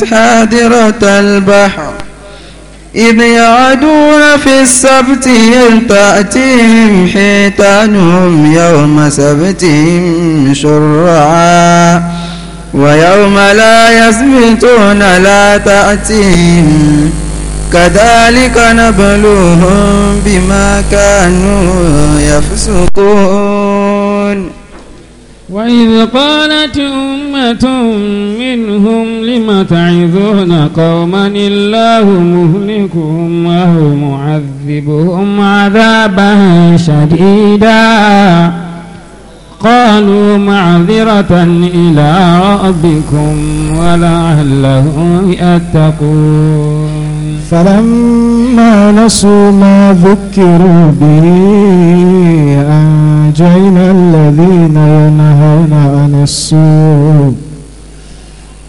كانت حادرة البحر إذ يعدون في السبت إذ تأتيهم حيتانهم يوم سبتهم شرعا ويوم لا يسبتون لا تأتيهم كذلك نبلوهم بما كانوا يفسقون وإذ قالت أمة منهم لم تعظون قوما الله مهلكهم أو معذبهم عذابا شديدا قالوا معذرة إلى ربكم ولعلهم يتقون فلما نسوا ما ذكروا به ونجينا الذين ينهون عن السوء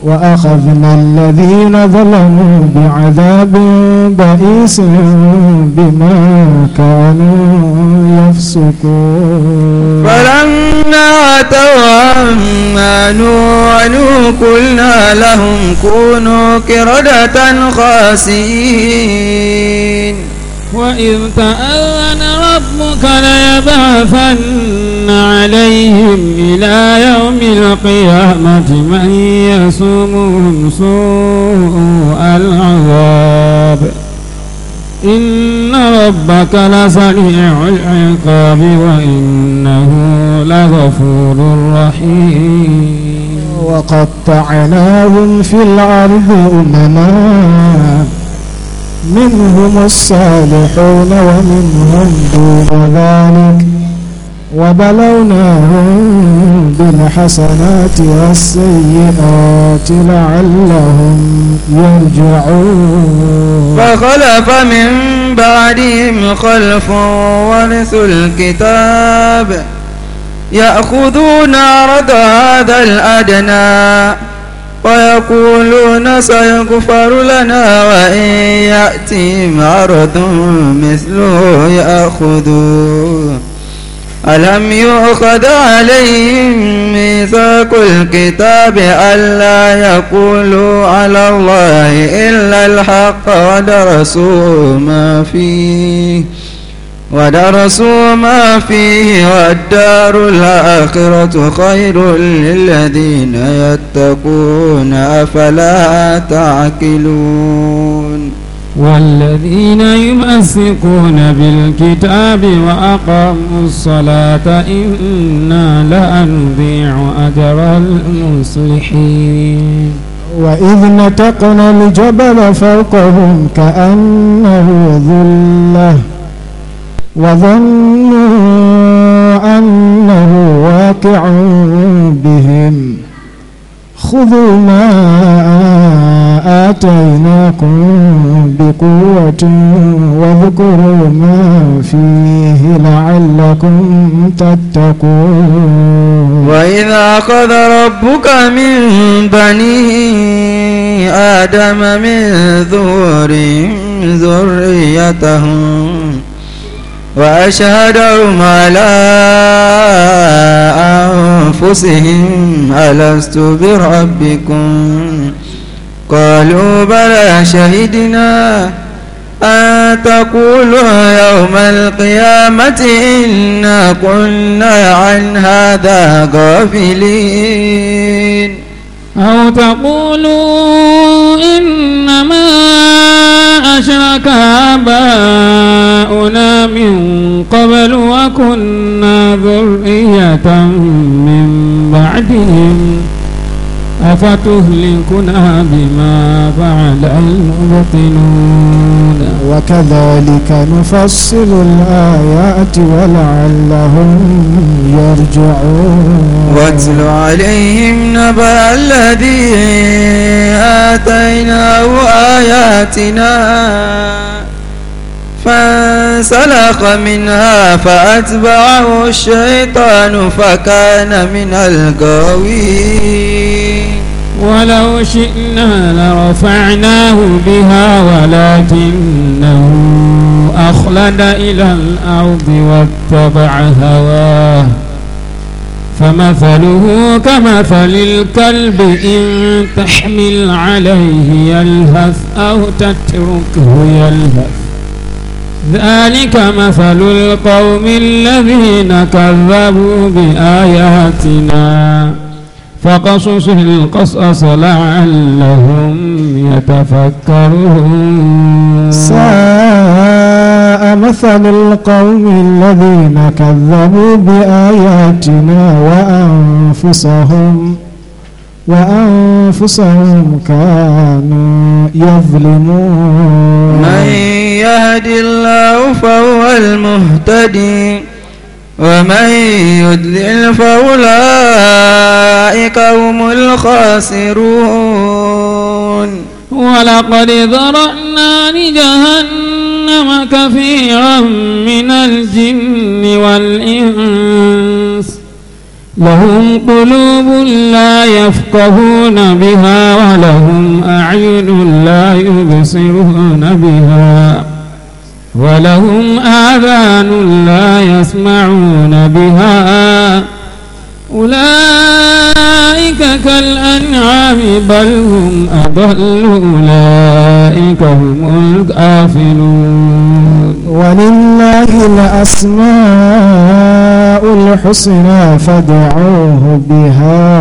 وأخذنا الذين ظلموا بعذاب بئيس بما كانوا يفسقون فلما أتوا عما نوعنوا قلنا لهم كونوا كردة خاسئين وإذ تأل ربك ليبعثن عليهم إلى يوم القيامة من يسومهم سوء العذاب إن ربك لسريع العقاب وإنه لغفور رحيم وقطعناهم في الأرض أمما منهم الصالحون ومنهم دون ذلك وبلوناهم بالحسنات والسيئات لعلهم يرجعون فخلف من بعدهم خلف ورثوا الكتاب يأخذون عرض هذا الأدنى ويقولون سيغفر لنا وإن يأتي عرض مثله يأخذوه ألم يؤخذ عليهم ميثاق الكتاب ألا يقولوا على الله إلا الحق ودرسوا ما فيه ودرسوا ما فيه والدار الآخرة خير للذين يتقون أفلا تعقلون والذين يمسكون بالكتاب وأقاموا الصلاة إنا لا نضيع أجر المصلحين وإذ نتقنا الجبل فوقهم كأنه ذلة وظنوا أنه واقع بهم خذوا ما آتيناكم بقوة واذكروا ما فيه لعلكم تتقون وإذا أخذ ربك من بني آدم من ذور ذريتهم وأشهد وأشهدهم على أنفسهم ألست بربكم قالوا بلى شهدنا أن تقولوا يوم القيامة إنا كنا عن هذا غافلين أو تقولوا إنما أشرك آباؤنا من قبل وكنا ذرية من بعدهم أفتهلكنا بما فعل المبطنون وكذلك نفصل الآيات ولعلهم يرجعون واتل عليهم نبأ الذي آتيناه آياتنا فانسلخ منها فأتبعه الشيطان فكان من الغاوين ولو شئنا لرفعناه بها ولكنه أخلد إلى الأرض واتبع هواه فمثله كمثل الكلب إن تحمل عليه يلهث أو تتركه يلهث ذلك مثل القوم الذين كذبوا بآياتنا فقصص القصص لعلهم يتفكرون ساء مثل القوم الذين كذبوا بآياتنا وأنفسهم وأنفسهم كانوا يظلمون من يهد الله فهو المهتدي ومن يدلل فأولئك هم الخاسرون ولقد ذرأنا لجهنم كثيرا من الجن والإنس لهم قلوب لا يفقهون بها ولهم أعين لا يبصرون بها ولهم آذان لا يسمعون بها أولئك كالأن الأنعام بل هم أضل أولئك هم الغافلون ولله الأسماء الحسنى فادعوه بها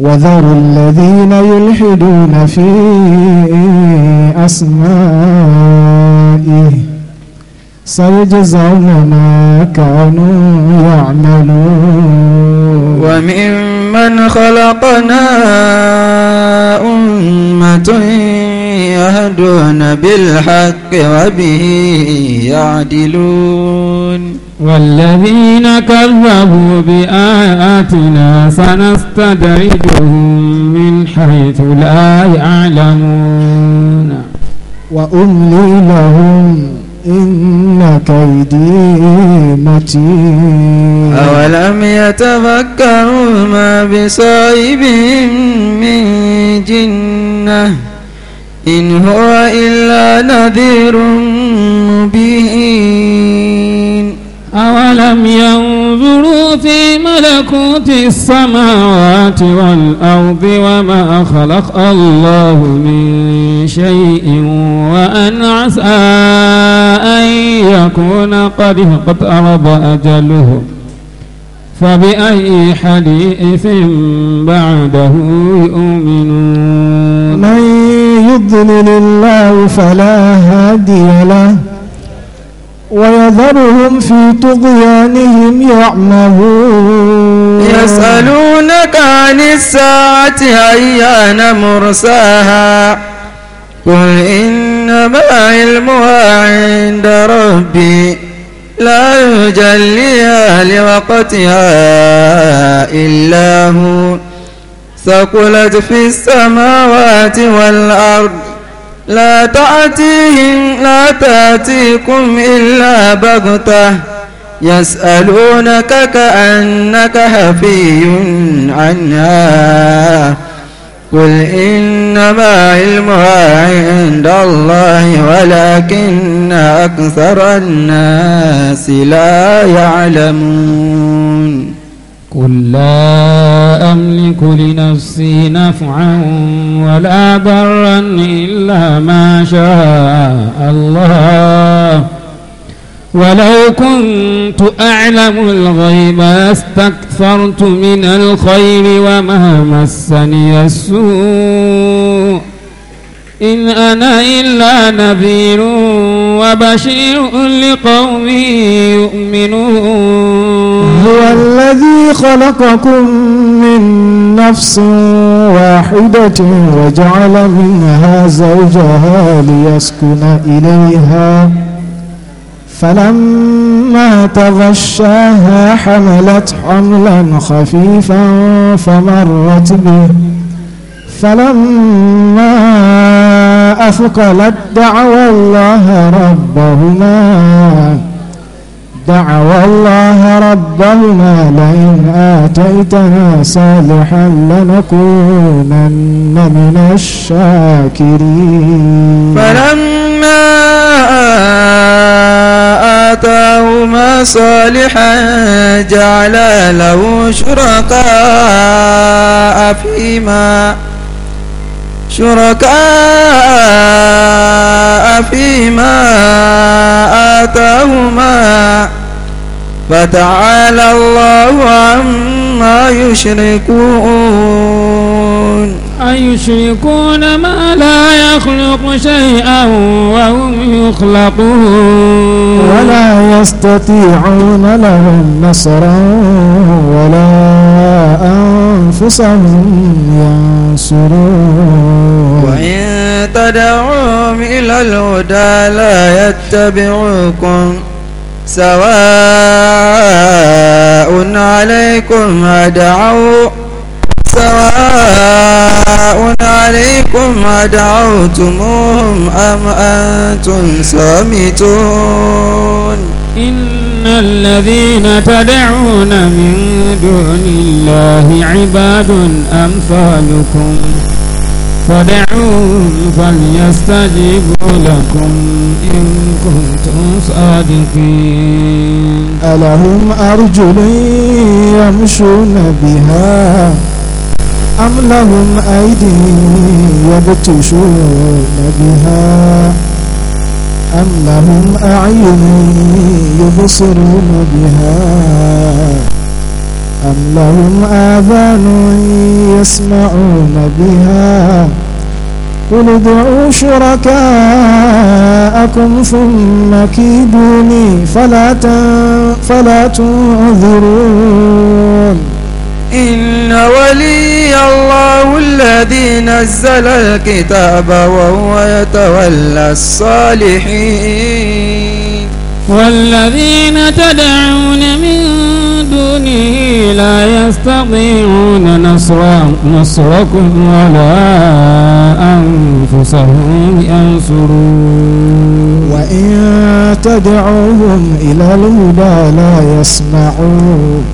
وذروا الذين يلحدون في أسمائه سيجزون ما كانوا يعملون ومن ممن خلقنا أمة يهدون بالحق وبه يعدلون والذين كذبوا بآياتنا سنستدرجهم من حيث لا يعلمون وأملي لهم إن كيدي متين أولم يتفكروا ما بصاحبهم من جنة إن هو إلا نذير مبين أولم ينظروا في ملكوت السماوات والأرض وما خلق الله من شيء وأن عسى أن يكون قد اقترب أجله فبأي حديث بعده يؤمنون من يضلل الله فلا هادي له ويذرهم في طغيانهم يعمهون يسألونك عن الساعة أيان مرساها قل إن إنما علمها عند ربي لا يجليها لوقتها إلا هو ثقلت في السماوات والأرض لا تأتيهم لا تأتيكم إلا بغتة يسألونك كأنك حفي عنها قل إنما علمها عند الله ولكن أكثر الناس لا يعلمون قل لا أملك لنفسي نفعا ولا ضرا إلا ما شاء الله ولو كنت أعلم الغيب لاستكثرت من الخير وما مسني السوء إن أنا إلا نذير وبشير لقوم يؤمنون هو الذي خلقكم من نفس واحدة وجعل منها زوجها ليسكن إليها فلما تغشاها حملت حملا خفيفا فمرت به فلما أثقلت دعوا الله ربهما دعوا الله ربهما لئن آتيتنا صالحا لنكونن من الشاكرين فلما آتاهما صالحا جعلا له شركاء فيما شركاء فيما آتاهما فتعالى الله عما يشركون يشركون أيشركون ما لا يخلق شيئا وهم يخلقون ولا يستطيعون لهم نصرا ولا أنفسهم ينصرون وإن تدعوهم إلى الهدى لا يتبعوكم سواء عليكم أدعوهم سواء عليكم أدعوتموهم أم أنتم صامتون إن الذين تدعون من دون الله عباد أمثالكم فدعوهم فليستجيبوا لكم إن كنتم صادقين ألهم أرجل يمشون بها أم لهم أيدي يبتشون بها أم لهم أعين يبصرون بها أم لهم آذان يسمعون بها قل ادعوا شركاءكم ثم كيدوني فلا, فلا تنذرون إن ولي الله الذي نزل الكتاب وهو يتولى الصالحين والذين تدعون من دونه لا يستطيعون نصركم ولا أنفسهم ينصرون وإن تدعوهم إلى الهدى لا يسمعون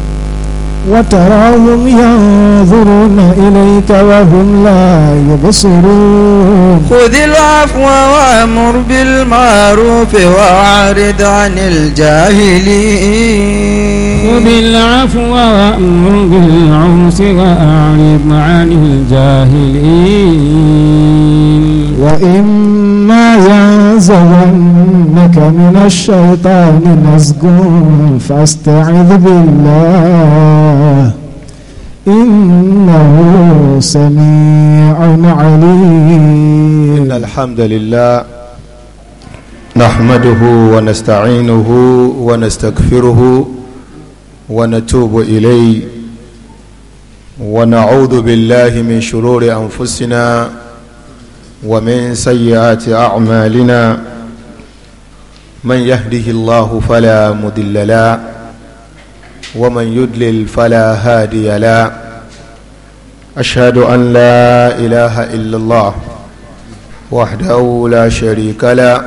وتراهم ينظرون إليك وهم لا يبصرون خذ العفو وامر بالمعروف واعرض عن الجاهلين خذ العفو وامر بالعرس واعرض عن الجاهلين واما ينزغنك من الشيطان نزغ فاستعذ بالله إنه سميع عليم إن الحمد لله نحمده ونستعينه ونستغفره ونتوب إليه ونعوذ بالله من شرور أنفسنا ومن سيئات أعمالنا من يهده الله فلا مضل له ومن يدلل فلا هادي له أشهد أن لا إله إلا الله وحده لا شريك له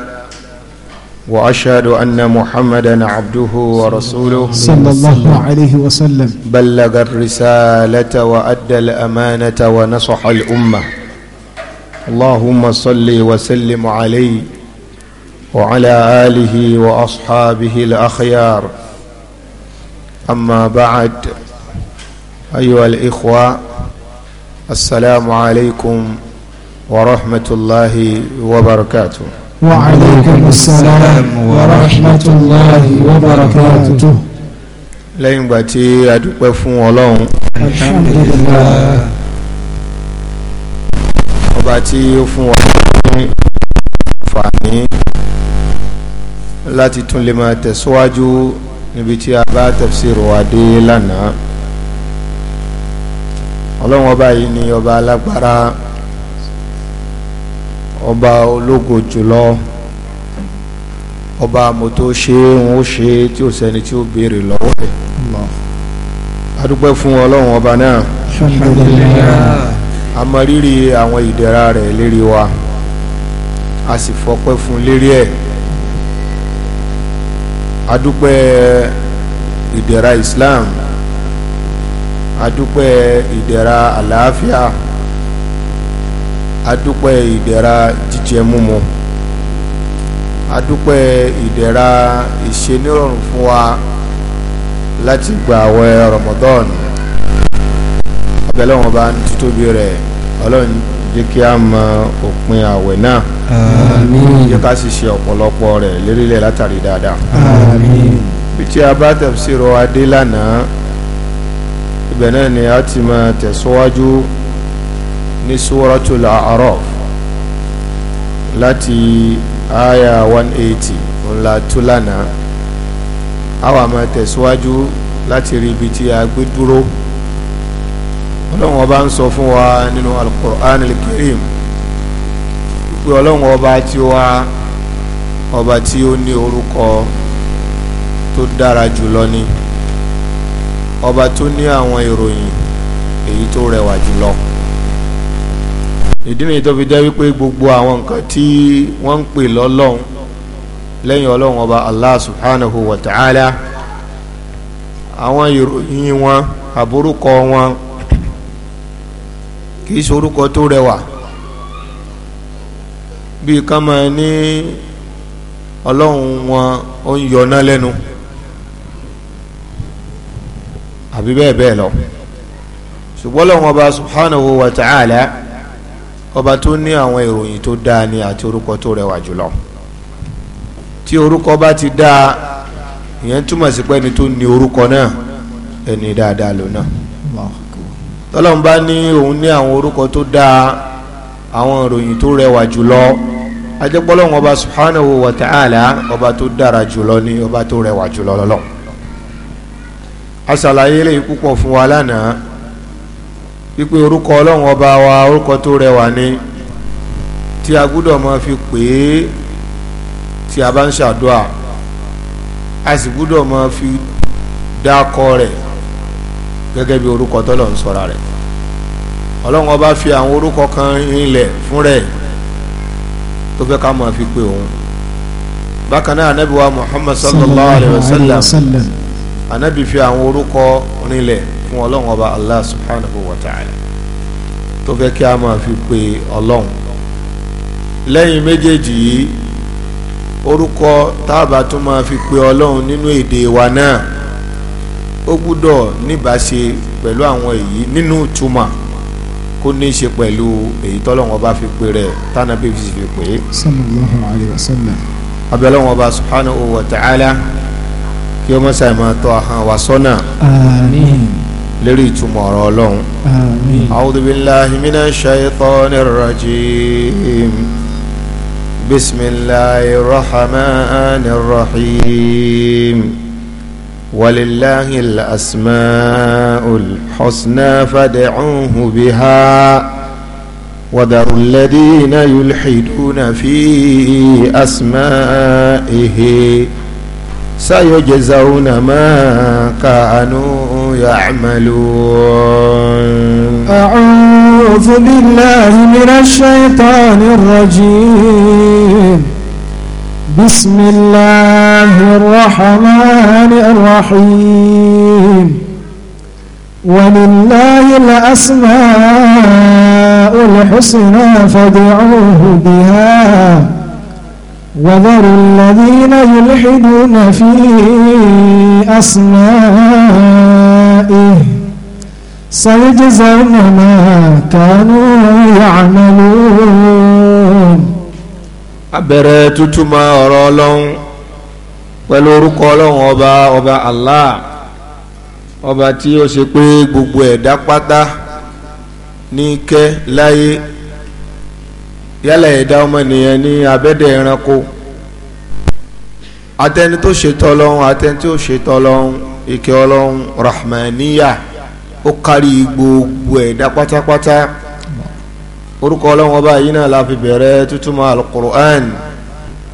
وأشهد أن محمدا عبده ورسوله صلى الله عليه وسلم بلغ الرسالة وأدى الأمانة ونصح الأمة اللهم صل وسلم عليه وعلى آله وأصحابه الأخيار أما بعد أيها الإخوة السلام عليكم ورحمة الله وبركاته وعليكم السلام ورحمة الله وبركاته lẹ́yìn ìgbà tí a dúpẹ́ fún ọlọ́run alhamdulillah ọba tí ó fún wa ní àǹfààní láti tún lè máa tẹ̀síwájú níbi tí a bá tafsiru wa dé lánàá ọlọ́run ọba yìí ni ọba alágbára ọba ológo jùlọ ọba mọ́tò ṣe ń ó ṣe tí ó sẹ́ni tí ó béèrè lọ́wọ́ rẹ̀ adúpẹ́ fún ọlọ́run ọba náà a rírì àwọn ìdẹ̀ra rẹ̀ lérí wa a sì fọpẹ́ fún lérí ẹ̀ adúpẹ́ ìdẹ̀ra Islam adúpẹ́ ìdẹ̀ra àlàáfíà adúpẹ́ ìdẹ̀ra jíjẹ múmu adúpẹ́ ìdẹ̀ra ìṣenírọ̀rùn fún wa láti gba àwẹ̀ Ramadan abẹ́lẹ́wọ̀n bá ń títóbi rẹ̀ ọlọ́run jẹ́ kí a mọ òpin àwẹ̀ náà jẹ́ ká sì ṣe ọ̀pọ̀lọpọ̀ rẹ̀ lérílẹ̀ látàrí dáadáa bí tí a bá tafsiro adé lánàá ibẹ̀ náà ni a ti máa tẹ̀síwájú ní suratul A'raf láti aya 180 ńlá tó lánàá a wà máa tẹ̀síwájú láti rí tí a gbé dúró ọlọ́run ọba ń sọ fún wa nínú alukur'an alkarim pé ọlọ́run ọba tí wa ọba tí ó ní orúkọ tó dára jùlọ ni ọba tó ní àwọn ìròyìn èyí tó rẹwà jùlọ ìdí nìyí tó fi jẹ́ wípé gbogbo àwọn nǹkan tí wọ́n ń pè lọ́lọ́run lẹ́yìn ọlọ́run ọba allah subhanahu wa ta'ala àwọn ìròyìn wọn àbúrúkọ wọn kì í sorúkọ tó rẹwà bí ká máa ní ọlọ́run wọn ó ń yọná lẹ́nu àbí bẹ́ẹ̀ bẹ́ẹ̀ lọ ṣùgbọ́n lọ́wọ́ ọba subhanahu wa ta'ala ọba tó ní àwọn ìròyìn tó dáa ni àti orúkọ tó rẹwà jùlọ tí orúkọ bá ti dáa ìyẹn túmọ̀ sí pé ẹni tó ní orúkọ náà ẹni dáadáa lò náà tọ́lọ́n bá ní òun ní àwọn orúkọ tó dáa àwọn ìròyìn tó rẹwà jùlọ ajẹ́pọ́lọ́wọ́n ọba subhanahu wa ta'ala ọba tó dára jùlọ ní ọba tó rẹwà jùlọ lọ́lọ́ asàlàyé lè púpọ̀ fún wa lánàá wípé orúkọ ọlọ́run ọba wa orúkọ tó rẹwà ni tí a gbúdọ̀ máa fi pè é tí a bá ń ṣàdúrà a sì gbúdọ̀ máa fi dákọ rẹ̀ gẹ́gẹ́ bí orúkọ tọ́lọ̀ ń sọ̀ra rẹ̀ ọlọ́run ọba fi àwọn orúkọ kan rinlẹ̀ fún rẹ̀ tó fẹ́ ká máa fi pé òun bákan náà anabi wa muhammad sallallahu alayhi wa sallam anabi fi àwọn orúkọ rinlẹ̀ fún ọlọ́run ọba allah subhanahu wa ta'ala tó fẹ́ kí a fi pé ọlọ́run lẹ́yìn méjèèjì yìí orúkọ táàbà tún máa fi pé ọlọ́run nínú èdè wa ó gbúdọ̀ níbàáṣe pẹ̀lú àwọn èyí nínú ìtumọ̀ kó ní í ṣe pẹ̀lú èyí tọ́lọ́wọ́n bá fi pè rẹ̀ tánà bí fi fi pè é. sallallahu alayhi wa sallam. bá subhanahu wa ta'ala kí ọmọ sáyẹn máa tọ́ ahọ́n wa sọ́nà. ìtumọ̀ ọ̀rọ̀ ọlọ́run. àmín. a'udhu billahi minash rajim. bismillahir rahmanir rahim. ولله الأسماء الحسنى فادعوه بها وذروا الذين يلحدون في أسمائه سيجزون ما كانوا يعملون أعوذ بالله من الشيطان الرجيم بسم الله الرحمن الرحيم ولله الأسماء الحسنى فادعوه بها وذروا الذين يلحدون في أسمائه سيجزون ما كانوا يعملون abẹ̀rẹ̀ tútùmọ̀ ọ̀rọ̀ ọlọ́run pẹ̀lú orúkọ ọlọ́run ọba ọba Allah ọba tí ó ṣe pé gbogbo ẹ̀dá pátá ní kẹ́ láyé yálà ẹ̀dá ọmọnìyàn ní abẹ́dẹ̀ ẹranko atẹni tó ṣètò ọlọ́run atẹni tó ṣètò ọlọ́run ìkẹ́ ọlọ́run rahmaniya ó kárí gbogbo ẹ̀dá pátápátá orúkọ ọlọ́run ọba yìí náà la fi bẹ̀rẹ̀ tútúmọ̀ alukur'an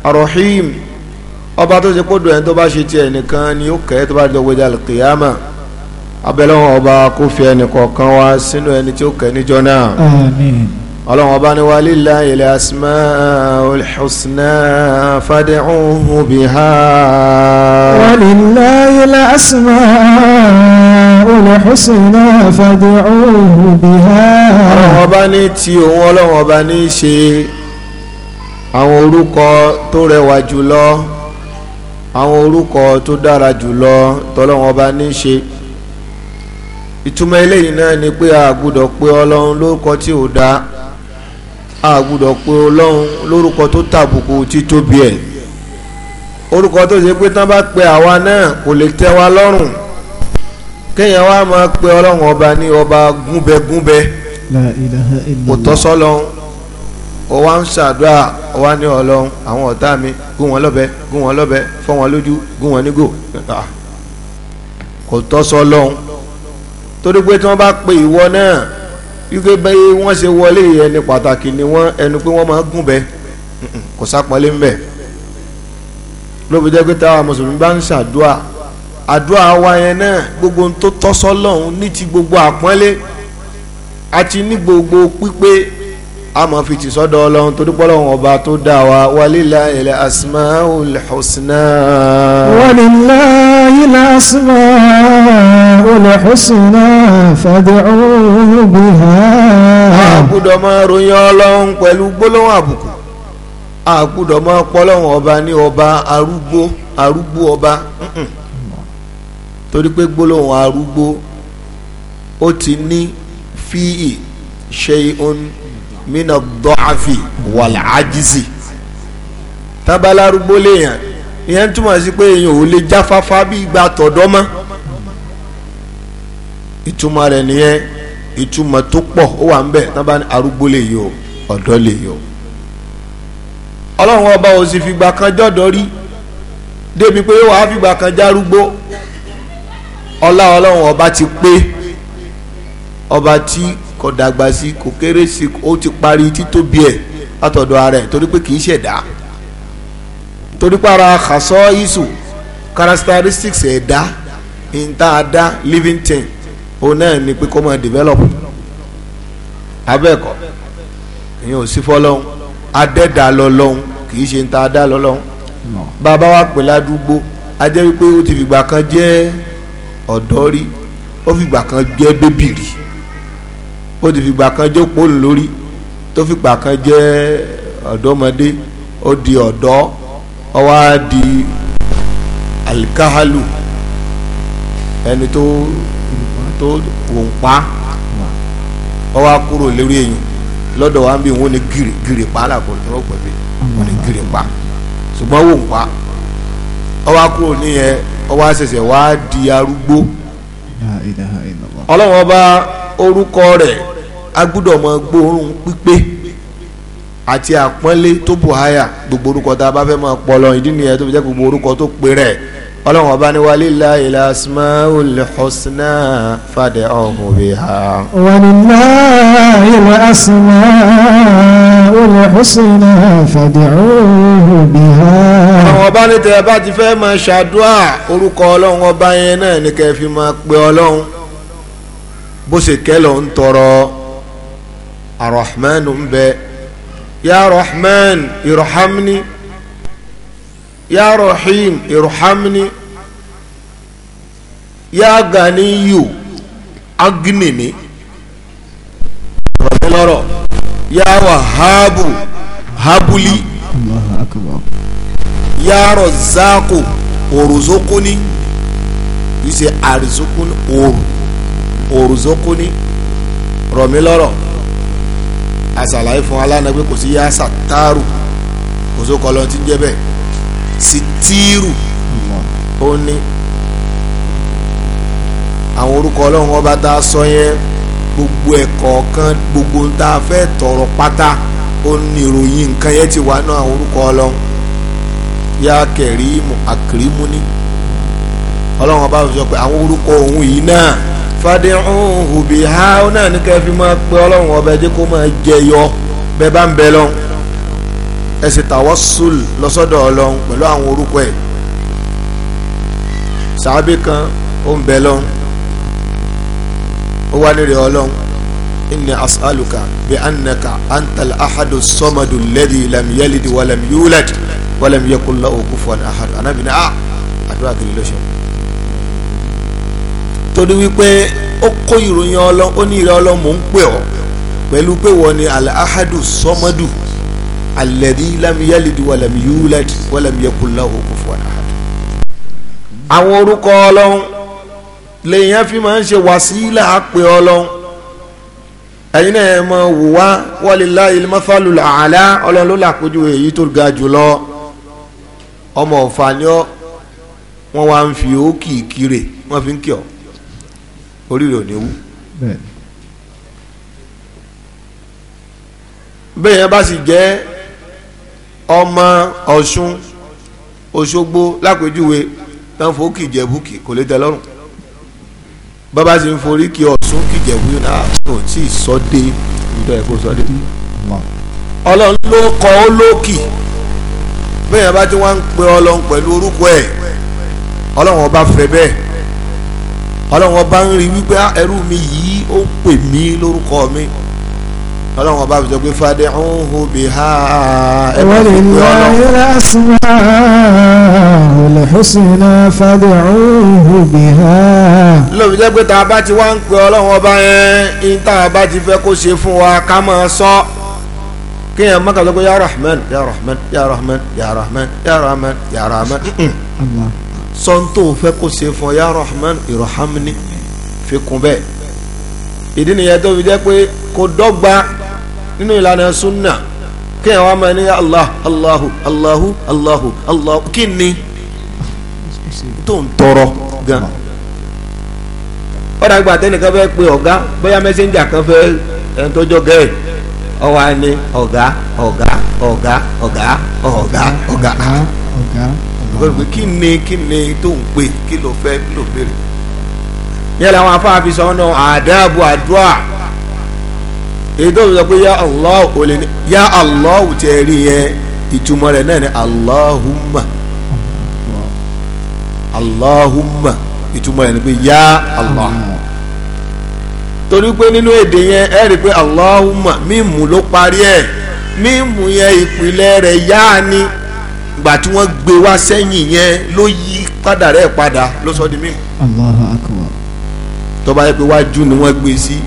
arohim ọba tó ṣe kódò ẹni tó bá ṣe tiẹ̀ nìkan ni ó kẹ́ tó bá dé ọgbẹ́jà alkiyama abẹ́lẹ́wọ̀n ọba kó fi ẹnì kọ̀ọ̀kan wá sínú ẹni tí ó kẹ́ níjọ́ náà ọlọ́run ọba ní wa lillahi al-asma'ul husna fad'uhu biha wa lillahi al-asma'ul. الحسنى فادعوه بها ọlọ́run ọba ní ti òun ọlọ́run ọba ní í ṣe àwọn orúkọ tó rẹwà jùlọ àwọn orúkọ tó dára jùlọ tọ́lọ́run ọba ní í ṣe ìtumọ̀ eléyìí náà ni pé a pé ọlọ́run lórúkọ tí ò dá a pé ọlọ́run lórúkọ tó tàbùkù títóbi ẹ̀ orúkọ tó ṣe pé tán bá pe àwa náà kò lè tẹ́ wa lọ́rùn kéèyàn wá máa pe ọlọ́run ọba ní ọba gúnbẹ́gúnbẹ́ kò tọ́ sọ́lọ́run ó wá ń ṣàdúrà ó wá ní ọlọ́run àwọn ọ̀tá mi gún wọn lọ́bẹ gún wọn lọ́bẹ fọ́ wọn lójú gún wọn nígò ah, kò tọ́ torí pé tí wọ́n bá pe ìwọ náà wípé bẹ́ẹ̀ wọ́n ṣe wọlé ẹni pàtàkì ni wọ́n ẹnu pé wọ́n máa gúnbẹ́ kò sápọ́lé ń bẹ̀ lóbi jẹ́ pé táwa mùsùlùmí bá ń ṣàdúrà àdúrà wa yẹn náà gbogbo ohun tó tọ́ sọ́lọ́hún ní ti gbogbo àpọ́nlé àti ní gbogbo pípé àmọ́ fi ti sọ́dọ̀ ọlọ́run tó dúpọ́ lọ́wọ́n ọba tó dá wa walillahi al-asmaul husna. walillahi al-asmaul husna fad'uhu biha. a gbọ́dọ̀ máa ròyìn ọlọ́run pẹ̀lú gbólóhùn àbùkù a máa pọ́ lọ́wọ́n ọba ní ọba arúgbó arúgbó ọba torí pé gbólóhùn arúgbó ó ti ní fíì ṣeun mina dọ́àfì wàlá ájísì tábàlà arúgbó léèyàn ìyẹn túmọ̀ sí pé èèyàn ò lè jáfáfá bí ìgbà tọ̀dọ́ mọ́ ìtumọ̀ rẹ̀ nìyẹn ìtumọ̀ tó pọ̀ ó wà ń bẹ̀ tábà ní arúgbó lè yọ ọ̀dọ́ lè yọ ọlọ́run ọba ò sì fìgbà kan jọ̀dọ́ rí débi pé wàá fìgbà kan járúgbó ọlá ọlọ́run ọba ti pé ọba tí kò dàgbà sí kò kéré sí ó ti parí títóbi ẹ̀ látọ̀dọ̀ ara ẹ̀ torí pé kì í ṣẹ̀dá torí pé ara àkàsọ́ isu characteristics ẹ̀dá ìtaàdá living thing òun náà ni pé kó máa develop abẹ́ẹ̀kọ́ ìyẹn ò sí fọlọ́hún adẹ́dà lọ́lọ́hún kì í ṣe ìtaàdá lọ́lọ́hún bàbá wa pè ládùúgbò ajẹ́ wípé ó ti fìgbà kan jẹ́ ẹ́ ọ̀dọ́ rí ó fìgbà kan jẹ́ bébì rí ó ti fìgbà kan jẹ́ pọ́ùn lórí tó fìgbà kan jẹ́ ọ̀dọ́mọdé ó di ọ̀dọ́ ó wá di alikahalu ẹni tó tó òǹpa ó wá kúrò lórí èyàn lọ́dọ̀ wa ń bí wọn ní gírì gírì pa alákòóso ọ̀pẹ̀ bí wọn ní gírì pa ṣùgbọ́n wò ọwọ́ akúrò níyẹn ọwọ́ àṣẹṣẹ wá di arúgbó ọlọ́wọ́n bá orúkọ rẹ̀ agbúdọ̀ mọ gbóòórùn pípé àti àpọ́nlé tó bùháyà gbogbo orúkọ tá a bá fẹ́ máa pọ̀ lọ ìdí nìyẹn tó fi jẹ́ gbogbo orúkọ tó pé rẹ̀ ọlọ́run ọba ní walillahi al-asmaul husna fad'uhu biha. walillahi al-asmaul husna fad'uhu biha. àwọn ọba ní tẹ́ ẹ bá ti fẹ́ máa ṣàdúà orúkọ ọlọ́run ọba yẹn náà ní kẹ́ máa pe ọlọ́run bó ṣe kẹ́ ń tọrọ arahman ń bẹ ya rahman irhamni ya rahim irhamni ya ganiyu agnini rọ̀mílọ́rọ̀ ya wahabu habuli ya rọ̀zákù òrùzókúni yìí ṣe àrìzókúni òrù òrùzókúni rọ̀mílọ́rọ̀ àṣàlàyé fún alánàgbé kò sí yá sàtàrù kò ti ń jẹ́ bẹ́ẹ̀. sitiru ó ní àwọn orúkọ ọlọ́run ọba tá a sọ gbogbo ẹ̀kọ́ kan gbogbo ń tá a fẹ́ tọrọ pátá ó ní ìròyìn nǹkan yẹn ti wà náà àwọn orúkọ ọlọ́run yá ni ọlọ́run ọba sọ pé àwọn orúkọ òun yìí náà fàdéhùn hùbìhá ó náà ní kẹfí máa pé ọlọ́run ọba ẹjẹ́ kó máa jẹyọ bẹ́ẹ̀ bá ń bẹ ẹ ṣe tawassul lọ́sọ́dọ̀ ọlọ́run pẹ̀lú àwọn orúkọ ẹ̀ sàábì kan ó ń bẹ lọ́run ó wá nírè ọlọ́run inni as'aluka bi annaka antal ahadu sọmadu lẹ́dí lam yẹlid walam yulad walam yakun lahu kufuwan ahad anabi ni ah àdúrà kiri ló torí wípé ó kó ìròyìn ọlọ́run ó ní ìrẹ́ ọlọ́run mò ń pè ọ́ pẹ̀lú pé wọ́n ni al ahadu sọmadu alladhi lam yalid walam yulad walam yakul lahu kufuwan ahad. àwọn orúkọ ọlọ́run lèèyàn fi máa ń ṣe wàsílà àpè ọlọ́run ẹ̀yin náà ẹ̀ mọ̀ wò wá walillahil mathalul a'la ọlọ́run ló làpéjú èyí tó ga jùlọ ọmọ ọ̀fà ni ọ́ wọ́n wá ń fi òkì kiri wọ́n fi ń kí ọ orí ò ní wú. bẹ́ẹ̀ yẹn bá sì jẹ́ ọmọ ọ̀ṣun òṣogbo lápèjúwe tán fò kìjẹ̀bú kì kò lè tẹ lọ́rùn bàbá sì ń forí kí ọ̀ṣun kìjẹ̀bú náà kò tí ì sọ dé ìjọ ẹ̀kọ́ sọ dé. ọlọ́run ló kọ ó lókì bẹ́ẹ̀ bá ti wá ń pe ọlọ́run pẹ̀lú orúkọ ẹ̀ ọlọ́run ọba fẹ́ bẹ́ẹ̀ ọlọ́run ọba ń rí wípé ah, ẹrú mi yìí ó pè mí lórúkọ mi ọlọ́run ọba fi sọ pé fadé ọ̀hún biha ẹ bá fi pé ọlọ́run. husna fadé ọ̀hún biha. lóbi jẹ́ pé tá a bá ti wá ń pe ọlọ́run ọba yẹn ní tá a bá ti fẹ́ kó ṣe fún wa ká máa sọ kéèyàn mọ́ta lọ́gbọ́n ya rahman ya rahman ya rahman ya rahman ya rahman ya rahman. sọ́ńtò fẹ́ kó ṣe fún ya rahman irhamni fi kún bẹ́ẹ̀ ìdí nìyẹn tó fi jẹ́ pé kò dọ́gba nínú ìlànà sunna kí ẹ̀ wá máa ní allah allahu allahu allahu allahu kí ni tó ń tọrọ gan ọ̀dà gba àtẹnìkan fẹ́ pe ọ̀gá bóyá mẹ́sẹ̀njà kan fẹ́ ẹni tó jọ gẹ́ẹ̀ ọwọ́ ni ọ̀gá ọ̀gá ọ̀gá ọ̀gá ọ̀gá ọ̀gá ọ̀gá kí ni kí ni tó ń pè kí ló fẹ́ kí ló béèrè yẹ́n làwọn afáàfin sọ ọ́nà àdáàbò àdúrà èyí tó sọ pé yá allah ò lè ní yá allah tẹ rí yẹn ìtumọ̀ rẹ̀ náà ni allahumma allahumma ìtumọ̀ rẹ̀ ni pé yá allah torí pé nínú èdè yẹn ẹ rí i pé allahumma mímu ló parí ẹ mímu yẹn ìpìlẹ̀ rẹ̀ yá ni gbà tí wọ́n gbé wá sẹ́yìn yẹn ló yí padà rẹ̀ padà ló sọ di mímu. Allahu yẹ pé wájú ni wọ́n gbé sí. Si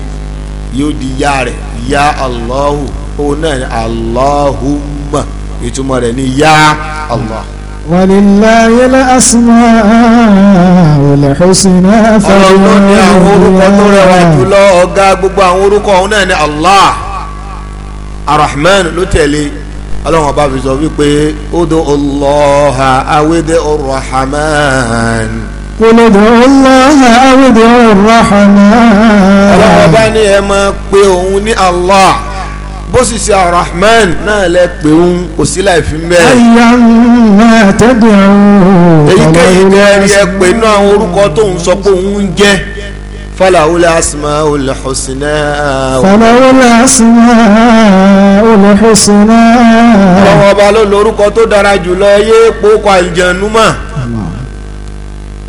yóò di ya rẹ̀ ya Allahu òun náà ni Allahumma ìtumọ̀ rẹ̀ ni ya Allah. Walillahi al-asma'ul husna fàlọ́. Ọlọ́run ní àwọn orúkọ tó rẹwà jùlọ ọ̀gá gbogbo àwọn orúkọ òun náà ni Allah. Arahman ló tẹ̀lé ọlọ́run ọba fi sọ wípé ó do Allah awédè Ar-Rahman. قل ادعوا الله أو ادعوا الرحمن ọlọ́wọ́ bá ní ẹ máa pe òun ní allah bó sì ṣe arahman náà lẹ pé òun kò sí láìfi mẹ́ẹ̀. ẹ̀yà máa tẹ́lẹ̀ àwọn. èyíkéyìí ni ẹ rí ẹ pé inú àwọn orúkọ tóun sọ pé òun ń jẹ́ فله الأسماء الحسنى فله الأسماء الحسنى. ọlọ́wọ́ ọba ló lórúkọ tó dára jùlọ yé kókó àlìjẹ̀nú mọ̀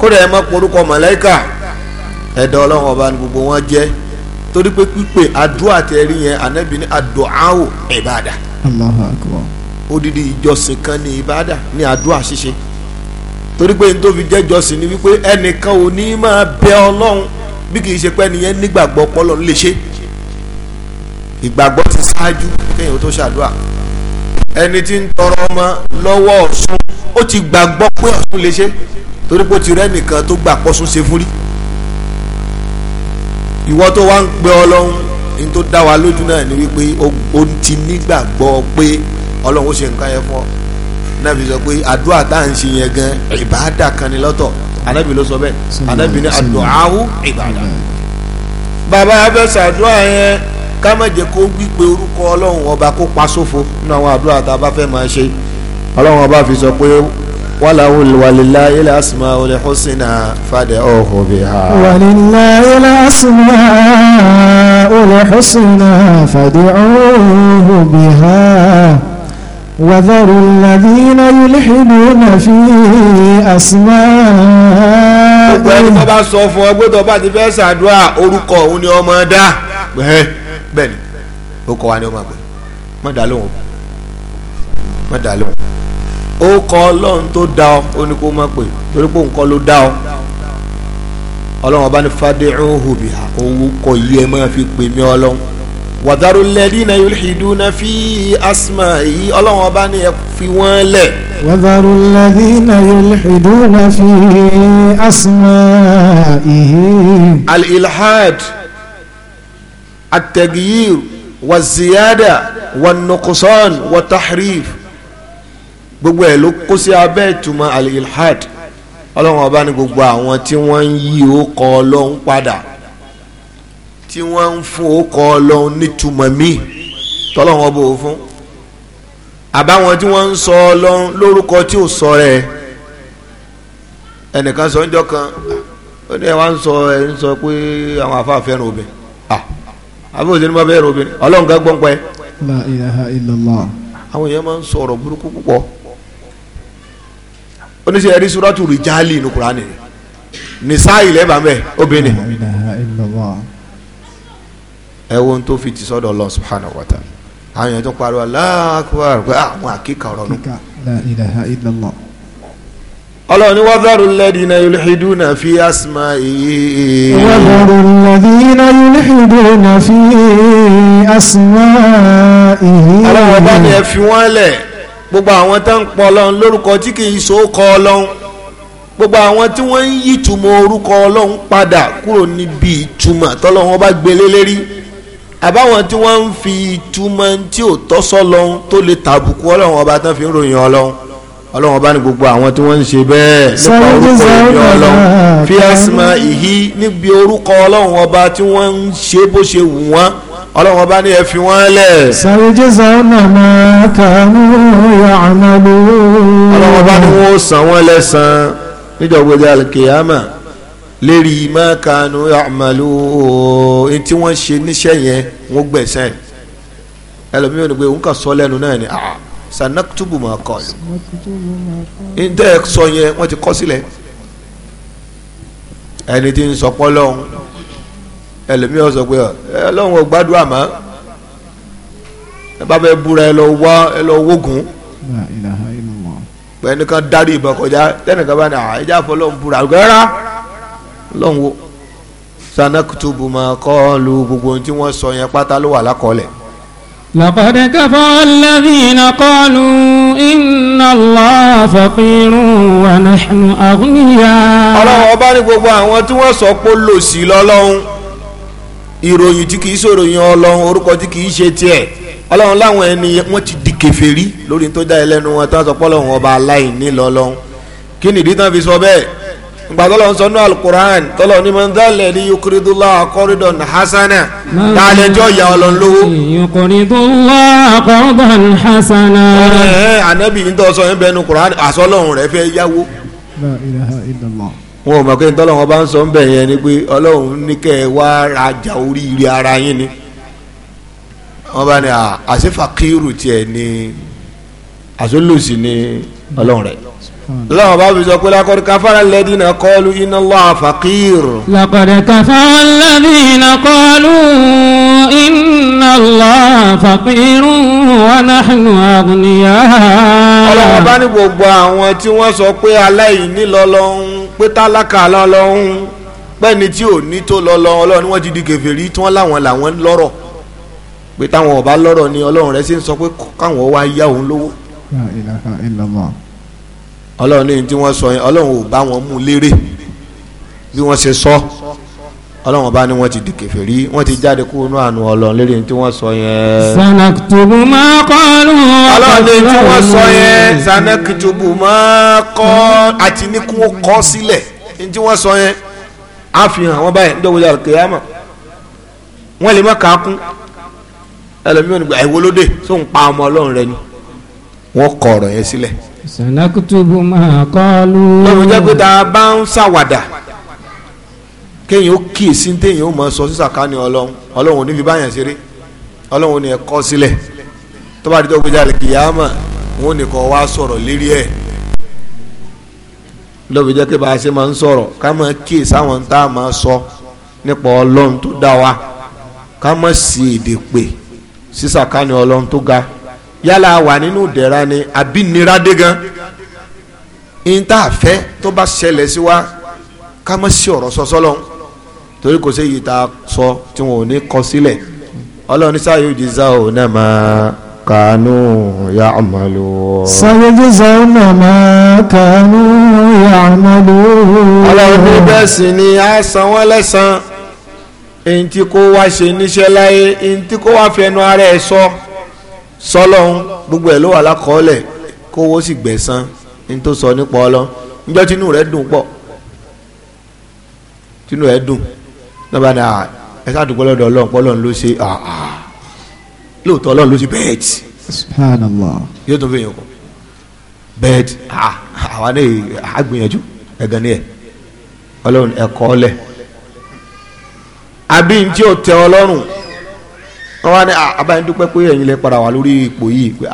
kódà ẹ má porúkọ màláíkà ẹ̀dá ọlọ́run ọba ni gbogbo wọn jẹ́ torí pé pípé àdúrà tẹ̀rí yẹn ànábì ní àdùáwò ìbàdà odidi ìjọsìn kan ní ìbàdà ní àdúrà ṣíṣe torí pé nítorí fi jẹ́ ìjọsìn ni wípé ẹnìkan ò ní máa bẹ ọlọ́run bí kì í ṣe pé ẹnìyẹn nígbàgbọ́ pọ́lọ́ lè ṣe ìgbàgbọ́ ti ṣáájú kéèyàn tó ṣàdúrà ẹni tí ń tọrọ ọmọ lọ́wọ́ ọ̀sùn ó ti gbàgbọ́ pé ọ̀ṣun lè ṣe torí pé ó ti rẹ́ nìkan tó gbà pọ́sún ṣe fún rí ìwọ tó wá ń pe ọlọ́run ní tó dá wa lójú náà ni wípé o ti nígbàgbọ́ pé ọlọ́run ó ṣe nǹkan yẹn fún ọ náà fi sọ pé àdúrà tá à ń ṣe yẹn gan ìbáàdà kan ni lọ́tọ̀ anábì ló sọ bẹ́ẹ̀ anábì ní àdùnáwó ìbàdà bàbá abẹ́ sàdúrà yẹn ká má jẹ́ kó gbígbé orúkọ ọlọ́run ọba kó pa sófo nínú àwọn àdúrà tá a bá fẹ́ máa ṣe ọlọ́run ọba fi sọ pé wàláhùn wàlílá ilẹ̀ asùnmá olè húsìnà fàdé ọ̀hún bí ha. wàlílá ilẹ̀ asùnmá olè húsìnà fàdé ọ̀hún bí ha. وذروا الذين يلحدون في أسمائه gbogbo ẹni tó bá sọ fún ọ gbọ́dọ̀ bá ti fẹ́ ṣàdúrà orúkọ òun ni ọmọ dá bẹ́ẹ̀ ni ó kọ wa ni ọmọ àgbẹ̀ má dá lóhùn má dá lóhùn ó kọ ọlọ́run tó dá ọ ó ní kó má pè torí pé nǹkan ló dá ọ ọlọ́run ọba ní fadéhùn hùbìhà òun kọ yìí ẹ máa fi pè mí ọlọ́run wàdàrú lẹ́dínà yulhiduna fi asma yìí ọlọ́run ọba ní ẹ fi wọ́n lẹ̀. wàdàrú lẹ́dínà yulhiduna fi asma yìí. al-ilhad at wa ziyada wa nuqsan wa tahrif. gbogbo ẹ̀ ló kó sí abẹ́ ìtumọ̀ ọlọ́run ọba ní gbogbo àwọn tí wọ́n ń yí orúkọ ọlọ́run padà tí wọ́n ń fún orúkọ ọlọ́run nítumọ̀ tọ́lọ́run ọba ò fún àbáwọn tí wọ́n ń sọ ọlọ́run lórúkọ tí ò sọ ẹnìkan kan ó ní ẹ wá ń sọ ẹ ń sọ pé àwọn fẹ́ràn obìnrin fẹ́ràn obìnrin ọlọ́run kan gbọ́n pẹ́. àwọn èèyàn máa ń oníṣẹ́ ẹ̀rí suratu rìjálì ní kurani nìṣá ilẹ̀ bá bẹ́ẹ̀ obìnrin. ẹ wo ohun tó fi ti sọ́dọ̀ Allah subhanahu wa ta'ala àwọn èèyàn tó pariwo Allahu akbar ah, àwọn àkíkà ọ̀rọ̀ nù. Allah ni wadharu alladhina yulhiduna fi asma'ihi. wadharu alladhina yulhiduna fi asma'ihi. Allah ọba ni ẹ fi wọ́n lẹ̀ gbogbo àwọn tó ń pọ ọlọ́run lórúkọ tí kì í so kọ ọlọ́run gbogbo àwọn tí wọ́n ń yí ìtumọ̀ orúkọ ọlọ́run padà kúrò níbi ìtumọ̀ tọ́lọ́run bá gbélé lérí àbáwọn tí wọ́n ń fi ìtumọ̀ tí ò tọ́sọ́ lọ́hún tó lè tàbùkù ọlọ́run ọba tán fi ń ròyìn ọlọ́run ọlọ́run ọba ní gbogbo àwọn tí wọ́n ń ṣe bẹ́ẹ̀ nípa orúkọ ìbí ọlọ́run fi asma ìhí níbi orúkọ ọlọ́run ọba tí wọ́n ń ṣe bó ṣe wù wọ́n ọlọ́run ọba ní ẹ fi wọ́n lẹ̀. sàrìjẹsà nàmà kàánú yàmàlú. ọlọ́run ọba ní wọ́n sàn wọ́n lẹ́sàn níjọba ìjà kìyàmà lérí má kàánú yàmàlú ní tí wọ́n ṣe níṣẹ́ yẹn wọ́n gbẹ̀sẹ̀ ẹlòmíràn ni pé òun kà sọ lẹ́nu náà ni ah, sanaktubu ma kọ yìí ní sọ yẹn wọ́n ti kọ sílẹ̀ ẹni tí ń sọ pọ́ lọ́hùn ẹlòmí ọ sọ pé ẹ lọ́wọ́ gbádùn àmọ́ ẹ bá fẹ́ búra ẹ lọ wá ẹ lọ wógun pẹ̀lú kan dárí ìbọn kọjá tẹnìkan bá ní àwọn ẹja fọlọ́ ń búra rárá lọ́wọ́ sanakutubu ma kọ́ lu gbogbo tí wọ́n sọ yẹn pátá ló wà lákọọ́lẹ̀. لقد كفر الذين قالوا إن الله فقير ونحن أغنياء. ọlọ́run ọba ní gbogbo àwọn tí wọ́n sọ pé ó lòsì lọ́lọ́run ìròyìn tí kìí sòròyìn ọlọ́run orúkọ tí kìí ṣe tiẹ̀ ọlọ́run láwọn ẹni wọ́n ti di kèfèrí lórí tó dá ẹlẹ́nu wọn tó sọ ọba aláìní lọ́lọ́run kí tán fi sọ ìgbà tó lọ́n alukur'an tó lọ́n ní ní hasana jọ ìyá lówó. hasana. ọ̀rẹ́ ẹ̀ anabi ń tọ́ sọ ẹ̀ bẹ́ẹ̀ kur'an rẹ̀ fẹ́ yáwó. wọn ò mọ̀ pé tọ́lọ́wọ́n bá ń sọ ń bẹ̀ yẹn ni pé ọlọ́run ní kẹ́ ẹ wá rajà oríire ara yín ni wọ́n bá ní àṣefàkírù tiẹ̀ ni àṣolùsì ni ọlọ́run rẹ̀ lọ́wọ́ bá fi sọ pé lakọ̀dé kafara lẹ́dínà kọlu iná lọ́wọ́ fàkìr. lakọ̀dé kafara lẹ́dínà kọlu iná lọ́wọ́ fàkìr wànàhùn àgùnìyà. ọlọ́wọ́ bá ní gbogbo àwọn tí wọ́n sọ pé aláìní lọ́lọ́hún pé tálákà lọ́lọ́hún pẹ́ni tí ò ní tó lọ́lọ́ ọlọ́run wọ́n ti di kèfèrí tí wọ́n láwọn làwọn lọ́rọ̀ pé táwọn ọba lọ́rọ̀ ni ọlọ́run rẹ̀ sì ń sọ pé káwọn wá yá òun lówó. ọlọ́run ní tí wọ́n sọ yẹn ọlọ́run ò bá wọn mú lérè bí wọ́n ṣe sọ. So ọlọ́run bá ní wọ́n ti di kèfèrí wọ́n ti jáde kúrò ní àánú ọlọ́run lórí ní tí wọ́n sọ yẹn. sanakitubu máa kọ́lù. ọlọ́run ní tí wọ́n sọ yẹn sanakitubu máa kọ́ àti ní kí kọ́ sílẹ̀ ní tí wọ́n sọ yẹn á fi hàn wọ́n báyìí níjọba ìjọba kìlámà wọ́n lè má kà á kún ẹlòmíràn nígbà ìwọlódé tó ń pa ọmọ ọlọ́run rẹ ni wọ́n kọ ọ̀rọ̀ yẹn sílẹ̀. sanakitubu máa kọ́lù. lọ́run jẹ́ kéèyàn ó kíyèsí téèyàn ó mọ sọ sísàká ni ọlọ́run ọlọ́run ò ní fi báyàn ṣeré ọlọ́run ò ní ẹ kọ́ sílẹ̀ tó bá di tó gbéjà lè kìyàmà wọn ò ní kọ́ wá sọ̀rọ̀ lérí ẹ̀ lọ́bi jẹ́ pé bá a ṣe máa ń sọ̀rọ̀ ká máa kíyèsí àwọn tá a máa sọ nípa ọlọ́run tó dá wa ká má sí èdè pè sísàká ni ọlọ́run tó ga yálà wà nínú ìdẹ̀ra ni àbí nira dé gan ní tá a fẹ́ tó bá ṣẹlẹ̀ sí wa ká má sí ọ̀rọ̀ sọ́sọ́ lọ́hùn torí kò sí yìí tá a sọ tí wọn ò ní kọ sílẹ̀ ọlọ́run sáyé òjì sá ò náà máa kànú ya àmàlò. sáyé òjì sá ò náà máa kànú ya àmàlò. ọlọ́run ní bẹ́ẹ̀ sì ni a san wọ́n lẹ́san èyí tí kò wá ṣe níṣẹ́ láyé èyí tí kò wá fẹnu ara ẹ̀ sọ sọlọ́hún gbogbo ẹ̀ ló wà lákọọ́lẹ̀ kówó sì gbẹ̀san ní tó sọ nípa ọlọ́ níjọ́ tínú rẹ̀ dùn pọ̀ tínú rẹ̀ dùn. Nabana, bá ní à ẹ sàdúgbò lọ́dọ̀ ọlọ́run pọ́ ọlọ́run ló ṣe lóòótọ́ ọlọ́run ló ṣe bẹ́ẹ̀t yóò tó fẹ́yìn kọ bẹ́ẹ̀t àwa ní àgbìyànjú ẹ̀gàn ni ẹ̀ ọlọ́run ẹ̀kọ́ ọlẹ̀ àbí n tí ò tẹ ọlọ́run wọ́n wá ní abáyé dúpẹ́ pé ẹ̀yin lè padà wà lórí ipò yìí pé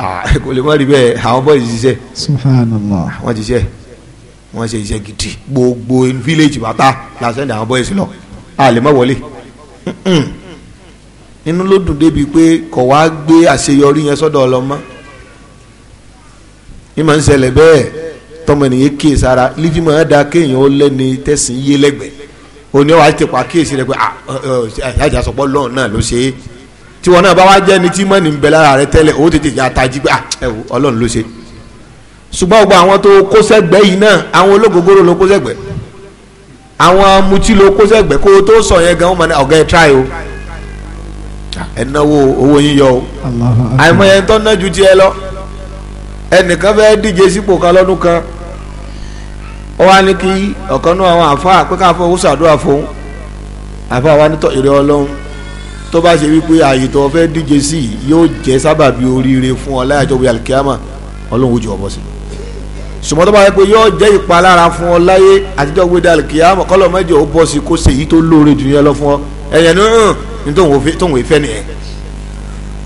kò lè mọ́ rí bẹ́ẹ̀ àwọn bọ́ọ̀lù ṣiṣẹ́ wọ́n ṣiṣẹ́ wọ́n ṣe iṣẹ́ gidi gbogbo village bàtà làṣẹ́ ní àwọn bọ́ọ̀lù sí lọ a lè má ló dùn débi pé kò wá gbé àṣeyọrí yẹn sọ́dọ̀ ọlọ́mọ ní màá ń ṣẹlẹ̀ bẹ́ẹ̀ tọmọ ènìyàn kíyè sára lífi máa da kéèyàn ó lẹ́ni tẹ̀sán yé lẹ́gbẹ̀ẹ́ ti pa rẹ pé lọ́ọ̀ náà ló ṣe é náà bá wá jẹ́ ni tí ń bẹ lára rẹ tẹ́lẹ̀ tètè tají ọlọ́run ló ṣe ṣùgbọ́n gbogbo àwọn tó kó sẹ́gbẹ́ yìí náà àwọn ló kó sẹ́gbẹ́ àwọn mutí ló kó sẹ́gbẹ́ kó o tó sọ yẹn gan ọmọ ọ̀gá ẹ̀ tíráì o ẹ̀ owó yín yọ o àìmọ̀ yẹn tó ná ju tiẹ̀ lọ ẹnìkan fẹ́ díje sípò kan lọ́dún kan ó wá ní kí ọ̀kan náà àwọn àfa pé ká fọwọ́ sàdúrà fún àfa wa nítọ̀ èrè ọlọ́run tó bá ṣe wípé ààyè tó fẹ́ díje sí yóò jẹ́ sábàbí oríire fún ọ bíi alikiyama ọlọ́run ó jù sí i ṣùgbọ́n tó bá yẹ pé yóò jẹ́ ìpalára fún ọ láyé àtijọ́ gbéra kìámọ̀ kọ́lọ̀ mẹ́jọ ó bọ́ sí kó ṣe èyí tó lóore jù yẹn lọ fún ọ ẹ̀yẹ̀ ní hàn ní tóun ò fẹ́ nìyẹn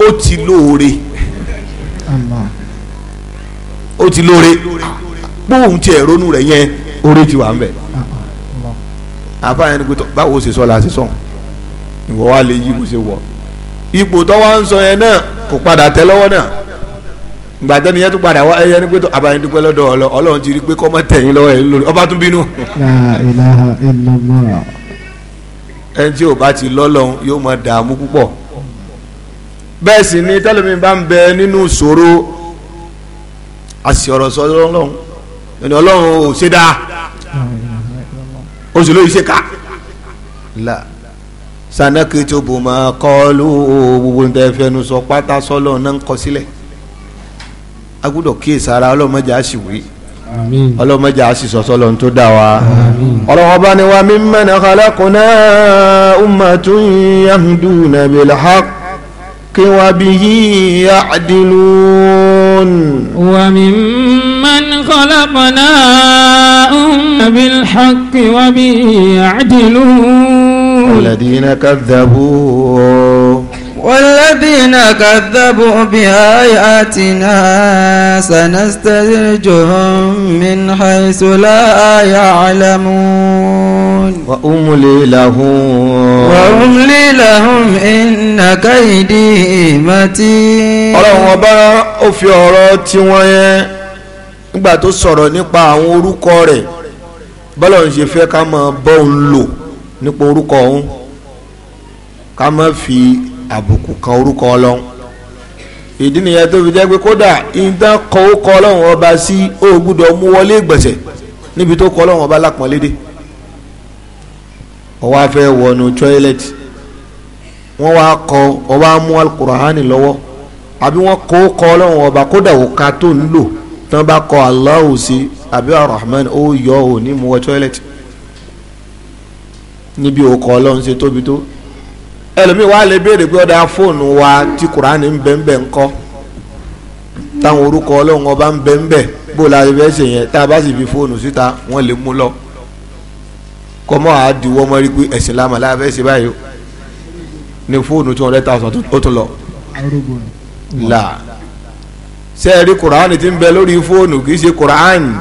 ó ti lóore ó ti lóore gbóhùn tiẹ̀ ronú rẹ̀ yẹn oore ti wà ń bẹ̀ àfààní pé báwo ṣe sọ la ṣe sọ ìwọ wa lè yí kó ṣe wọ ipò tó wá ń sọ yẹn náà kò padà tẹ́ lọ́wọ́ náà gbàtẹ́ni yẹn tún padà wá ẹyẹ ní pẹ́tọ́ abayín dúpẹ́ lọ́dọ̀ ọlọ ọlọ́run ti rí pé kọ́ mọ́ tẹ̀yìn lọ́wọ́ ẹ̀ lórí ọba tún bínú. ẹni tí ò bá ti lọ́lọ́run yóò máa dààmú púpọ̀ bẹ́ẹ̀ sì ni tẹ́lẹ̀mí bá ń bẹ nínú ìṣòro àṣìọ̀rọ̀ sọ ọlọ́run ẹni ọlọ́run ò ṣe dáa oṣù lóyún ṣe ká la sanakitobo máa kọ́ ló gbogbo nǹkan ẹ̀fẹ́ nu sọ pátá sọ́lọ́ a gbọ́dọ̀ kíyèsí ara ọlọ́mọdé a sì wí ọlọ́mọdé a sì sọ́sọ́ lọ́n tó dá wa ọlọ́wọ́ bá ní wa mimman khalaqna ummatun yahduna bil haqqi wa bihi ya'dilun. wa mimman khalaqna ummatun bil haqqi wa bihi ya'dilun. alladhina kadhabu. والذين كذبوا بآياتنا سنستدرجهم من حيث لا يعلمون وأملي لهم وأملي لهم إن كيدي متين ọlọ́run ọba ó fi ọ̀rọ̀ tiwọn yẹn nígbà tó sọ̀rọ̀ nípa àwọn orúkọ rẹ̀ bọ́lọ̀ ń ṣe fẹ́ ká máa bọ́ òun lò nípa orúkọ òun ká máa fi àbùkù kan orúkọ ọlọ́run ìdí nìyẹn tó fi jẹ́ pé kódà ìdán kọ orúkọ ọlọ́run ọba sí ó gbúdọ̀ mú wọlé ìgbọ̀nsẹ̀ níbi tó kọ ọlọ́run ọba lápọ̀nlédè ọwọ́ afẹ́ wọnú tọ́ílẹ̀tì wọ́n wá kọ ọba mú alukurahani lọ́wọ́ àbí wọ́n kọ orúkọ ọlọ́run ọba kódà òka tó ń lò tí wọ́n bá kọ Allahu sí àbí arahman ó yọ òní mú wọ tọ́ílẹ̀tì níbi òkọ ọlọ́run ṣe tóbi tó ẹlòmíì wá lè béèrè pé ọ̀dà fóònù wa tí kùránì ń bẹ́ńbẹ́ ńkọ́ táwọn orúkọ ọlọ́run ọba ń bẹ́ńbẹ́ bó la ṣe fẹ́ ṣe yẹn tá a bá sì fi fóònù síta wọ́n lè mú lọ kọ́mọ́ àdìwọ́ mọ́ rí pé ẹ̀sìn lámà láàbẹ̀ ṣe báyìí o ní fóònù two hundred thousand ó tún lọ. là ṣe é rí kùránì tí ń bẹ lórí fóònù kì í ṣe kùránì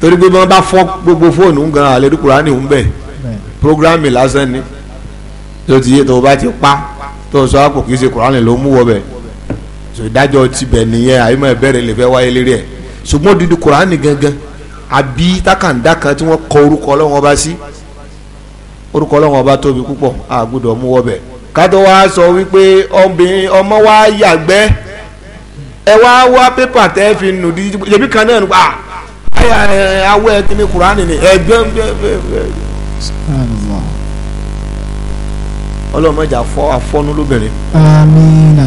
torí pé wọ́n bá fọ́ gbogbo fóònù ń gan ni tó ti yé tó o bá ti pa tó o sọ àpò kì í ṣe kùránì ló mú wọ bẹ̀ so ìdájọ́ tibẹ̀ nìyẹn àyùmọ̀ ìbẹ̀rẹ̀ lè fẹ́ wáyé lérí ẹ̀ ṣùgbọ́n dídú kùránì gangan àbí takàndá kan tí wọ́n kọ orúkọ ọlọ́wọ́n ọba sí orúkọ ọlọ́wọ́n ọba tóbi púpọ̀ àgùdọ̀ mú wọ bẹ̀ kátó wá sọ wípé ọmọ wa yàgbẹ́ ẹ wá wá pépà tẹ́ fi nù di yẹbi kan náà nípa ah, awẹ́ kíní kùránì ni ẹ̀gbẹ́ ọlọ́mọjà fọ́ afọ́nú lóbìnrin. amina.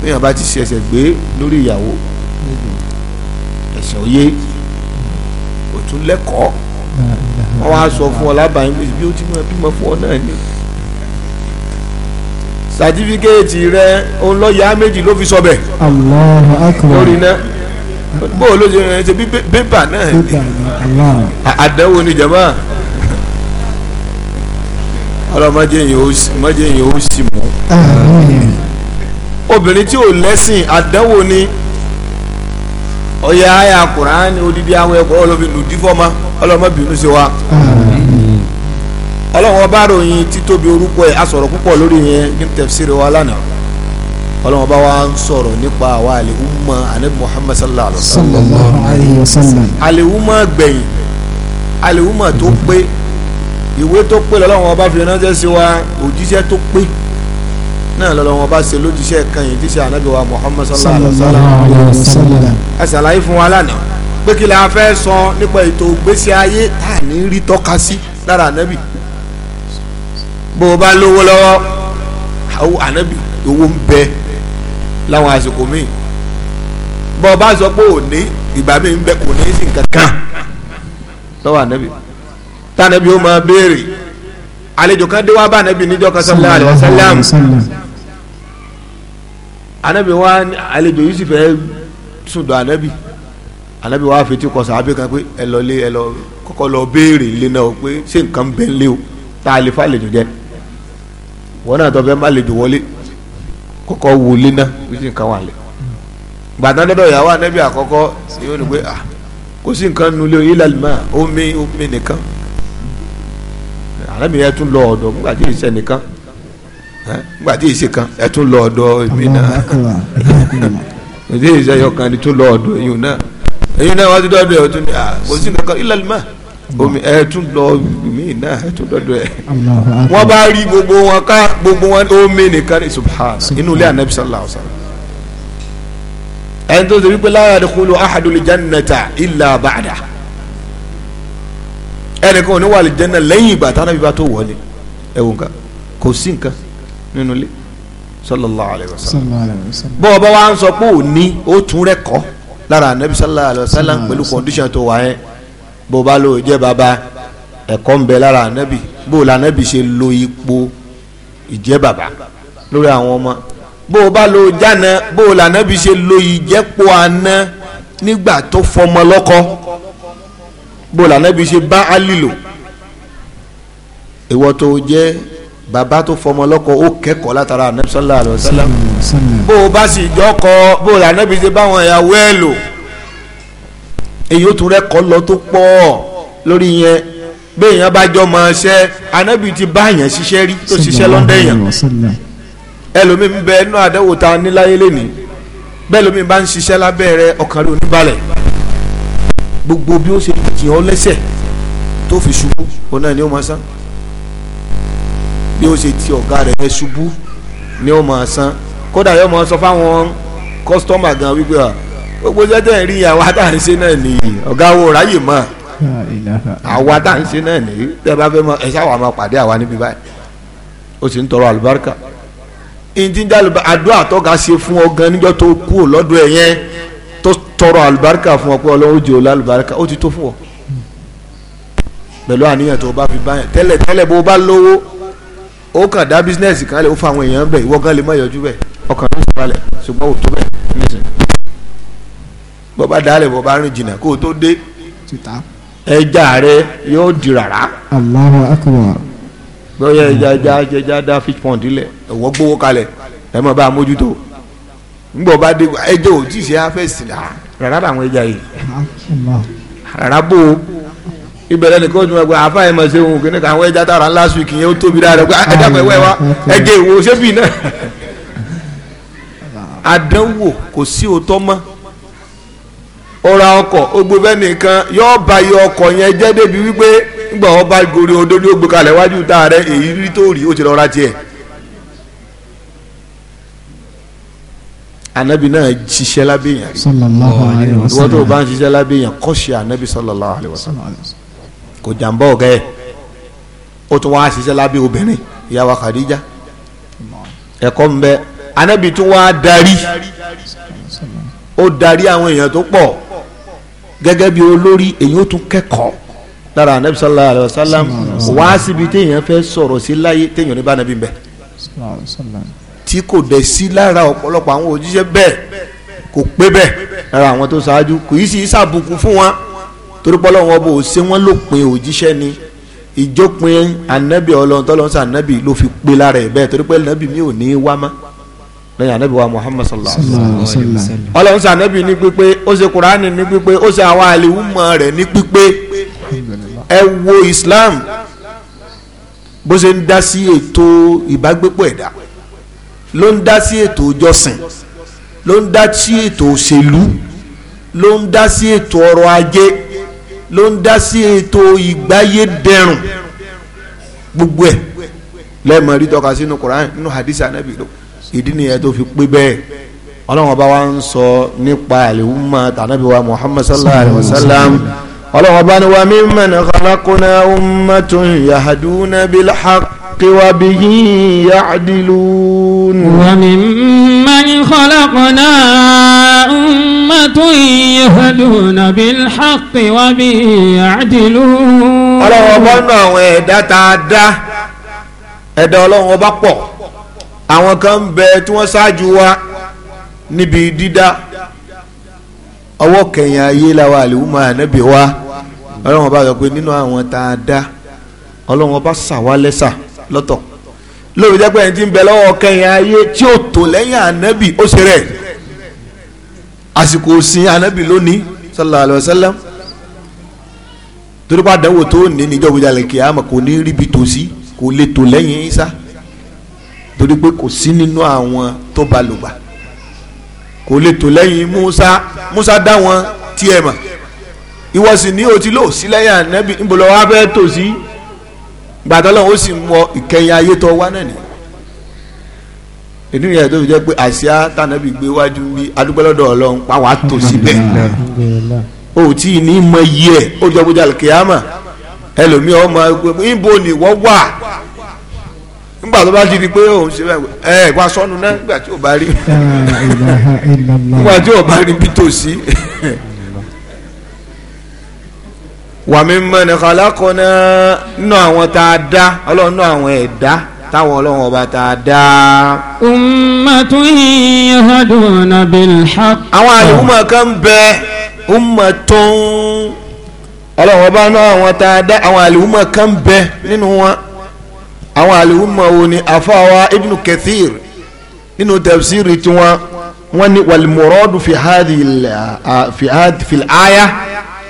bíyàn bá ti ṣe ẹsẹ̀ gbé lórí ìyàwó ẹsẹ̀ òye òtún lẹ́kọ̀ọ́ wọ́n wá sọ fún ọ lábàá english bí ó ti máa bímọ fún ọ náà ni. sàtífíkẹ́ẹ̀tì rẹ òun méjì ló fi sọ bẹ́ẹ̀. Allahu akbar. lórí náà bó o ló ṣe ṣe bí bébà náà ni àdánwò ni jama ọlọmọdé yìí ó mọdé yìí ó sì mú. obìnrin tí ò lẹ́sìn àdánwò ni ọyẹ àyà kùránì odidi àwọn ẹ̀kọ́ ọlọ́bí lùdí fọ́mà ọlọ́mọbìnrin ṣe wa. ọlọ́wọ́n bá ròyìn títóbi orúkọ ẹ̀ asọ̀rọ̀ púpọ̀ lórí yẹn ní tafsiri wa lánàá ọlọ́wọ́n bá wa ń sọ̀rọ̀ nípa àwa àlèhùnmọ́ anabi muhammad sallallahu alayhi wa sallam àlèhùnmọ́ gbẹ̀yìn àlèhùnmọ́ tó pé ìwé tó pé lọ́lọ́wọ́n ọba fi ránṣẹ́ sí wa òjíṣẹ́ tó pé náà lọ́lọ́wọ́n ọba ṣe lójíṣẹ́ kan yìí tíṣe ànábì wa Muhammad sallallahu alayhi wa sallam ẹ ṣàlàyé fún wa lánàá pé kí la fẹ́ sọ nípa ètò ìgbésí ayé tá à ní rí tọ́ka sí lára ànábì bó o bá lówó lọ́wọ́ àwọn ànábì owó ń bẹ láwọn àsìkò míì bó o bá sọ pé òní ìgbà míì ń bẹ kò ní í sí nǹkan kan lọ́wọ́ ànábì tànàbí ó máa béèrè àlejò kan dé wá bá ànàbí níjọ́ kan sallallahu alaihi wasallam ànàbí wa àlejò yìí sì fẹ́ sùdọ̀ ànàbí ànàbí wa fetí kọ sàábì kan pé ẹ lọ lé ẹ lọ kọ́kọ́ lọ béèrè ilé náà pé ṣé nǹkan bẹ́ẹ̀ lé o tá a lè fa àlejò jẹ wọn náà tó fẹ́ má àlejò wọlé kọ́kọ́ wo ilé náà bí nǹkan wà lẹ̀ gbàtàn dọ́dọ̀ ìyàwó ànàbí àkọ́kọ́ yóò ní pé ah kò sí nǹkan nulẹ̀ ilẹ̀ àlùmá omi omi nìkan arábìnrin ẹ tún lọ ọ̀dọ̀ nígbà tí ìṣe nìkan nígbà tí ìṣe kan ẹ tún lọ ọ̀dọ̀ mi náà ìdí ìṣe yọkan ni tún lọ ọ̀dọ̀ eyín náà eyín náà wá sí dọ́dọ̀ ẹ tún ní à kò sí nǹkan ilẹ̀ omi ẹ tún lọ mí náà ẹ tún dọ́dọ̀ ẹ wọ́n bá rí gbogbo wọn ká gbogbo wọn omi nìkan ní subhan inú ilé anabi sallallahu alaihi ẹni tó ṣe wípé la yadkhulu ahadul jannata illa ba'da ẹnìkan ò ní wà lè jẹ́ náà lẹ́yìn ìgbà tánábì bá tó wọlé ẹ̀wọ̀n kan kò sí nǹkan nínú ilé sallallahu alayhi wa sallam bọ́ ọba wa ń sọ pé ò ní ó tún rẹ̀ kọ́ lára anabi sallallahu alayhi wa sallam pẹ̀lú condition tó wà yẹn bó bá lò jẹ́ baba ẹ̀kọ́ ń bẹ lára anabi bó o la anabi ṣe lo ipò ìjẹ́ baba lórí àwọn ọmọ bó o bá lo jana bó o la anabi ṣe lo ìjẹ́pọ̀ àná nígbà tó fọmọ lọ́kọ bó lànàbí ṣe bá Àlì lò ìwọ tó jẹ́ bàbá tó fọmọ lọ́kọ ó kẹ́kọ̀ọ́ látara ànábì sallallahu alaihi wasallam bó o bá sì jọkọ bó lànàbí ṣe báwọn ìyàwó ẹ̀ lò èyí ó tún rẹ́ kọ́ lọ tó pọ̀ lórí yẹn béèyàn bá jọ mọ ṣẹ́ ànábì ti bá yàn ṣiṣẹ́ rí tó ṣiṣẹ́ lọ́ndẹ̀ yàn ẹlòmíì ń bẹ inú àdẹ́wò ta níláyé lẹ́nìí bẹ́ẹ̀ lómi bá ń ṣiṣẹ́ lábẹ́ rẹ ọkàn rẹ oníbalẹ̀ gbogbo bí ó ṣe jìn ọ́ lẹ́sẹ̀ tó fi ṣubú òun náà ni ó máa san bí ó ṣe ti ọ̀gá rẹ̀ yẹn ṣubú ni ó máa san kódà yóò máa sọ fáwọn kọ́sítọ́mà gan wípé à gbogbo sẹ́tẹ̀ ń rí àwa tá à ń ṣe náà nìyí ọ̀gá wo ráyè mọ́ àwa tá à ń ṣe náà nìyí tẹ́ bá fẹ́ mọ ẹ ṣáà wà máa pàdé àwa níbí báyìí ó sì ń tọrọ àlùbáríkà ìdíjà àdúrà tọ́ka ṣe fún ọ gan níjọ́ tó kú lọ́dọ̀ ẹ̀ tọrọ àlùbáríkà fún ọ pé ọlọ́run jẹ́ olú àlùbáríkà ó ti tó fún ọ pẹ̀lú àníyàn tó o bá fi bá yẹn tẹ́lẹ̀ tẹ́lẹ̀ bó o bá lówó ó kàn dá bísínẹ́sì kan lè ó fa àwọn èèyàn bẹ̀ ìwọ gan lè má yọjú bẹ̀ ọkàn ló sì balẹ̀ ṣùgbọ́n ò tó bẹ̀ nísìn bó bá dálẹ̀ bó bá rìn jìnnà kó o tó dé ẹja rẹ yóò di rárá. Allahu akbar. bóyá ẹja ẹja ẹja dá fish pond lẹ̀ ẹ̀wọ́ gbówó kalẹ̀ ẹ̀ mọ̀ bá a mójútó ngbọ bá dé ẹjọ òjì ṣe afẹsì la rárá làwọn ẹja yìí rárá bò ó ìbẹ̀rẹ̀ nìkan ojú ẹgbẹ́ àfa ẹ̀ mọ̀ ṣe òun kìíní kan àwọn ẹja tààrà last week yẹn ó tóbi dáadáa pé ah, ẹja pẹ̀ wẹ́ wa ẹjẹ ìwò ṣébì náà àdánwò kò sí òótọ́ mọ́ ọ̀rọ̀ ọkọ̀ ogbóbẹ́ nìkan yóò ba iye ọkọ̀ yẹn jẹ́ débi wípé ngbà ọba gorí odó ni ó gbé kalẹ̀ wájú tá a rẹ èyí rí tó rí ó ti lọ́ra tiẹ̀ anabi náà ṣiṣẹ́ lábẹ́ yẹn sallallahu alayhi wa sallam ìwọ́n tó bá ń ṣiṣẹ́ lábẹ́ yẹn kọ́ ṣe anabi sallallahu alayhi wa sallam kò jàǹbá ọ̀gá ẹ̀ ó tún wá ṣiṣẹ́ lábẹ́ obìnrin ìyá wa Khadija ẹ̀kọ́ ń bẹ anabi tún wá darí ó darí àwọn èèyàn tó pọ̀ gẹ́gẹ́ bí olórí èyí ó tún kẹ́kọ̀ọ́ lára anabi sallallahu alayhi wá síbi téèyàn fẹ́ sọ̀rọ̀ sí láyé téèyàn ní bá anabi ń tí kò dẹ̀ sí lára ọ̀pọ̀lọpọ̀ àwọn òjíṣẹ́ bẹ́ẹ̀ kò pé bẹ́ẹ̀ lára àwọn tó ṣáájú kò yí sí sàbùkù fún wọn torí pé Ọlọ́run ọba ò ṣe wọ́n lópin òjíṣẹ́ ni ìjópin ànábì ọlọ́run tọ́lọ́run sí ànábì ló fi pé lára ẹ̀ bẹ́ẹ̀ torí pé ànábì mi ò ní wá mọ́ lẹ́yìn ànábì wa Muhammad sallallahu alayhi wa sallam ọlọ́run sí ànábì ní pípé ó ṣe kuraani ní pípé ó ṣe àwọn àlewúmọ̀ rẹ̀ ní pípé ẹ wo Islam bó ṣe ń dá sí ètò ìbágbépọ̀ ẹ̀dá ló ń dá sí ètò ìjọsìn ló ń dá sí ètò òṣèlú ló ń dá sí ètò ọrọ̀ ajé ló ń dá sí ètò ìgbáyédẹrùn gbogbo ẹ̀ lẹ́ẹ̀mọ̀ rí tọ́ka sínú Qur'an nínú hadith anabi ló ìdí nìyẹn tó fi pé bẹ́ẹ̀ ọlọ́run ọba wa ń sọ nípa àlèhùnmá tànàbí wa Muhammad sallallahu alayhi wa sallam ọlọ́run ọba ni wa mimman khalaqna ummatun yahduna bil haqq. الحق وبه يعدلون وممن خلقنا أمة يهدون بالحق وبه يعدلون ọlọ́wọ́ bọ́nú àwọn ẹ̀dá tá a dá ẹ̀dá ọlọ́wọ́ bá pọ̀ àwọn kan ń bẹ tí wọ́n ṣáájú wa níbi dídá ọwọ́ kẹyìn ayé làwọn àlùmọ́ ànábì wa ọlọ́wọ́ bá sọ pé nínú àwọn tá a dá ọlọ́wọ́ bá ṣàwálẹ́sà lọ́tọ̀ lórí jẹ́ pé ẹni tí ń bẹ lọ́wọ́ kẹyìn ayé tí ó tò lẹ́yìn ànábì ó ṣe rẹ̀ àsìkò òsìn ànábì lónìí sallallahu alayhi wa sallam torí pa àdánwò tó ní níjọ́ ìjàlè kìámà kò ní ríbi tòsí kò lè tò lẹ́yìn isa torí pé kò sí nínú àwọn tó bá lògbà kò lè tò lẹ́yìn musa musa dá wọn tiẹ̀ mọ̀ ìwọ sì ní òtí lò sílẹ̀ yà nẹ́bí ńbọ̀lọ́wọ́ abẹ́ tòsí. gbàtọ́ lọ́wọ́ ó sì mọ ìkẹyìn ayé tó wá náà ni tó fi jẹ́ pé àsíá tànàbí gbé wájú bí adúgbòlódò ọlọ́run pa wàá o tí ì ní mọ iye ẹ̀ ó jọ bójú àlùkìyàmà ẹlòmíì ọmọ ni wọ́n wà nígbà tó bá ti di pé òun ṣe bẹ́ẹ̀ ẹ wá sọnù náà nígbà tí ò bá rí nígbà tí ò bá wàmímọ́ ní kàlákọ́nà nù àwọn tá a dá ọlọ́run nù àwọn ẹ̀dá táwọn ọlọ́run ọba tá a dá. ummatun yahduna bil haqq. àwọn àlùmọ̀ kan bẹ ummatun ọlọ́run ọba nù àwọn tá a dá àwọn àlùmọ̀ kan bẹ nínú wọn àwọn àlùmọ̀ wo ni àfọwà ibn kathir nínú tafsiri tiwọn wọn ni wal muradu fi hadhihi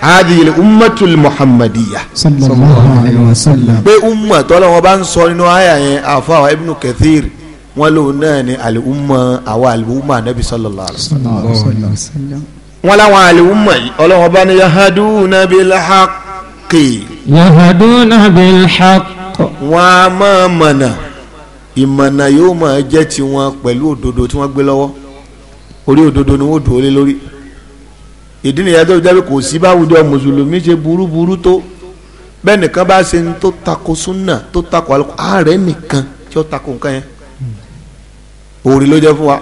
hadhihi ummatul muhammadiyya. sallallahu alayhi wa sallam. pé umma tọ́lá wọn bá ń sọ nínú àyà yẹn àfa ibnu kathir wọn lòun náà ni aliuma àwa aliuma anabi sallallahu alayhi wa sallam. wọn làwọn aliuma yìí ọlọ́wọ́n bá ní yahaduna bil haqqi. yahaduna bil haqq. wọn a máa mọ̀nà ìmọ̀nà yóò máa jẹ́ tiwọn pẹ̀lú òdodo tí wọ́n gbé lọ́wọ́ orí òdodo ni wọ́n dùn ó lé lórí ìdí nìyẹn tó jẹ́ pé kò sí báwùjọ mùsùlùmí ṣe burúburú tó bẹ́ẹ̀ nìkan bá ṣe tó tako súnà tó tako alùpùpù ààrẹ nìkan tí ó tako nǹkan yẹn òòrì ló jẹ́ fún wa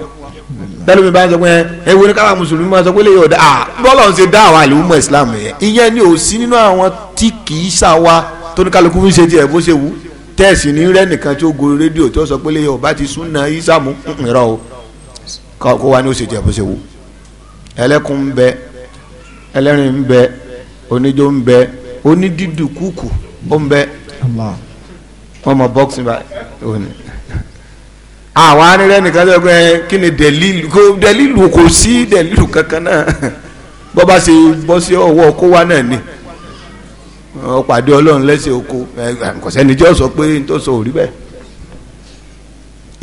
tẹ́lẹ̀ mi bá ń sọ pé ẹ wo ni káwa mùsùlùmí máa sọ pé lè yọ̀ dá ah, bọ́lá ń ṣe dá àwọn àlùmọ̀ ìsìlámù yẹn ìyẹn ni ò sí nínú àwọn tí kì í ṣà wa tó ní kálukú ń ṣe tiẹ̀ bó ṣe wù tẹ́ẹ̀sì ní rẹ́ nìkan tí ó gorí rédíò tí ó sọ pé lè yọ̀ bá ti súnà ìsàmù ń o kó wa ni ó ṣe tiẹ̀ bó ṣe wù ẹlẹ́kùn bẹ́ẹ̀ ẹlẹ́rìn ń bẹ oníjó ń bẹ onídìdù kúkú ó ń bẹ wọ́n mọ àwọn nìkan gbẹ kí ni dẹ̀lílù kò dẹ̀lílù kò sí dẹ̀lílù kankan náà bọ́ bá ṣe bọ́ sí ọwọ́ náà ni ọ̀pàdé ọlọ́run lẹ́sẹ̀ oko sọ pé n sọ òrí bẹ́ẹ̀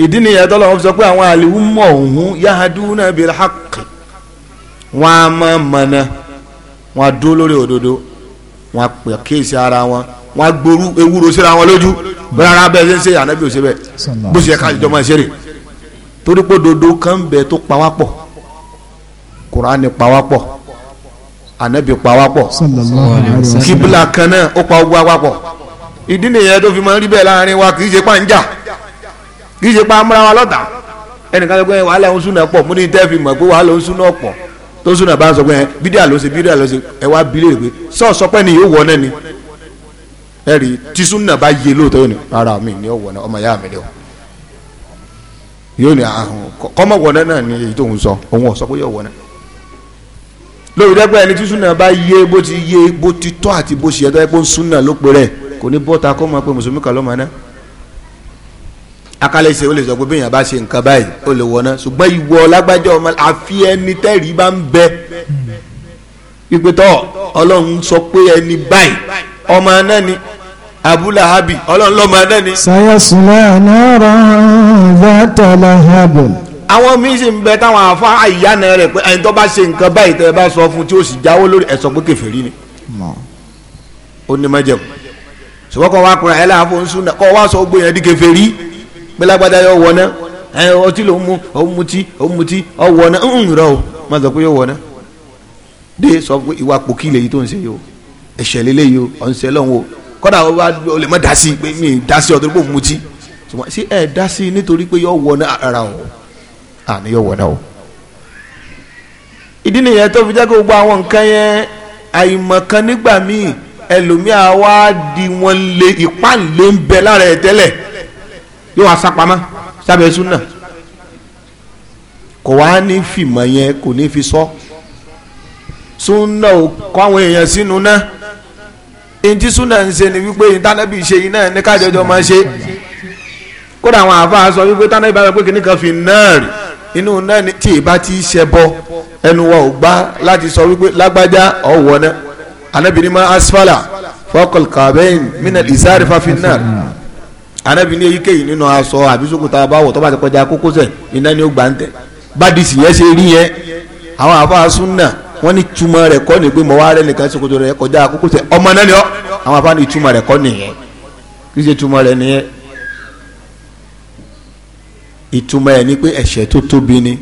ìdí nìyẹn sọ pé àwọn àlìwú mọ̀ ọ̀hún náà máa mọ̀ náà. wọn á dúró lórí òdodo wọn á pè kéèsì ara wọn wọn á gboru ewúro síra wọn lójú rárá bẹ́ẹ̀ ṣe ń ṣe ànábì ò ṣe bẹ́ẹ̀ bó ṣe ká ìjọba ẹ̀ ṣe rè torí pé òdodo kan ń bẹ tó pa wá pọ̀ kùránì pa wá pọ̀ ànábì pa wá pọ̀ kíbílà kan náà ó pa ogun wá pọ̀ ìdí nìyẹn tó fi máa ń rí bẹ́ẹ̀ láàrin wa kì í ṣe pàǹjà kì í ṣe pa amúra wa lọ́tà ẹnìkan tó gbé wàhálà ń súnà pọ̀ mú ní tẹ́ fi mọ̀ pé wàhálà ń súnà pọ̀ tó súnà bá ń sọ pé ẹ bídíà ló ṣe bídíà ló ṣe ẹ wá bílẹ̀ pé sọ sọ pé ni yóò wọ náà ni ẹ rí tí súnà bá yé lóòótọ́ yóò ní ara mi ni ó wọ náà ọmọ ìyá mi ni yóò ní kọ́mọ̀ wọ náà ni èyí tó ń sọ òun ò sọ pé yóò wọ náà lórí dẹ́gbẹ́ ẹni tí súnà bá yé bó ti yé bó ti tọ́ àti bó ṣe yẹ tó yẹ kó súnà ló pe rẹ̀ kò ní bọ́ta kó máa pe mùsùlùmí kan lọ́mọ náà akálẹ̀sẹ̀ ó lè sọ pé bí èèyàn bá ṣe nǹkan báyìí ó lè wọná ṣùgbọ́n ìwọ lágbájá ọmọ àfi ẹni tẹ́rì bá ń bẹ wípé tọ́ ọlọ́run sọ pé ẹni báyìí ọmọ náà ni abúlé habi ọlọ́run lọ́mọ náà ni. sayasula nara vata lahabu. àwọn míín sì ń bẹ táwọn afa àyànà rẹ pé ẹni tó bá ṣe nǹkan báyìí tẹ́ bá sọ fún tí ó sì jáwọ́ lórí ẹ̀ sọ pé kèfèrí ni ó ní mọ́jẹ̀kù ṣùgbọ́n kọ́ wa kura ẹ̀ láàfọ̀ ń sún náà kọ́ wa sọ gbóyè di kèfèrí gbẹlagbada yọ wọ náà ẹ ọtí ló ń mu ó ń mutí ó ń mutí ọ wọ náà ń rọ o má sọ pé yóò wọ náà dé sọ pé ìwà pòkì lèyí tó ń ṣe yìí o ẹ̀ṣẹ̀ lélẹ̀ yìí o ọ̀n ṣe lọ́hùn o kọ́dà ó wá ó lè má dá sí pé mi dá sí ọ̀dọ́ pé mo mutí ṣùgbọ́n sí ẹ̀ dá sí nítorí pé yọ wọ ara o àní yọ wọ o. ìdí nìyẹn tó fi jẹ́ kó àwọn nǹkan yẹn àìmọ̀kan nígbà míì ẹlòmíà wá di wọn lé ìpáǹlé ń bẹ lára ẹ̀ tẹ́lẹ̀ yóò wá sápamọ́ sábẹ́ súnà kò wá ní fìmọ̀ yẹn kò ní fi sọ súnà ò kọ́ àwọn èèyàn sínú náà èyí tí súnà ń ṣe ni wípé ìtànẹ́bì ṣe iná ní kájọjọ máa ṣe kódà àwọn àáfàá sọ wípé tànẹ́bì bá sọ pé kìnnìkan fi náà rí inú náà ni tí ìbá ti ṣẹ bọ ẹnu wa ò gbá láti sọ wípé lágbájá ọ̀wọ́ náà anábìrin máa asfala fọkàl kàbẹ́yìn mínà ìsáre fàfin náà anabi ní èyíkéyìí nínú aṣọ àbísòkúta báwọ̀ tó bá ti kọjá kókósẹ̀ iná ni ó gbà ń tẹ̀ bádìsì yẹn ṣe rí yẹn àwọn àfa súnà wọ́n ní túmọ̀ rẹ̀ kọ́ ni pé mọ̀ wá rẹ̀ nìkan ṣòkòtò rẹ̀ kọjá kókósẹ̀ ọmọ náà ni ọ́ àwọn àfa ní túmọ̀ rẹ̀ kọ́ nìyẹn kí ṣe túmọ̀ rẹ̀ nìyẹn ìtumọ̀ ẹ̀ ni pé ẹ̀ṣẹ̀ tó tóbi ni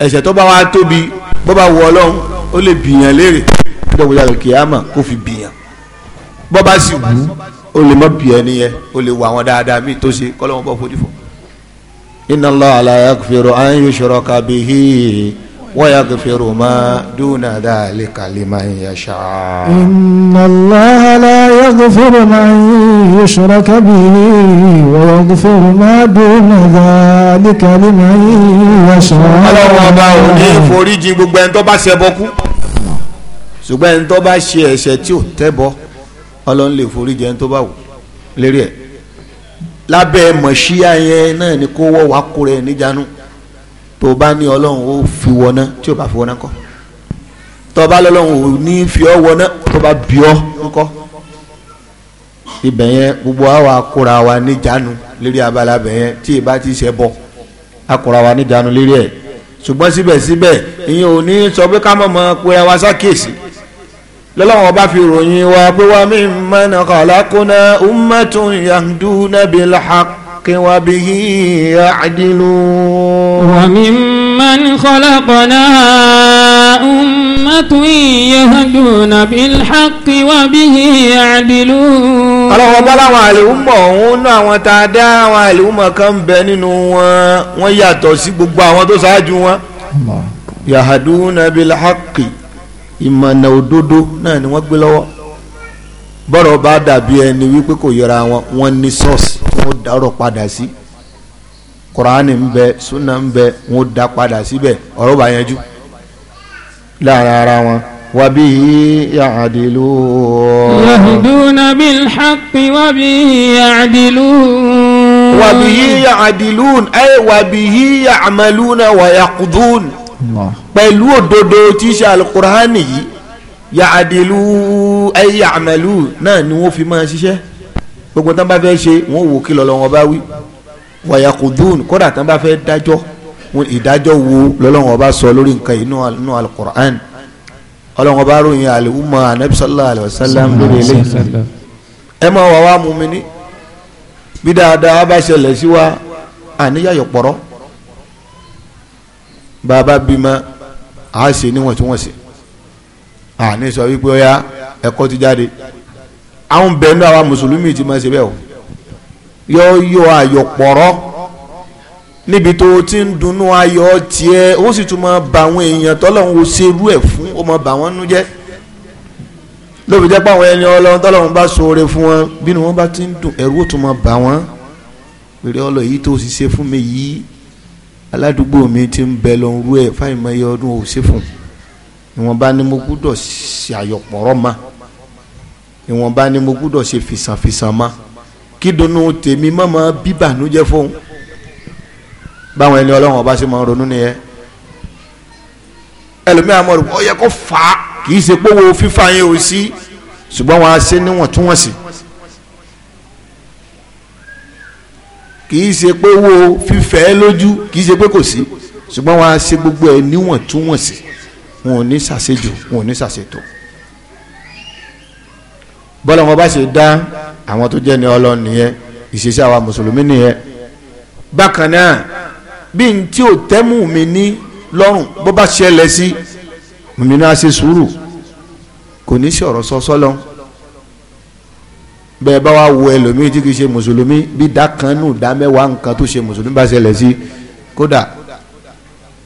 ẹ̀ṣẹ̀ tó bá wá tóbi bó bá wọ ọlọ́run ó lè bìyàn léèrè ọjọ́ ìgbéyàwó kìámà kó fi bìyàn bó bá sì wù ú ó lè má bì ẹni yẹn ó lè wọ àwọn dáadáa míì tó ṣe kọ́lọ́wọ́n bọ́ fojú fún. inna Allah la yaghfiru an yushraka bihi wa yaghfiru ma duna dhalika liman yasha. inna Allah la yaghfiru an yushraka bihi wa yaghfiru ma duna dhalika liman yasha. ọlọ́run ọba ò ní foríjì gbogbo ẹni tó bá ṣẹbọ kú ṣùgbọ́n ẹni tó bá ṣe ẹ̀ṣẹ̀ tí ò tẹ́bọ̀ ọlọ́run lè forí jẹun tó bá wù lérí ẹ̀ lábẹ́ mọ̀ṣíà yẹn náà ni kó wọ́ wá kó rẹ̀ níjànú tó bá ní ọlọ́run ó fi wọná tí ò bá fi wọná kọ́ tó bá lọ́lọ́run ò ní fi ọ́ wọná tó bá bí ọ́ ńkọ́ ibẹ̀ yẹn gbogbo àwa kóra wa níjànú lérí abala bẹ̀ yẹn tí ì bá ti ṣe bọ̀ akóra wa níjànú lérí ẹ̀ ṣùgbọ́n síbẹ̀síbẹ̀ ìyẹn ò ní sọ pé ká mọ̀ mọ́ pé ẹ wá sá kíyèsí lọ́lọ́wọ́n bá fi ròyìn wa pé wa mimman khalaqna ummatun yahduna bil haqqi wa bihi ya'dilun. wa mimman khalaqna ummatun yahduna bil haqqi wa bihi ya'dilun. ọlọ́wọ́n bá láwọn àlèhùnmọ̀ òun náà àwọn tá a dá àwọn àlèhùnmọ̀ kan bẹ nínú wọn wọ́n yàtọ̀ sí gbogbo àwọn tó ṣáájú wọn yahduna bil haqqi ìmọ̀nà òdodo náà ni wọ́n gbé lọ́wọ́ bọ́rọ̀ bá dàbí ẹni wípé kò yọra wọn wọn ní sọ́ọ̀sì wọn dárọ̀ padà sí kuraani ń bẹ sunna ń bẹ wọn dá padà síbẹ̀ ọ̀rọ̀ bá yanjú láàrin ara wọn wa bihi ya'dilun. yahduna bil haqqi wa bihi ya'dilun. wa bihi ya'dilun ay wa bihi ya'maluna wa yaqdun pẹ̀lú òdodo tí í ṣe alukur'ani yìí yaadilu ayé amalu náà ni wọ́n fi máa ṣiṣẹ́ gbogbo tán bá fẹ́ ṣe wọ́n wò kí lọ́lọ́wọ́n bá wí wàyàkùdùn kódà tán bá fẹ́ dájọ́ ìdájọ́ wo lọ́lọ́wọ́n bá sọ lórí nǹkan yìí nínú alukur'an ọlọ́wọ́n bá ròyìn àlùmọ́ anabi sallallahu alayhi wa lórí eléyìí ẹ máa wà wá mú mi ní bí dáadáa bá ṣẹlẹ̀ sí wa àníyàyọ̀ pọ̀rọ̀ bàbá bímọ a ṣe níwọ̀ntúnwọ̀nsì à ní sọ wípé ọ̀yá ẹ̀kọ́ ti jáde àwọn bẹ̀rù àwa mùsùlùmí ti máa ṣe bẹ́ẹ̀ o yọ yọ àyọ̀pọ̀rọ̀ níbi tó o ti ń dunnú ayọ̀ tiẹ̀ ó sì tún máa bà àwọn èèyàn tọ́lọ́hún o ṣerú ẹ̀ fún ó máa bà wọ́n nú jẹ́ lóbi jẹ́ pé àwọn ẹni ọlọ́run tọ́lọ́hún bá ṣoore fún wọn bínú wọn bá ti ń dùn ẹ̀rù ó tún máa bà wọ́n pèrè ọlọ́ yìí tó o sì ṣe fún mi yìí aládùúgbò mi ti ń bẹ lọ rú ẹ fáìmọye ọdún ò sí fún ìwọ̀nba ni mo gbúdọ̀ ṣe àyọ̀pọ̀rọ̀ ma ìwọ̀nba ni mo gbúdọ̀ ṣe fìsànfìsàn ma kí dunu tèmi má ma bíbànújẹ́ fún báwọn ẹni ọlọ́wọ́n ọba ṣe máa ronú nìyẹn ẹlòmíràn mọ̀ ọ yẹ kó fà á kì í ṣe pé wo fífa yẹn ò sí ṣùgbọ́n wọn á ṣe níwọ̀ntúnwọ̀nsì. kìí ṣe pé wo fífẹ́ lójú kìí ṣe pé kò sí ṣùgbọ́n wọn á ṣe gbogbo ẹ̀ níwọ̀ntúnwọ̀nsì wọn ò ní ṣàṣejù wọn ò ní ṣàṣetò bọ́lá wọn bá ṣe dá àwọn tó jẹ́ ní ọlọ́run nìyẹn ìṣesí àwa mùsùlùmí nìyẹn bákan náà bí n tí ò tẹ́mù mi ní lọ́rùn bó bá ṣẹlẹ̀ sí mi náà ṣe sùúrù kò ní sí sọ́sọ́ lọ́hùn bẹ́ẹ̀ bá wa wo ẹlòmíì tí kì í ṣe mùsùlùmí bí dákanú dámẹ́wàá nǹkan tó ṣe mùsùlùmí bá ṣẹlẹ̀ sí kódà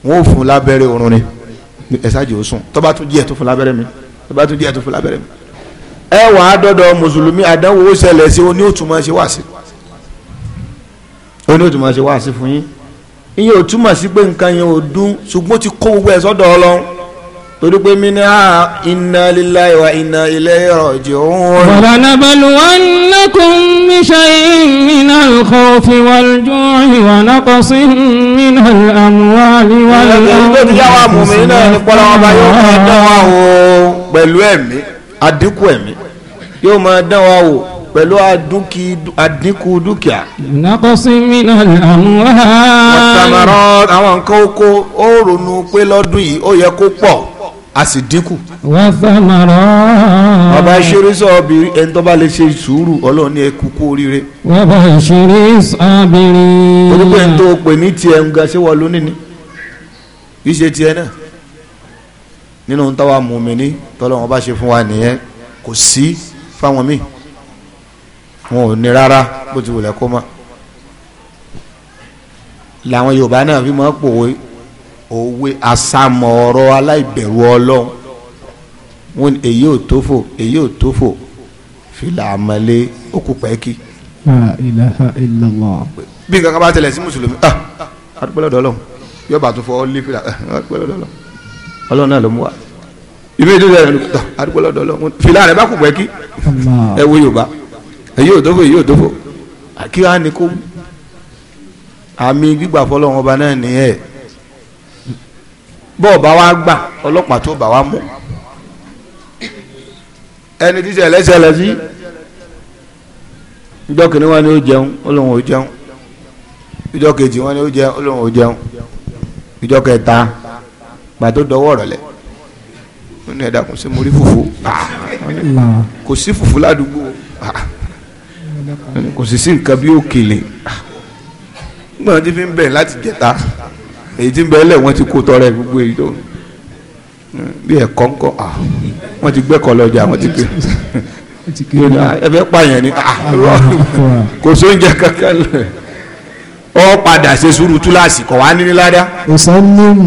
wọn ò fún lábẹ́rẹ́ oorun ni ẹ̀sájì ó sùn tó bá tún díẹ̀ tó fún lábẹ́rẹ́ mi tó bá tún díẹ̀ tó fún lábẹ́rẹ́ mi. ẹ wà á dọ́dọ̀ mùsùlùmí àdánwò ó ṣẹlẹ̀ sí oní òtúmọ̀ ṣe wá sí oní òtúmọ̀ ṣe wá sí fún yín ìyẹn òtúmọ̀ sí pé nǹkan yẹn ò dún ṣùgbọ́n ti kó gbogbo ẹ̀ sọ́dọ̀ ọlọ́run torí pé minna inna lillahi wa inna ilayhi raji'un. ولنبلونكم بشيء من الخوف والجوع ونقص من الأموال pẹ̀lú ẹ̀mí àdínkù ẹ̀mí yóò máa dán wa wò pẹ̀lú àdínkù dúkìá. naqsi minal amwal. ọ̀tàmọ̀ràn àwọn nǹkan oko ó ronú pé lọ́dún yìí ó yẹ kó pọ̀ a sì dínkù. wọ́n fẹ́ máa rọ́. bàbá ìṣeré sọ́ọ̀bì ẹni tó bá lè ṣe sùúrù ọlọ́run ní ẹkú kú oríire. bàbá ìṣeré sọ́ọ̀bìrì. onígbà ẹni tó pè ní tiẹ̀ ń ga ṣé wọ́n lónìí ni kì í ṣe tiẹ̀ náà nínú ń táwa mùmíní tọ́lọ́wọ́n bá ṣe fún wa nìyẹn kò sí fáwọn míì wọn ò ní rárá bó ti wùlẹ̀ kó mọ́ làwọn yorùbá náà fi máa pòwe òwe àsàmọ̀ ọ̀rọ̀ aláìbẹ̀rù ọlọ́run wọn èyí ò tófò èyí ò tófò fìlà àmọ́lé ó kú pẹ́ẹ́kì. ilaha illallah. bí nǹkan kan bá tẹ̀lẹ̀ sí mùsùlùmí ah adúpẹ́lẹ́ ọ̀dọ́lọ́hún yóò bá tún fọ́ lé fìlà adúpẹ́lẹ́ ah, ọ̀dọ́lọ́hún ọlọ́run náà ló mú wa ìbí ìdílé rẹ̀ lùkùtà adúpẹ́lẹ́ ah, ọ̀dọ́lọ́hún fìlà rẹ̀ bá kú pẹ́ẹ́kì ẹ wo yorùbá èyí ò tófò èyí ò tófò kí wàá ní kó àmì gbígbà fọlọ́run ọba náà nìyẹn bọ́ọ̀ bá wa gbà ọlọ́pàá tó bá wa mú ẹni tí sẹ lẹsẹ lẹ sí ìjọ kìnìún wọn ni ó jẹun Ọlọ́hun ó jẹun ìjọ kejì wọn ni ó jẹun Ọlọ́hun ó jẹun ìjọ kẹta gbàtó dọwọ́ rẹ̀ lẹ̀ ó ní ẹ̀dá kò sí mórí fùfú kò sí fùfú ládùúgbò kò sì sí nǹkan bí òkèlè gbọ́dọ̀ tí fi ń bẹ̀rẹ̀ láti jẹta èyí tí ń bẹ lẹ̀ wọ́n ti kó tọrẹ gbogbo èyí tó bí ẹ̀kọ́ ńkọ́ wọ́n ti gbẹ́kọ̀ lọ́jà wọ́n ti gbé ẹ fẹ́ pààyàn ni kò sóúnjẹ kankan lẹ̀ ọ padà ṣe sùúrù túláàsì kọ̀ wá nílé ládàá. ọ̀sánlẹ̀m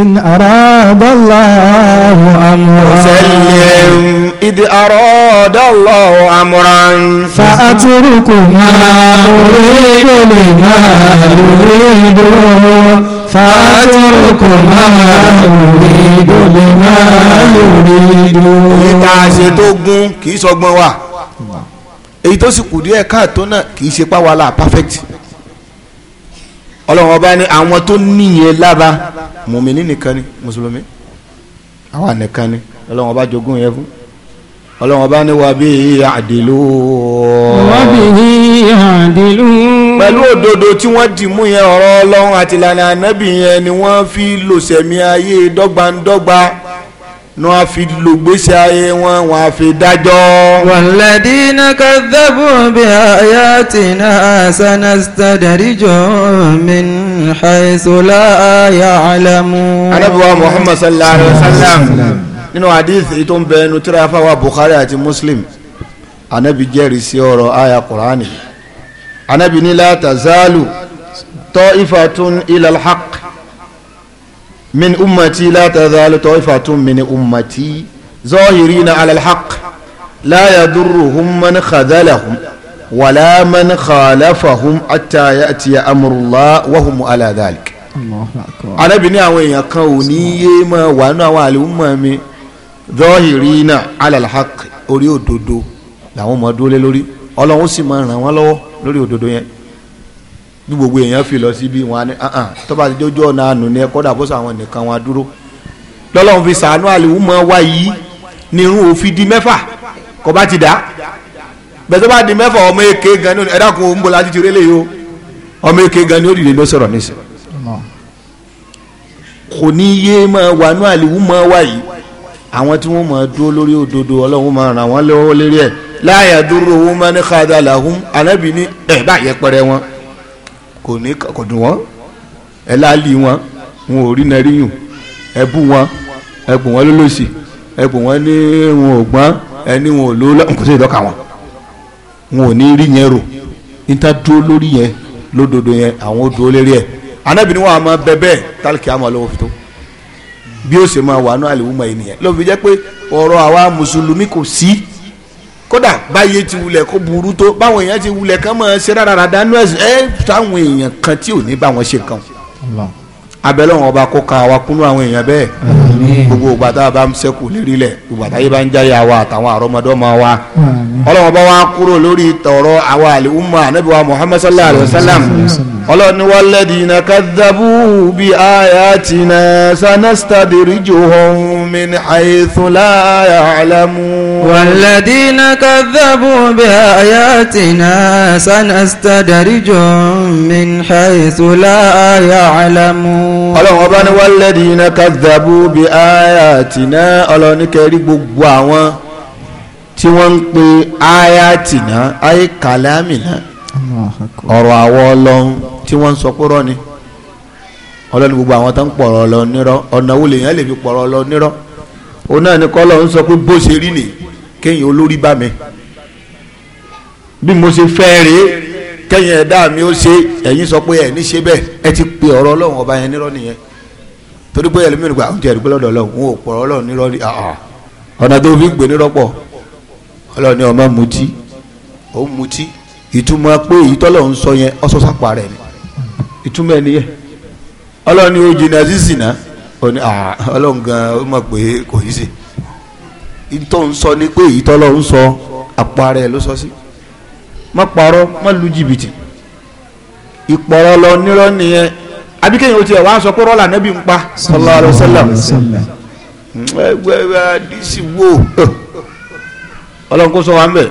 in aradallahu amran. ọ̀sánlẹ̀m ìdí aradallahu amran. fa atruku máa lórí ìdòlè máa lórí ìdòlè fàájúrùkù máa lórí dòlè máa lórí dòlè. èyí tá tó wa èyí tó sì kù díẹ̀ káàtó náà kì í ṣe pàwọ́lá perfect ọlọ́run ọba ni àwọn tó níyẹn lára mùmíní nìkan ni mùsùlùmí àwa nìkan ni ọlọ́run ọba jogún yẹn fún ọlọ́run ọba ni wàá bí àdìlú. wàá bí àdìlú pẹ̀lú òdodo tí wọ́n dì mú yẹn ọ̀rọ̀ ọlọ́run àti ìlànà ànábì yẹn ni wọ́n fi lò sẹ̀mí ayé dọ́gbandọ́gba ni wọ́n fi lò gbèsè ayé wọn wọ́n á fi dájọ́. walladina kadhabu bi ayatina sanastadrijuhum min haythu la Alamu. anábìwá muhammad sallallahu alayhi wa sallam nínú hadith ètò ń bẹ ẹnu tíra fáwọn bukhari àti muslim anábì jẹ́rìí sí ọ̀rọ̀ àyà kùránì anabi ní la tazalu ta'ifatun ilal haq min ummati la tazalu ta'ifatun min ummati zahirina alal haq la yadurruhum man khadalahum wala man khalafahum hatta ya'tiya amrullah wa hum ala dhalik anabi ní àwọn èèyàn kan ò ní yé máa wà nínú àwọn àlùmọ́ mi zahirina alal haq orí òdodo làwọn ọmọ dúró lé ọlọ́run sì máa ràn wọ́n lọ́wọ́ lórí òdodo yẹn bí gbogbo èèyàn fi lọ síbi wọn á ní ah, ah, tọ́ba àti dójú ọ̀nà àánú ni ẹ kọ́dà bó sọ àwọn nìkan wọn dúró lọ́lọ́run fi sàánú àlèwú mọ́ wá yìí ni irun òfin di mẹ́fà kọ́ bá ti dá bẹ́ẹ̀ tó bá di mẹ́fà ọmọ èké gan ni ẹ̀dá kò ń bọ̀ láti ti rí eléyìí o ọmọ èké gan ni ó dìde ló sọ̀rọ̀ nísìn kò ní yé mọ́ wàánú àlèwú mọ́ wá yìí àwọn tí wọ́n mọ̀ dúró lórí òdodo ọlọ́run máa la yadurruhum man khadhalahum anábì ní ẹ̀ eh, bá yẹpẹrẹ wọn kò ní kò dùn wọn ẹ láàlì wọn wọn ò rí nàríyùn ẹ bú wọn ẹ bù wọn lólòsì ẹ bù wọn ní wọn ò gbọ́n ẹ ní wọn ò lówó lọ́wọ́ kò sí ìdọ́ka wọn wọn ò ní rí yẹn rò níta dúró lórí yẹn lódodo yẹn àwọn ò dúró lérí ẹ anábì ní wọn àmọ́ bẹ́ẹ̀ bẹ́ẹ̀ tálíkì àmọ́ lọ́wọ́ fi tó bí ó sì máa wà ní àlè wúmọ̀ ènìyàn ló fi jẹ́ pé ọ̀rọ̀ àwa mùsùlùmí kò sí kódà báyé ti wulẹ̀ kó burú tó báwọn èèyàn ti wulẹ̀ kán mọ̀ ṣe rárára dánú ẹ̀sìn ẹ̀ táwọn èèyàn kan tí ò ní báwọn ṣe kan abẹ́lẹ́wọ̀n ọba kó ka wa kúnú àwọn èèyàn bẹ́ẹ̀ gbogbo ìgbà tá a bá ń sẹ́kù lérí lẹ̀ ìgbà tá a yé bá ń jáyà wa àtàwọn àrọ́mọdọ́mọ wa ọlọ́wọ́n bá wa kúrò lórí tọ̀rọ̀ àwa àlùmọ́ anábìwá muhammad sallallahu alayhi wa sallam ọlọ́ni walladhina kadhabu bi ayatina sanastadrijuhum min haythu la ya'lamun. walladhina kadhabu bi ayatina sanastadrijuhum min haythu la ya'lamun ọlọ́run ọba ní wálẹ́dì iná kazabu bí aya tìná ọlọ́nikẹ́rí gbogbo àwọn tí wọ́n ń pe aya tìná ayé kàlámìnà ọ̀rọ̀ àwọn ọlọ́run tí wọ́n ń sọ pé rọ́ni ọlọ́ni gbogbo àwọn tó ń pọ̀rọ̀ ọlọ́run nírọ́ ọ̀nà wo lèèyàn lè fi pọ̀rọ̀ ọlọ́run nírọ́ òun náà ni kọ́ lọ́run sọ pé bó ṣe rí ni kéèyàn olórí bá mi bí mo ṣe fẹ́ rèé kẹ́yìn ẹ̀dá mi ó ṣe ẹ̀yin sọ pé ẹ̀ ní ṣe bẹ́ẹ̀ ẹ ti pe ọ̀rọ̀ ọlọ́run ọba yẹn nírọ́ nìyẹn torí pé ẹlòmíràn gba oúnjẹ ìdúgbò lọ́dọ̀ ọlọ́run wọn ò pọ̀ ọlọ́run nírọ́ ni ah, ah. ọ̀nà tó fi ń gbé nírọ́ pọ̀ ọlọ́run ni ọmọ mutí ó mutí ìtumọ̀ pé èyí ń sọ yẹn ọsọ sápá rẹ̀ ni ìtumọ̀ ẹni yẹn ọlọ́run ni ó jìnnà sísìnà ah, ọlọ́run gan ó mọ̀ pé kò yí sí ìtọ́ ń sọ ni pé èyí tọ́lọ̀ ń sọ àpá má parọ́ ma lu jìbìtì ìpọ̀rọ̀ lọ nírọ́ nìyẹn àbí kéèyàn ó tiẹ̀ sọ pé rọ́là nẹ́bí ń pa sallallahu alaihi wasallam ẹgbẹ́ àdìsí sọ wa ń bẹ̀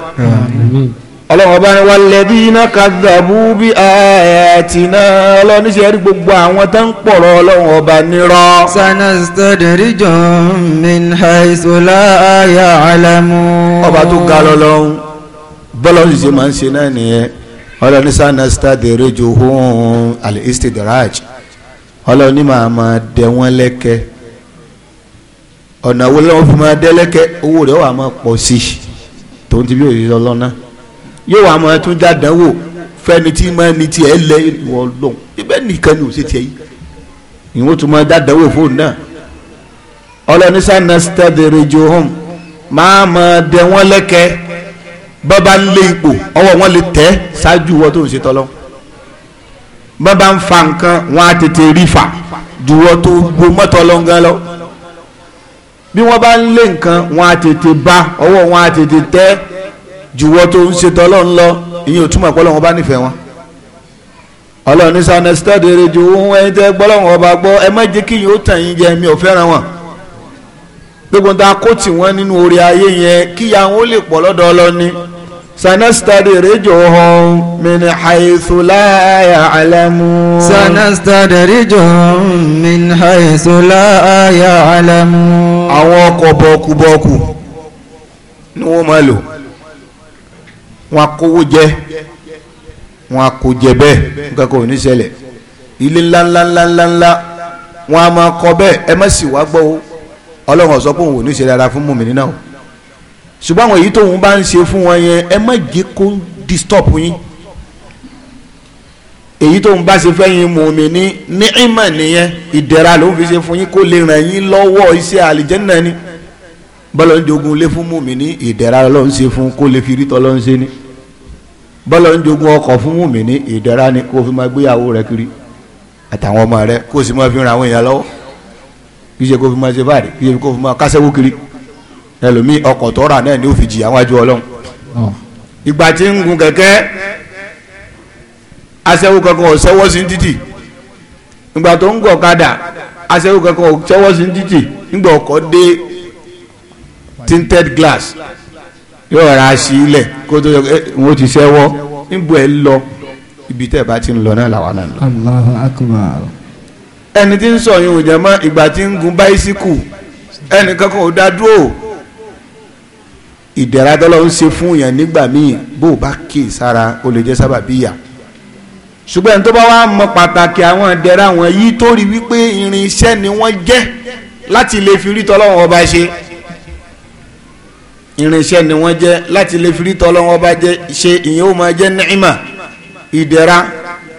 ọba ni walladhina kadhabu bi ayatina ọlọ́run níṣẹ́ rí gbogbo àwọn tó ń pọ̀rọ̀ ọlọ́run ọba nírọ́. sanastadrijuhum min haythu la ọba ga bọ́lọ́run ṣe máa ń ṣe náà nìyẹn ọlọ́ni sanasta derejo hun alistidraj ọlọ́ni máa máa dẹ wọ́n lẹ́kẹ́ ọ̀nà wo fi máa dẹ lẹ́kẹ́ owó rẹ̀ wà máa pọ̀ sí i tòun ti bí òṣìṣẹ́ ọlọ́nà yóò wà máa tún jádánwò fẹ́ni tí máa ní tiẹ̀ lẹ́ ibẹ̀ nìkan ni ò tiẹ̀ yìí ìwọ́n tún máa fóun náà máa máa dẹ bàbá ń lé ipò ọwọ́ wọn lè tẹ́ ṣáájú wọ́n tó ń ṣe tọ́lọ́ bàbá ń fa nǹkan wọn á tètè rí fà ju wọ́n tó gbó mọ́tọ́ lọ́ngán lọ bí wọ́n bá ń lé nǹkan wọn á tètè bá ọwọ́ wọn á tètè tẹ́ ju wọ́n tó ń ṣe tọ́lọ́ ń lọ ìyẹn ò túmọ̀ pé Ọlọ́run bá nífẹ̀ẹ́ wọn Ọlọ́run ní sanestadere ju ohun ẹni tẹ́ gbọ́lọ́wọ́n ọba gbọ́ ẹ má jẹ́ kí yìí ó tàn yín jẹ mi ò fẹ́ràn wọn gbogbo ta kó tì wọ́n nínú orí ayé yẹn kíyà wọn ó lè pọ̀ lọ́dọ̀ ọlọ́ni sanastade rejo hàn min haisu laaya alamu. sanastade rejo hàn min haisu laaya alamu. àwọn ọkọ̀ bọ̀kùbọ̀kù ni wọ́n máa lò wọn akówó jẹ wọn akó jẹ bẹ́ẹ̀ nǹkan kò ní ṣẹlẹ̀ ilé ńláńláńláńlá wọn a máa kọ bẹ́ẹ̀ ẹ má sì wá gbọ́ o ọlọ́run ọ̀sọ́ pé òun ò ní ṣe dáadáa fún mùmí nínà o ṣùgbọ́n àwọn èyí tóun bá ń ṣe fún wọn yẹn ẹ má jẹ́ kó disturb yín èyí tóun bá ṣe fẹ́yìn mùmí ní ní ìmọ̀ nìyẹn ìdẹ̀ra ló ń fi ṣe fún yín kó lè ràn yín lọ́wọ́ iṣẹ́ àlìjẹ́nà ni bọ́lá ń jogun lé fún mùmí ní ìdẹ̀ra ló ń ṣe fún kó lè fi rítọ́ ló ń ṣe ni bọ́lá ń jogun ọkọ̀ fún mùmí ní ìdẹ̀ra ni kó fi máa gbéyàwó rẹ kiri àtàwọn ọmọ rẹ kó sì máa fi ràn àwọn èèyàn lọ́wọ́ kì í ṣe kó fi máa ṣe báyìí kì í ṣe kó fi máa kásẹ́wó kiri ẹlòmíì ọkọ̀ tó rà náà ni ó fi jìyà wájú ọlọ́run ìgbà tí ń gun kẹ̀kẹ́ aṣẹ́wó kankan ò ṣẹ́wọ́ sí títì ìgbà tó ń gun ọ̀kadà aṣẹ́wó kankan ò ṣẹ́wọ́ sí títì nígbà ọkọ̀ dé tinted glass yóò ra sí ilẹ̀ kó tó yẹ wọ́n eh, ti ṣẹ́wọ́ níbo ẹ lọ ibi tẹ́ ẹ bá ti ń lọ náà làwọn náà lọ ẹni tí ń sọ yín òjò mọ́ ìgbà tí ń gun báísíkù ẹnì kankan ò dá dúró ìdẹ̀ra tọ́lọ́ ń ṣe fún yẹn nígbà míì bó o bá kì í sára o lè jẹ́ sábàbí ìyà ṣùgbọ́n tó bá wá mọ pàtàkì àwọn ìdẹ̀ra wọn yìí tó rí wípé irinṣẹ́ ni wọ́n jẹ́ láti lè fi rí tọ́lọ́wọ́n ọba ṣe irinṣẹ́ ni wọ́n jẹ́ láti lè fi rí tọ́lọ́wọ́n ọba ṣe ìyẹn ó máa jẹ́ nìyíma ìdẹ̀ra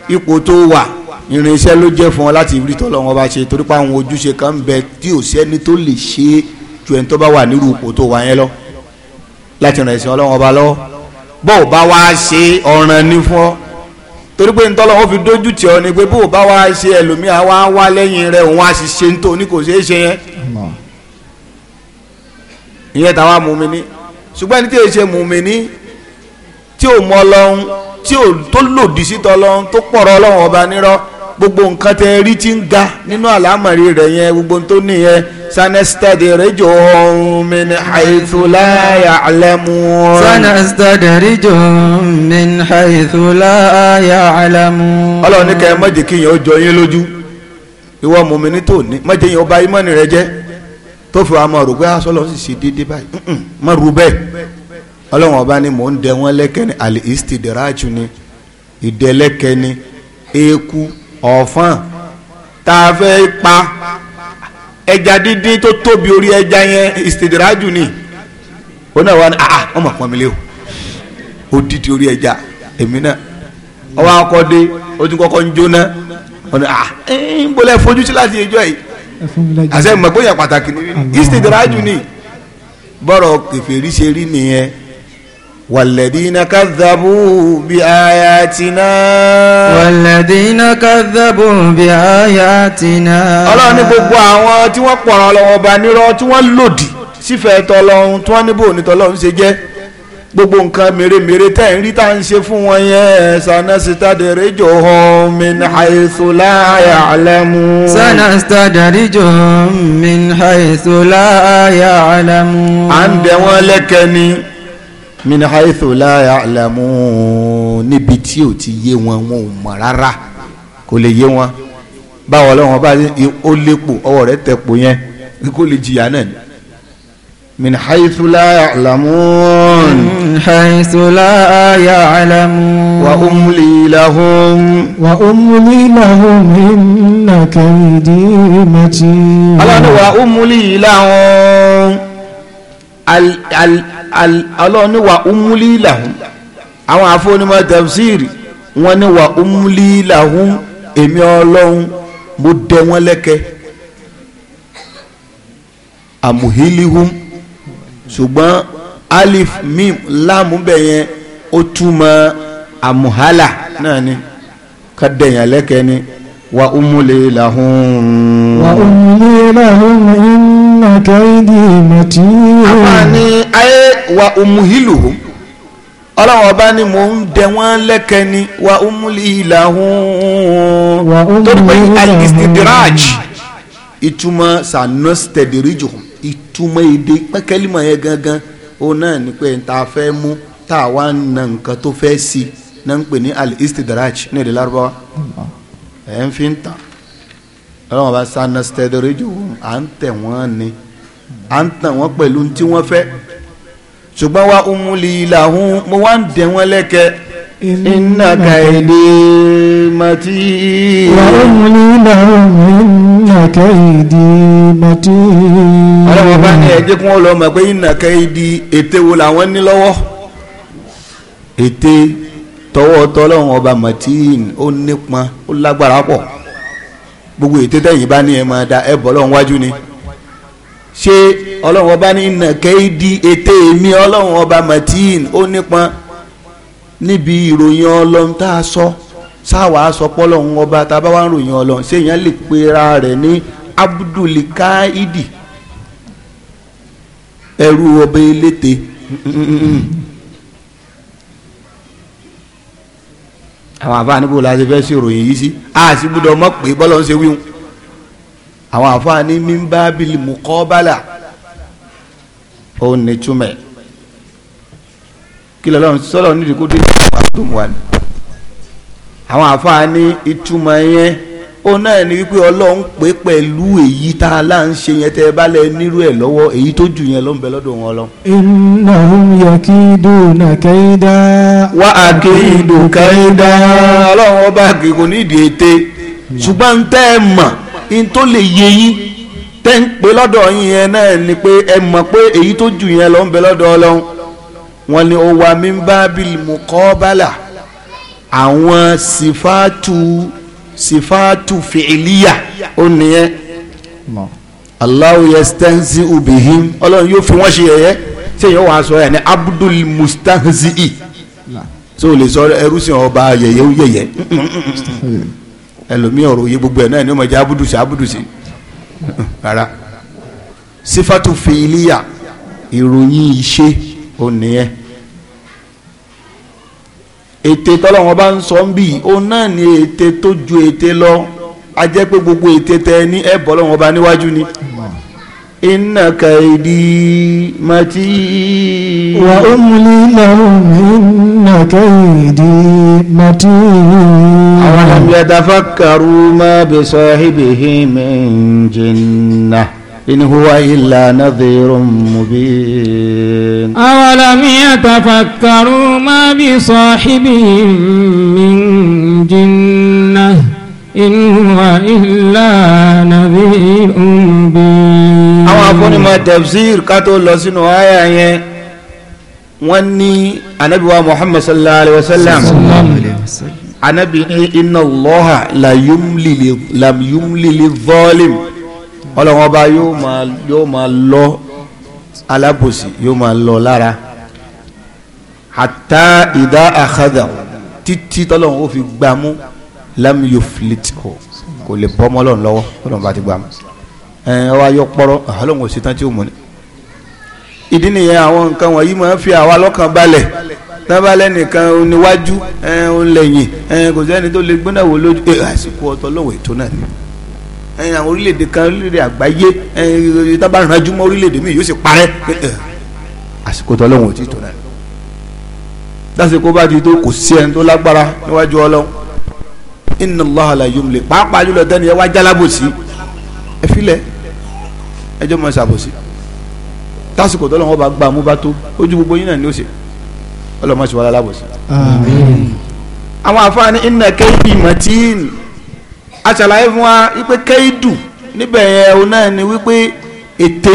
ipò tó wà irinṣẹ́ ló jẹ́ fún wọn láti rí tọ́lọ́ wọn bá ṣe torí pé àwọn ojúṣe kan ń bẹ tí ò sẹ́ni tó lè ṣe é ju ẹni tó bá wà nírú ipò tó wà yẹn lọ láti ràn ẹ̀sìn ọlọ́wọ́n ọba lọ́wọ́ bó o bá wá ṣe ọ̀ràn ní fún ọ torí pé ntọ́lọ́ wọn fi dójú tì ọ ni pé bó o bá wá ṣe ẹlòmíà wá wá lẹ́yìn rẹ òun á sì ṣe ń tó ní kò ṣeé ṣe yẹn ìyẹn táwa mú mi ní ṣùgbọ́n ẹni tí èyí ṣe mú mi ní tí ò mọ ọlọ́run tí ò tó lòdì sí tọ́lọ́run tó pọ̀rọ̀ ọlọ́run ọba nírọ́ gbogbo nǹkan tẹ rí ti ń ga nínú àlámọ̀rí rẹ̀ yẹn gbogbo tó nìyẹn sanastadirijuhum min haythu la ya'lamun. sanastadirijuhum min haythu la ya'lamun. ọlọ́run ní kẹ́ ẹ má jẹ́ kí yẹn ó jọ yín lójú ìwọ mùmíní tó ní má jẹ́ yẹn ó bà ìmánì rẹ jẹ́ tó fi wàá mọ̀ rò pé ah, aṣọ lọ́sì ṣe déédéé báyìí má rú bẹ́ẹ̀ ọlọ́run ọba ni mò ń dẹ wọn lẹ́kẹ́ ni al-istidraju ni ìdẹ́lẹ́kẹ́ ni eku ọ̀fọ́n tá a fẹ́ pa ẹja dídín tó tóbi orí ẹja yẹn ìsìtìdìrájù ni ó náà wà ní ah ọmọ pọn mi lé o ó dídí orí ẹja èmi náà ọwọ́ akọ́dé ó ti kọ́kọ́ ń jóná ó ní ah ń bolẹ̀ fojú sí láti ẹjọ́ yìí àṣẹ mọ̀ bóyá pàtàkì ni ìsìtìdìrájù ni bọ́rọ̀ kẹfẹ́ rí ṣe rí nìyẹn. والذين كذبوا بآياتنا والذين كذبوا بآياتنا ọlọ́run ní gbogbo àwọn tí wọ́n pọ̀rọ̀ lọ́wọ́ ọba nírọ́ tí wọ́n lòdì sífẹ̀ẹ́ tọlọ́run tí wọ́n níbò ní tọlọ́run ṣe jẹ́ gbogbo nǹkan mèremère tẹ̀ ń rí tá à ń ṣe fún wọn yẹn sanasitadirijohum min haythu la ya'lamun. sanasitadirijohum min haythu la ya'lamun. à ń bẹ wọn lẹ́kẹ̀ẹ́ ni min haythu la ya'lamun níbi tí ò ti yé wọn wọn ò mọ̀ rárá kò lè yé wọn báwo ọlọ́wọ́n bá ó lépo ọwọ́ rẹ̀ tẹ̀pọ̀ yẹn kó lè jìyà náà ni. min haythu la ya'lamun. min la ya'lamun. wa umli lahum. wa umli lahum inna kaydi matin. aláàdúrà wa umli lahum ọlọ́run ní wà umúlí làhún àwọn afọ́nimọ̀ tafsiri wọ́n ní wà umúlí làhún èmi ọlọ́run mo dẹ wọ́n lẹ́kẹ́ amuhilihum ṣùgbọ́n alif mim láàmú bẹ̀yẹn ó túmọ̀ amuhala náà ni ká lẹ́kẹ́ ni. وأملي لهم وأملي لهم إن كيدي متين أباني أي وأمهلهم ọlọ́run ọba ni mò ń dẹ wọ́n lẹ́kẹ́ ni wa umuli ilahun tó pé alistidiraj ìtumọ̀ sanustedirijù ìtumọ̀ èdè pẹ́kẹ́límọ̀ yẹn gangan òun náà ni pé ta fẹ́ mú tá a wá na nǹkan tó fẹ́ sí náà ń pè ní alistidiraj ní èdè lárúbáwá ẹ̀ ń fi ń tàn ọlọ́wọ́n bá sanna stẹ́dọ̀rẹ́jù à ń tẹ̀ wọ́n ni à ń tàn wọ́n pẹ̀lú tí wọ́n fẹ́ ṣùgbọ́n wa umuli làwọn mo wá ń dẹ̀ wọ́n lẹ́kẹ́ iná kàìdé mati. wa umuli làwọn iná kàìdé mati. ọlọ́wọ́n bá ní ẹjẹ́ kí wọ́n lọ mọ̀ pé iná kàìdé ète wo làwọn ní lọ́wọ́ ète. tọwọ́ tọ́lọ́run ọba martin ó nípọn ó lágbára pọ̀ gbogbo ètẹ́tẹ́yìn bá ní ẹ máa da ẹ bọ́ lọ́run wájú ni ṣé ọlọ́run ọba ní ìnà kéèdì ètè mi ọlọ́run ọba martin ó nípọn níbi ìròyìn ọlọ́run tá a sọ sáwàá sọ pọ́lọ́run ọba tá a bá wà ń ròyìn ọlọ́run ṣé èèyàn lè pera rẹ̀ ní abdulkaidi ẹrú ọba eléte àwọn àfa níbo la ṣe fẹ́ ṣe ìròyìn yìí sí àti gbọ́dọ̀ mọ̀ pé bọ́lá ń ṣe wíwù àwọn àfa ní mímbá bíi mukọ́bálà ó ní túmẹ̀ kí lọ́lọ́run sọ́lọ́ nídìí kó dé ìtumọ̀ àdùnmọ̀ àwọn àfa ní ìtumọ̀ yẹn ó náà ni wípé ọlọ́run pé pẹ̀lú èyí tá a là ń ṣe yẹn tẹ́ ẹ bá lẹ nírú ẹ̀ lọ́wọ́ èyí tó jù yẹn ló ń bẹ lọ́dọ̀ wọn lọ. innahum yakiduna kaida. wa akidu kaida. ọlọ́run ọba àgbègbè ní ìdí ète ṣùgbọ́n tẹ́ ẹ mọ̀ in tó lè yé yín tẹ́ ń pè lọ́dọ̀ yín yẹn náà ni pé ẹ mọ̀ pé èyí tó jù yẹn ló ń bẹ lọ́dọ̀ ọlọ́run wọn ni ó wà min babil muqabala àwọn sifatu sifatu fi'iliya ó nìyẹn Allahu yastanzi ubihim ọlọ́run yóò fi wọ́n ṣe yẹ̀yẹ́ ṣé èèyàn wàá sọ ẹ̀ ní abdul mustanzi ṣé o lè sọ ẹrú sí ọba yẹ̀yẹ́ yẹ̀yẹ́ ẹlòmíì ọ̀rọ̀ òye gbogbo ẹ̀ náà ni ó mọ̀ jẹ́ abudu sí abudu sí rárá sifatu fi'iliya ìròyìn iṣẹ́ ó nìyẹn ète tọ́lọ́wọ́n bá ń sọ ń bì òun náà ni ète tó ju ète lọ a jẹ́ pé gbogbo ète tẹ ní ẹ̀bọ̀ lọ́wọ́n bá níwájú ni. inna kaidi mati. wa umli lahum inna kaidi mati. awalam yatafakkaru ma bi sahibihim min jinnah. إن هو إلا نذير مبين أولم يتفكروا ما بصاحبهم من جنة إن هو إلا نذير مبين àwọn afúnimọ̀ tafsir ká tó lọ sínú àyà yẹn wọ́n ní anabiwa muhammad sallallahu alaihi wasallam anabi ní inna allaha la yumli li zalim ọlọ́run ọba yóò máa yóò máa lọ alábòsí yóò máa lọ lára hatta ìdá àkàdà títí tọ́lọ́run ó fi gbámú lam yuflit kò lè bọ́ mọ́lọ́run lọ́wọ́ tọ́lọ́run bá ti gbámú ẹ̀ ọ́ wa yọ pọ́rọ́ ọlọ́run ò sí tán tí ó mú ni ìdí nìyẹn àwọn nǹkan wọ̀nyí máa ń fi àwa lọ́kàn balẹ̀ tábàlẹ̀ nìkan oníwájú ẹ̀ ń lẹ́yìn kò sẹ́ni tó lè gbóná wò lójú ẹ̀ àsìkò ọ̀tọ̀ lọ́wọ́ ètò náà àwọn orílẹ̀-èdè kan orílẹ̀-èdè àgbáyé tábà ránjú mọ́ orílẹ̀-èdè mi yóò sì parẹ́ àsìkò tó lóun ò tí tó náà lásìkò bá di tó kò sí ẹni tó lágbára níwájú ọlọ́run inna Allaha la yumli pàápàá jùlọ tẹ́ni ẹ wá jálábòsí ẹ filẹ̀ ẹjọ́ mọ̀ ṣàbòsí tásìkò tó lọ́wọ́ bá gbà mú bá tó ojú gbogbo yín náà ni ó ṣe ọlọ́mọ ṣe wà lálábòsí. àwọn àfáàní inna kaydi matin aṣàlàyé fún wa wípé kẹ́hìndù níbẹ̀ yẹn o náà ni wípé ète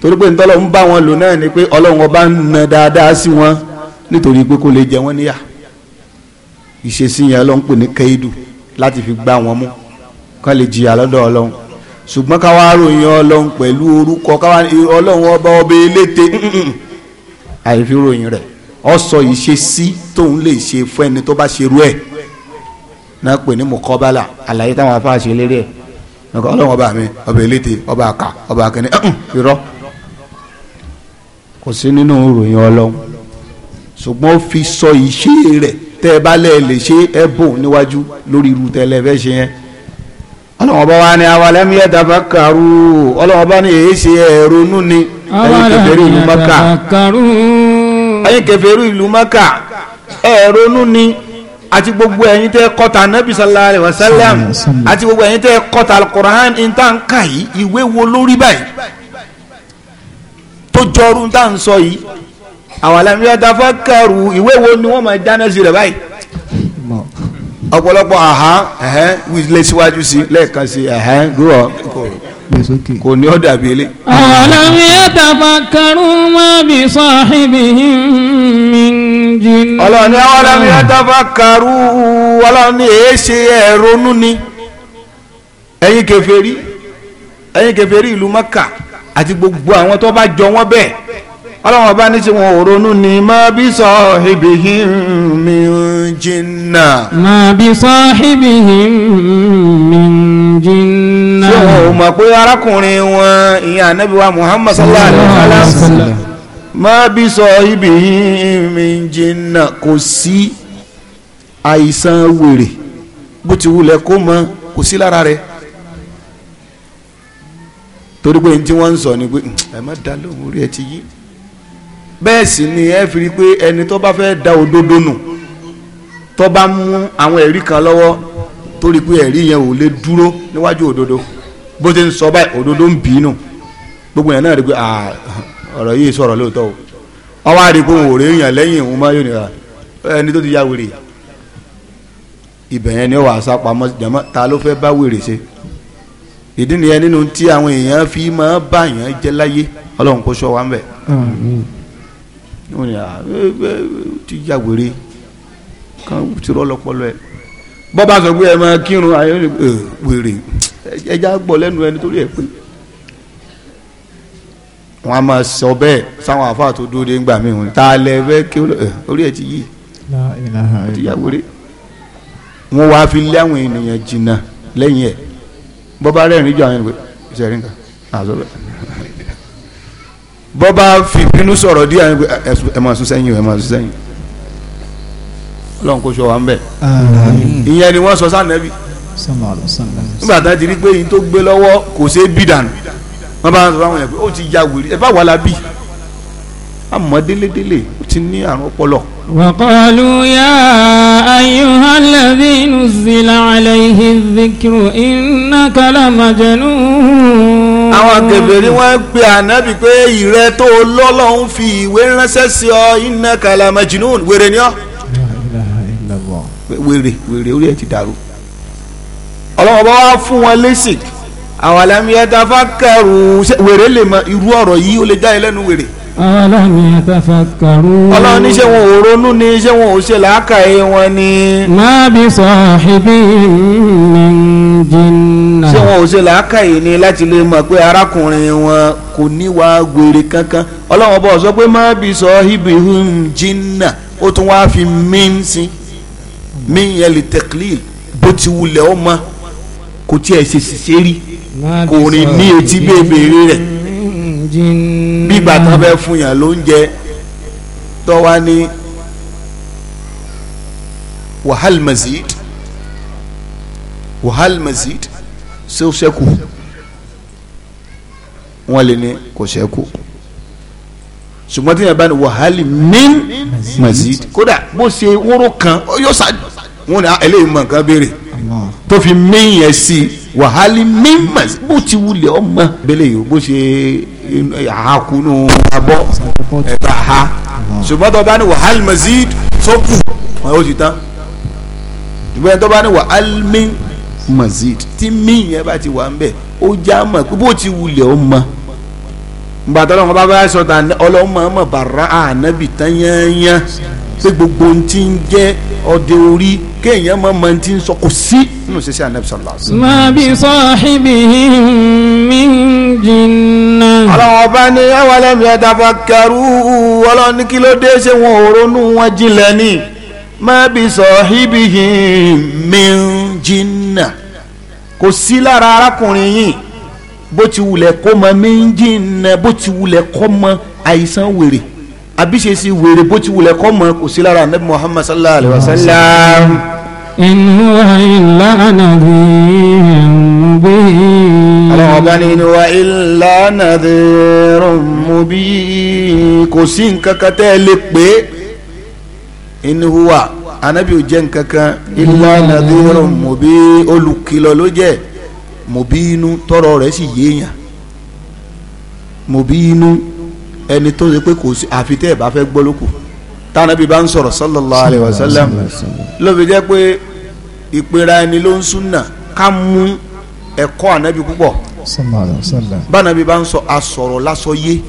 torí pé ntọ́lọ́ ń bá wọn lò náà ni pé ọlọ́run ọba ń na dáadáa sí wọn nítorí pé kó lè jẹ wọ́n níyà ìṣesí yẹn ọlọ́run pè ní kẹ́hìndù láti fi gbá wọn mú kán lè jìyà lọ́dọ̀ ọlọ́run ṣùgbọ́n ká wá ròyìn ọlọ́run pẹ̀lú orúkọ ká ọlọ́run ọba ọba eléte àìfi ròyìn rẹ̀ ọ sọ ìṣesí tóun lè ṣe fún ẹni tó bá ṣerú ẹ̀ náà pè ní mukọ́bálà àlàyé táwọn afá ṣe lérí ẹ̀ nǹkan ọlọ́run ọba mi ọba eléte ọba àkà ọba akẹ́ni irọ́ kò sí nínú ìròyìn ọlọ́run ṣùgbọ́n ó fi sọ ìṣe rẹ̀ tẹ́ ẹ bá lẹ́ẹ̀ lè ṣe ẹ bò níwájú lórí irú tẹ́lẹ̀ fẹ́ ṣe yẹn ọlọ́run ọba wa ni awalẹ́mi ẹ̀ dàbà kàrú ọlọ́run ọba ni èyí ṣe ẹ̀ ni ẹ̀yin kẹfẹ́rú ìlú maka ẹ̀yin kẹfẹ́rú ìlú maka ẹ̀ ni àti gbogbo ẹ̀yin tẹ́ kọ́ta nabi sallallahu alayhi wa sallam àti gbogbo ẹ̀yin tẹ́ kọ́ta alukoran ntanka yìí ìwé wo lórí báyìí tó jọrú ntá ń sọ yìí àwọn alámi yóò dáfọ́ kẹrù ìwé wo ni wọ́n máa dáná sí rẹ̀ báyìí ọ̀pọ̀lọpọ̀ aha ẹ̀hẹ́n wíìlẹ̀ síwájú sí lẹ́ẹ̀kan sí ẹ̀hẹ́n gbúrọ̀ kò ní ọ̀dà bílẹ̀. alam yatafakkaru ma bi sahibihim min jìn. ọlọ́ni ọlọ́ni yatafakkaru ọlọ́ni èéṣe ẹ̀rọnú ni ẹ̀yin kèfèrí ẹ̀yin kèfèrí ìlú Mẹ́kà àti gbogbo àwọn tó bá jọ wọ́n bẹ́ẹ̀ ọlọ́wọ́n bá ní tí wọn ò ronú ni má bí sahibihim min jinna. má bí sahibihim min jinna. tí wọn ò mọ̀ pé arákùnrin wọn ìyá anábìwá Muhammad sallallahu alayhi wa sallam Ma bí sọ ibi mi jìnnà kò sí àìsàn wèrè bó ti wulẹ̀ kó mọ kò sí lára rẹ̀ torí pé tí wọ́n ń sọ ni pé ẹ má da lóhùn orí ẹ ti yí bẹ́ẹ̀ sì ni ẹ fi rí pé ẹni tó bá fẹ́ da òdodo nù tó bá mú àwọn ẹ̀rí kan lọ́wọ́ torí pé ẹ̀rí yẹn ò lè dúró níwájú òdodo bó ti ń sọ báyìí òdodo ń bínú gbogbo yẹn náà rí pé ọ̀rọ̀ yìí sọ̀rọ̀ lóòótọ́ o wọ́n wá rí i pé òun ò rí èèyàn lẹ́yìn òun máa yóò nira ẹni tó ti ya wèrè ibẹ̀ yẹn ni ó wà á sápamọ́ jẹ́mọ́ ta ló fẹ́ bá wèrè ṣe ìdí nìyẹn nínú tí àwọn èèyàn fi máa bá yàn jẹ́ láyé ọlọ́run kó sọ wa ń bẹ̀. ti ya wèrè kan ti rọ́ lọ́pọ̀lọ́ ẹ̀ bọ́ bá sọ pé ẹ máa kírun ayé wèrè ẹ já gbọ́ lẹ́nu ẹni torí ẹ pé wọn a máa sọ bẹ́ẹ̀ sáwọn àfáà tó dúró dé ńgbà mí wọn ta lẹ fẹ kí orí ẹ ti yí ìyàwó rẹ wọn wá fi lé àwọn ènìyàn jìnnà lẹ́yìn ẹ bọba rẹrin jọ àwọn ènìyàn ìṣẹ̀rí nǹkan àzọ bẹ bọba fi bínú sọ̀rọ̀ díẹ̀ ẹ máa sún sẹ́yìn ẹ máa sún sẹ́yìn Ọlọ́run kò sọ wa ń bẹ ìyẹn ni wọn sọ sànẹbi nígbà tá a ti rí pé yìí tó gbé lọ́wọ́ kò ṣeé bí dànù wọ́n bá ń sọ fún àwọn yẹn pé ó ti ya wèrè ẹ bá wà lábì àmọ́ délédélé ó ti ní àrùn ọpọlọ. wàkọ́lù yá ayélujára nùzílà àlẹ́yìí zikiru iná kálá màjẹ̀nú. àwọn kèfèrí wọ́n pe ànábì pé ìrẹ́ tó lọ́lọ́hún fi ìwé ránṣẹ́ sí ọ iná kálá màjẹ̀nú wèrè ni ọ́. wèrè wèrè orí ẹ ti dàrú. ọlọ́wọ́ bá fún wọn lésì. àwọn alámi ẹ̀ta fákàrù wèrè lè mọ irú ọrọ yìí o lè já ẹlẹ́nu wèrè. àwọn alámi ẹ̀ta fákàrù. ọlọ́run ní ṣé wọn ò ronú ní ṣé wọn ò ṣe làákàyè wọn ni. má bí sọ̀hìbí mi ń jìnnà. ṣé wọn ò ṣe làákàyè ni láti lè mọ̀ pé arákùnrin wọn kò níwà wèrè kankan ọlọ́run bọ̀ sọ pé má bí sọ̀hìbí ń jìnnà ó tún wáá fi mí ń sin mí yẹn lè tẹ̀klíl bó ti wulẹ̀ ọmọ kò ṣe rí kò rìn ní etí bèbèrè rẹ̀ bí bàtà bẹ́ẹ̀ fún yàn ló ń jẹ tọ́wá ní wahal mazid wahal mazid ṣé ó ṣẹ́kù wọ́n lè ní kò ṣẹ́kù ṣùgbọ́n tí yẹn bá ní wàhálì min mazid kódà bó ṣe wóró kan yóò ṣáájú wọn ni ah, eléyìí mọ nǹkan béèrè tó fi mí yẹn sí i wàhálì mímọ̀ bó ti wulẹ̀ ọmọ bẹ́lẹ̀ yìí bó ṣe àhákùnú abọ́ ẹ̀ka ha ṣùgbọ́n tó bá ní wàhálì mazid tó kù wọn yóò ti tán ṣùgbọ́n tó bá ní wàhálì mazid tí mí yẹn bá ti wà ń bẹ̀ ó já mọ̀ pé bó ti wulẹ̀ ọmọ gbàtọ́ lọ́wọ́ bá bá sọ̀tà ọlọ́mọ ọmọ bàrà ànábì tán yányán pé gbogbo ohun tí ń jẹ́ ọdẹ orí kéèyàn máa máa ti ń sọ kò sí nínú sísẹ anabi sallallahu alaihi wasallam. ma bi sahibihim min jinna. ọlọ́wọ́n bá ní awalam yatafakkaru ọlọ́run ní kí ló dé ṣé wọn ò ronú wọn jinlẹ̀ ni ma bi sahibihim min jinna kò sí lára arákùnrin yìí bó ti wulẹ̀ kó mọ min jinna bó ti wulẹ̀ kó mọ àìsàn wèrè àbíṣe sí wèrè bó ti wulẹ̀ kọ́ mọ́ kò sí lára anabi muhammad sallallahu alayhi wa sallam. inú ilá nàbí bí. àwọn ọba ní inú wa ilá nàbí rọ̀mù bí kò sí nǹkan kan tẹ́ ẹ lè pè é inú wa anabi ò jẹ́ nǹkan kan ilá nàbí rọ̀mù olùkìlọ̀ ló jẹ́ mòbí inú tọrọ rẹ̀ sì yéèyàn mòbí inú ẹni tó ṣe pé kò sí àfi tẹ́ ẹ̀ bá fẹ́ gbọ́ lóko tànàbí bá ń sọ̀rọ̀ sallallahu alayhi wa sallam ló fi jẹ́ pé ìpera ẹni ló ń súnà ká mú ẹ̀kọ́ ànábì púpọ̀ bánabi bá ń sọ asọ̀rọ̀ lásọ yé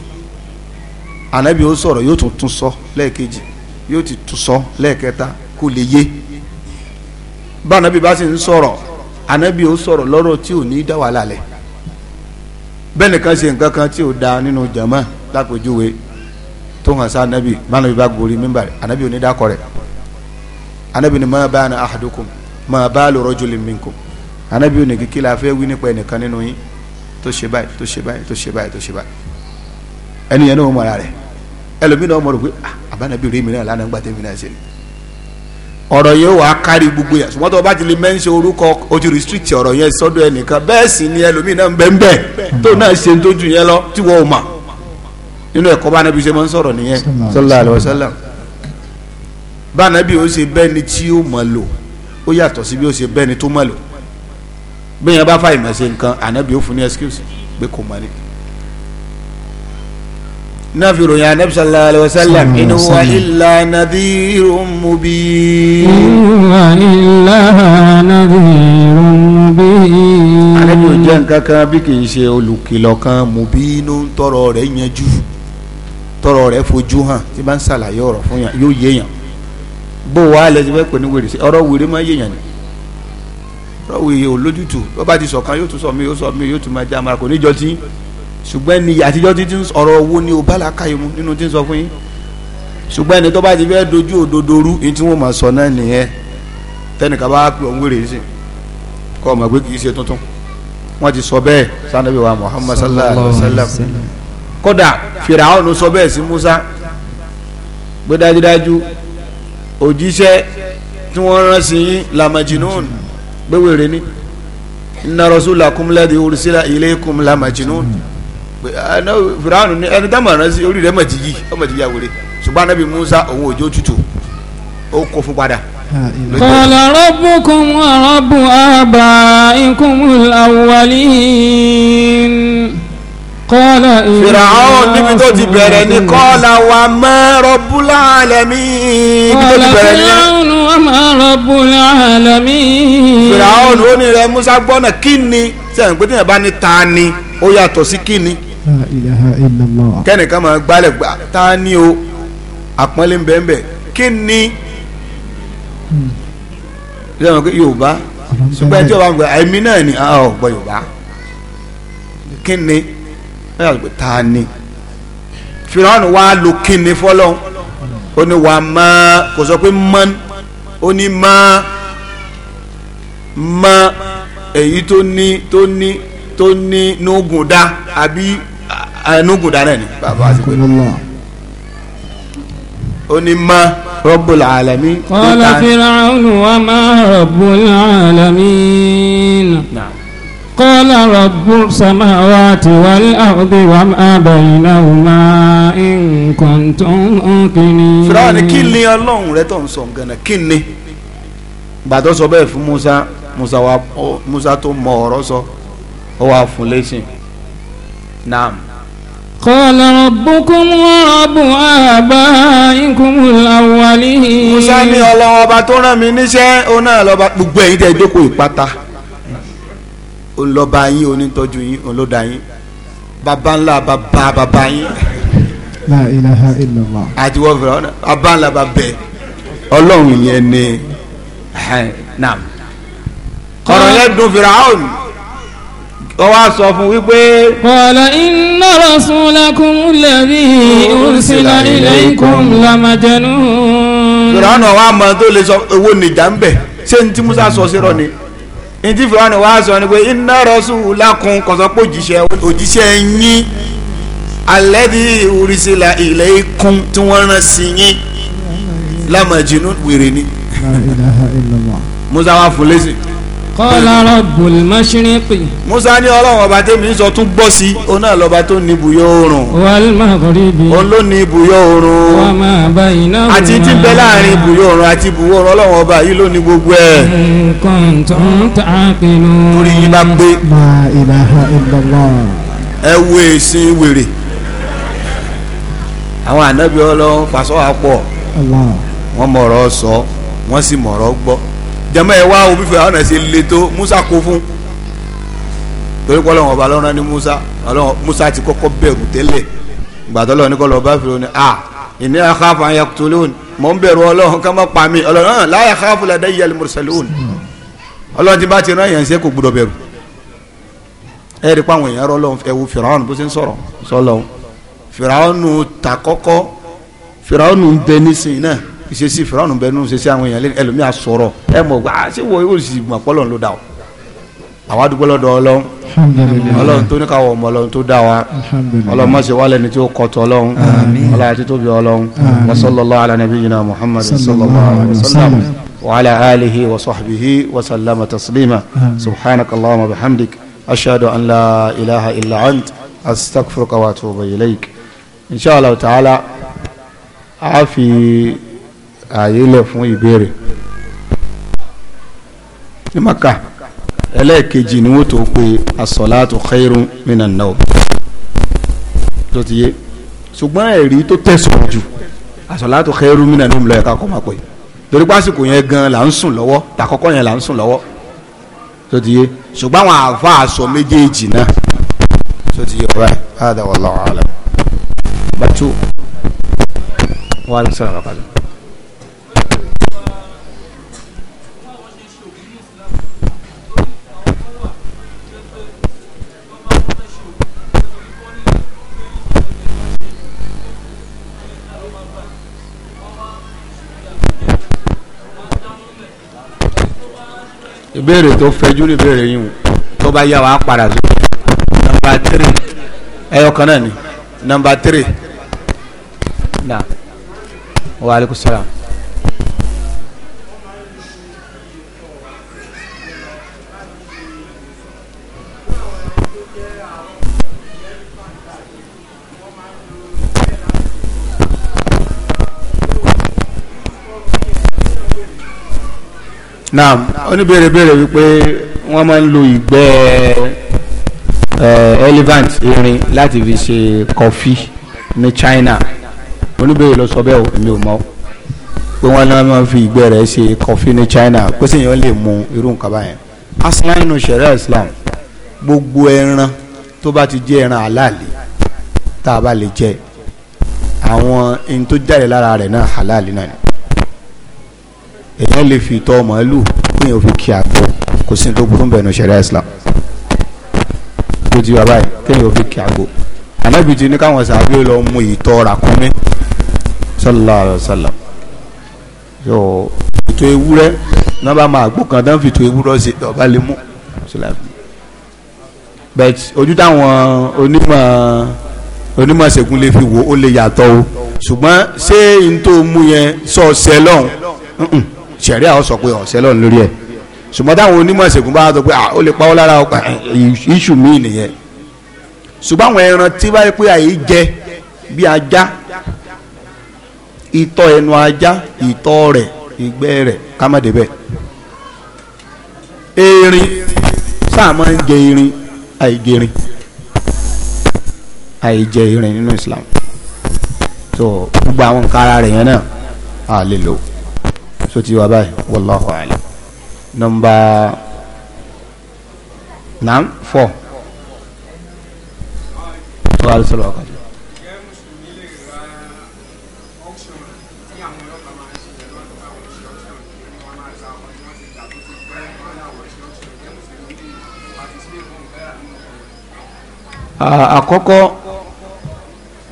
ànábì ó sọ̀rọ̀ yóò tún tún sọ lẹ́ẹ̀kejì yóò ti tún sọ lẹ́ẹ̀kẹta kó lè yé bánabi bá sì ń sọ̀rọ̀ ànábì ó sọ̀rọ̀ lọ́rọ̀ tí ò ní dá bẹ́ẹ̀ nìkan ṣe nǹkan kan tí ò da nínú jàmáà lápèjúwe tó hàn sá anabi bánabi bá gborí mímbà anabi òní dákọ rẹ anabi ni máa bá ana ahadukum máa bá lọrọ jùlẹ minkum anabi òní kíkí la fẹ́ wí nípa ẹnìkan nínú yín tó ṣe báyìí tó ṣe báyìí tó ṣe báyìí tó ṣe báyìí ẹni yẹn ní wọn mọra rẹ ẹlòmínà wọn mọ pé ah, àbánabi rí mi náà lánàá gbà tẹ́mi náà ṣe ni ọ̀rọ̀ yẹn wàá kárí gbogbo yẹn ṣùgbọ́n tó o bá ti lè mẹ́ńṣẹ́ orúkọ o ti restrict ọ̀rọ̀ yẹn sọ́dọ̀ ẹnìkan bẹ́ẹ̀ sì ni ẹlòmínà ń bẹ́ẹ̀ bẹ́ẹ̀ tó náà ṣe ń tójú yẹn lọ tí wọ́n ò mọ̀ nínú ẹ̀kọ́ bá nàbí ṣe máa ń sọ̀rọ̀ nìyẹn sallallahu alaihi wasallam bá nàbí ó ṣe bẹ́ni tí ó mọ̀ lò ó yàtọ̀ sí bí ó ṣe bẹ́ni tó mọ̀ lò bí yẹn bá fà ìmọ̀ ṣe nǹkan ànábì ó fún ní excuse pé kò mọ̀ ní. náà ròyìn ànábì sallallahu alaihi wasallam in huwa illa nadhirun mubin. in huwa illa nadhirun mubin. ànábì ò jẹ́ nǹkan kan bí kì í ṣe olùkìlọ̀ kan mubin ń tọrọ rẹ̀ yanjú tọrọ rẹ fojú hàn tí bá ń ṣàlàyé ọ̀rọ̀ fún yàn yóò yéèyàn bó wàá lẹsẹ fẹ pè ní wèrè sí ọ̀rọ̀ wèrè má yéèyàn ni ọ̀rọ̀ wèrè ò lójútù bó bá ti sọ̀kan yóò tún sọ mí yóò sọ mí yóò tún máa jẹ àmàlà kò níjọ tí ṣùgbọ́n ẹni àtijọ́ ti ń ọ̀rọ̀ owó ni o bá la káyọ̀ mu nínú tí ń sọ fún yín ṣùgbọ́n ẹni tó bá ti fẹ́ dojú òdodo rú ní tí wọ́n máa sọ náà nìyẹn tẹnìkan bá pè òun wèrè sí kọ́ ọ mọ̀ kì í ṣe tuntun wọ́n ti sọ bẹ́ẹ̀ sanabi wa Muhammad sallallahu alayhi wa sallam kódà fìràwọn sọ bẹ́ẹ̀ sí Musa pé dájúdájú òjíṣẹ́ tí wọ́n rán sí yín lamajinun pé wèrè ni inna rasulakum ladhi ursila ilaykum lamajinun ah, fìràwọn ni ẹni dáhùn rán sí orí rẹ̀ mọ̀ ti yí ọmọ ti yá wèrè ṣùgbọ́n anábì Musa òun òjò tútù ó kó fún padà. قال ربكم ورب آبائكم الأولين kọ́lá ìlú fìràhàn níbi tó ti bẹ̀rẹ̀ ni kọ́lá wa mọ́ rọ́bùlà àlẹ́mí níbi tó ti bẹ̀rẹ̀ ni. kọ́lá wa mọ́ rọ́bùlà àlẹ́mí. fìràhàn ó ní rẹ musa gbọ́nà kí ni sẹ́yìn pé tíyẹn bá ní ta ni ó yàtọ̀ sí kí ni. kẹ́nìkan máa gbálẹ̀ gbà ta ni o àpọ́nlé ń bẹ́ẹ̀ bẹ́ẹ̀ kí ni lẹ́wọ̀n pé yorùbá ṣùgbọ́n ẹjọ́ ń gbọ́ ẹ̀mí náà ni ọ̀ gbọ́ yorùbá kí ẹ yà ta ni fìràwọn wà lo kíni fọlọ́n ó ní wà má kò sọ pé mọ́n ó ní má má èyí tó ní tó ní tó ní nùgùdá àbí nùgùdá náà ni bàbá àti pé ó ní má rọ́bùl àlámín. qala wa ma rọ́bùl àlámín. قال رب السماوات والأرض وما بينهما إن كنتم موقنين. fìràwọ̀ ni kí ni ọlọ́run rẹ tó ń sọ gànà kí ni gbàtọ́ sọ bẹ́ẹ̀ fún Musa Musa wa Musa tó mọ ọ̀rọ̀ sọ ó wà fún lẹ́sìn naam. قال ربكم ورب آبائكم الأولين. Musa ní ọlọ́wọ́ ọba tó rán mi níṣẹ́ ó náà lọ́ba olùlọ́ba yín onítọ́jú yín olóda yín baba ńlá baba baba yín. la ilaha illallah. àti wọ́n fẹ́ràn ọ̀nà baba ńlá baba ọlọ́run yẹn ni naam. ọ̀rọ̀ yẹn dùn fìrà áwòn wọ́n sọ fún wípé. qala inna rasulakum alladhi ursila ilaykum la majnun. fìrà áwòn wa mọ̀ tó lè sọ owó nìjà ń bẹ̀ ṣé ní musa sọ sí rọ ni ntí fúlàní wàá sọ ni pé iná rọ́ṣù lákun kọ̀sọ́pọ̀ òjíṣẹ́ òjíṣẹ́ yín alẹ́bí oríṣìlá ilẹ̀ ikún tí wọ́n rán sí yín lámàjínú wèrè ni musa wa fún lẹ́sìn kọ́lá rọ́bùl mashriqi. musa ní ọlọ́run ọba tẹ́mi sọ tún gbọ́ sí i òun náà lọ́ba tó ní ibùyọ oòrùn. wal maghribi. òun ló ní ibùyọ oòrùn. wa ma bainahuma. àti tí ń bẹ láàrin ibùyọ oòrùn àti ibùwọ̀ oòrùn ọlọ́run ọba yìí ló ní gbogbo ẹ̀. nǹkan tó ń ta àpinnu. torí yín bá gbé. la ilaha illallah. ẹ wo èsìn wèrè. àwọn ànábì ọlọ́run pàṣọ àpọ̀. wọ́n mọ̀rọ̀ sọ wọ́n sì mọ̀rọ̀ gbọ́ jama ẹ wá òbí fìràwọ́n náà ṣe le tó musa kó fún torí kọ́ lọ́wọ́ ọba lọ́rọ́ ní musa ọlọ́wọ́ musa ti kọ́kọ́ bẹ̀rù tẹ́lẹ̀ gbàtọ́ lọ́wọ́ ní kọ́ lọ́wọ́ bá fìràwọ́ ni a ìní àkàfà ayé tolóhùn mọ̀ ń bẹ̀rù ọlọ́run ká má pa mi ọlọ́run náà láyà káfù ládé yẹlẹ mùsùlùmí ọlọ́run ti bá ti rán yẹn ṣe kò gbọdọ̀ bẹ̀rù ẹ rí pa àwọn èèyàn rọ lọ́wọ́ bó ṣe ń sọ̀rọ̀ sọ́lọ́wọ́ fìràwọ́n ta kọ́kọ́ fìràwọ́n ń bẹ náà ìṣesí fìràwọ̀n bẹ́ẹ̀ nù ìṣesí àwọn èèyàn ẹlòmíà sọ̀rọ̀ ẹ mọ̀ gbà á ah, ṣé wo yóò sì mọ̀ pọ́lọ̀ ló dà o àwa dúpẹ́ lọ́dọ̀ ọlọ́run ọlọ́run tó ní ká wọ̀ ọmọ ọlọ́run tó dá wa ọlọ́run má ṣe wálẹ̀ ní tí ó kọ̀tọ̀ ọlọ́run ọlọ́run àti tóbi ọlọ́run wa sallallahu ala nabiyyina Muhammad sallallahu alaihi wa sallam wa ala alihi wa ààyè lẹ̀ fún ìbéèrè ní maka ẹlẹ́ẹ̀kejì ni wọ́n tó pe asọ̀láàtò khairun minan náà tó ti yé ṣùgbọ́n ẹ̀rí tó tẹ̀sán jù asọ̀láàtò khairun minan náà lọ́yẹ̀ ká kọ́ máa pè torí pásìkò yẹn gan là ń sùn lọ́wọ́ tàkọ́kọ́ yẹn là ń sùn lọ́wọ́ tó ti yé ṣùgbọ́n àwọn àfa aṣọ méjèèjì náà tó ti yé ọ̀rọ̀ ẹ̀ hádà wallahu alam bàtú wàhálà sọ̀rọ̀ bàbá ìbéèrè tó fẹjú ní ìbéèrè yìí tó bá yá wa padà sí. nọ́mbà tírì ẹyọ kan náà ni nọ́mbà tírì. na wa aleykum naam oníbèrè bere wípé wọ́n máa ń lo ìgbẹ́ eh, elephant irin láti fi ṣe kọfí ní China oníbèrè ló sọ bẹ́ẹ̀ èmi ò mọ̀ pé wọ́n náà máa fi ìgbẹ́ rẹ̀ ṣe kọfí ní China pé sì yẹn lè mu irú nǹkan báyẹn aslan nínú sẹ̀rẹ̀ Islam gbogbo ẹran tó bá ti jẹ́ ẹran àlàálì tá a bá lè jẹ àwọn ẹni tó jáde lára rẹ̀ náà àlàálì náà ni èèyàn lè fi ìtọ̀ màálù kéèyàn fi kí àgbo kò sí tó burú bẹ̀rù ṣẹ̀ríà Islam tó ti wà báyìí kéèyàn fi kí àgbo ànábì ti ní káwọn sàbí ó lọ mú ìtọ̀ ràkúnmí sallallahu alaihi wasallam yóò ètò ewúrẹ́ náà bá máa gbó kan dán fi ètò ewúrẹ́ ṣe ọba lè mú bẹ́ẹ̀ ojú táwọn onímọ̀ onímọ̀ ṣègùn lè fi wò ó lè yàtọ̀ o ṣùgbọ́n ṣé n tó mú yẹn sọ ọ̀sẹ̀ lọ́hùn sẹ̀rí àwọn sọ pé ọ̀sẹ̀ lọ́n lórí ẹ̀ ṣùgbọ́n táwọn onímọ̀ ìṣègùn bá sọ pé ó lè pa ọ́ lára ọ̀pá iṣu mi nìyẹn ṣùgbọ́n àwọn ẹran tí bá yẹ pé àyè jẹ bí ajá itọ́ ẹnu ajá itọ́ rẹ̀ ìgbẹ́ rẹ̀ ká má débẹ̀ erin sáà máa ń jẹ erin àìgẹrin àìjẹ erin nínú Islam so gbogbo àwọn nǹkan ara rẹ̀ yẹn náà a lè lò ó tó ti wà báyìí wallahu alam nọ́mbà nam fọ tó wà lọsọlọ ọkọ jù. àkọ́kọ́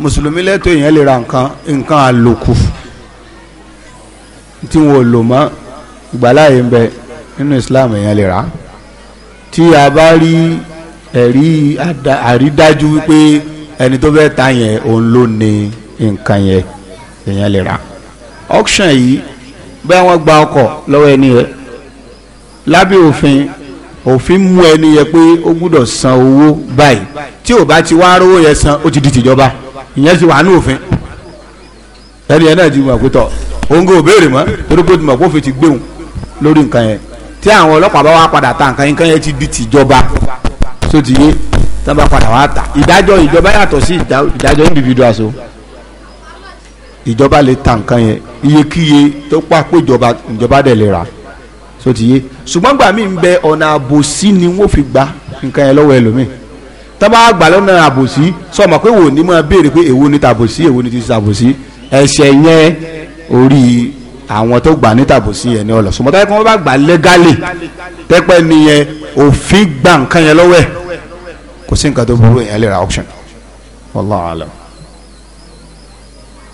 mùsùlùmí lẹ́tọ̀ọ́ èèyàn lè ra nǹkan nǹkan àlòkù tí wọn ò lò mọ́ ìgbàláyé ń bẹ nínú islam èèyàn lè rà á tí a bá rí ẹ̀rí àrídájú wípé ẹni tó fẹ́ ta yẹn òun ló ní nǹkan yẹn èèyàn lè rà á auction yìí bẹ́ẹ̀ wọ́n gba ọkọ̀ lọ́wọ́ ẹni yẹn lábẹ́ òfin òfin mú ẹni yẹn pé ó gbúdọ̀ san owó báyìí tí ò bá ti wá rówó yẹn san ó ti di tìjọba ìyẹn ti wà ní òfin ẹni yẹn náà ti mọ̀ pé tọ̀ òun kò béèrè mọ́ torí pé tìmọ̀ kó fi ti gbéhùn lórí nǹkan yẹn tí àwọn ọlọ́pàá bá wá padà ta nǹkan yẹn nǹkan yẹn ti di tìjọba tó ti yé tán bá padà wá ta ìdájọ́ ìjọba yàtọ̀ sí ìdájọ́ individual so ìjọba lè ta nǹkan yẹn iyekíye tó pa pé ìjọba ìjọba dẹ̀ lè rà so ti yé ṣùgbọ́n gbà mí ń bẹ ọ̀nà àbòsí ni wọ́n fi gba nǹkan yẹn lọ́wọ́ ẹlòmíì tán bá gbà lọ́nà àbòsí sọ ma pé wò ní máa béèrè pé èwo ni tàbòsí èwo ni ti sàbòsí ẹ̀ṣẹ̀ yẹn orí àwọn tó gbà ní tàbùsí yẹn ni ọlọ sọmọtà yẹn kí wọn bá gbà lẹgálì tẹpẹ nìyẹn òfin gba nǹkan yẹn lọ́wọ́ ẹ kò sí nǹkan tó burú yẹn lè ra option wallahu alam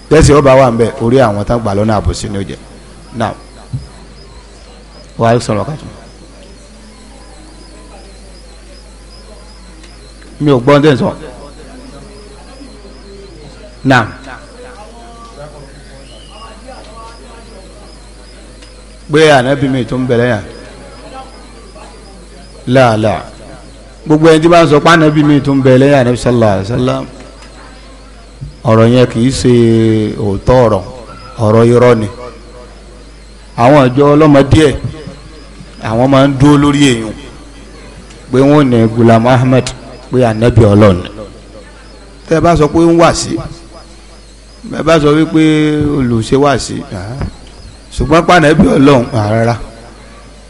tẹsí ọba wà ń bẹ orí àwọn tó gbà lọ́nà àbùsí ni ó jẹ now wàá sọ̀rọ̀ kàtó. mi ò gbọ́ ń tẹ̀sán. now. pé ànábì mi tó ń bẹ̀rẹ̀ yàn láàlà gbogbo ẹni tí bá ń sọ pé ànábì mi tó ń bẹ̀rẹ̀ yàn ànábì sallallahu alaihi wasallam ọ̀rọ̀ yẹn kì í ṣe òótọ́ ọ̀rọ̀ ọ̀rọ̀ irọ́ ni àwọn ìjọ ọlọ́mọ díẹ̀ àwọn máa ń dúró lórí èèyàn pé wọ́n ní Gulam Ahmed pé ànábì ọlọ́run tẹ́ ẹ bá sọ pé ń wà sí ẹ bá sọ wípé olùṣèwà sí ṣùgbọ́n pànàbí ọlọ́run rárá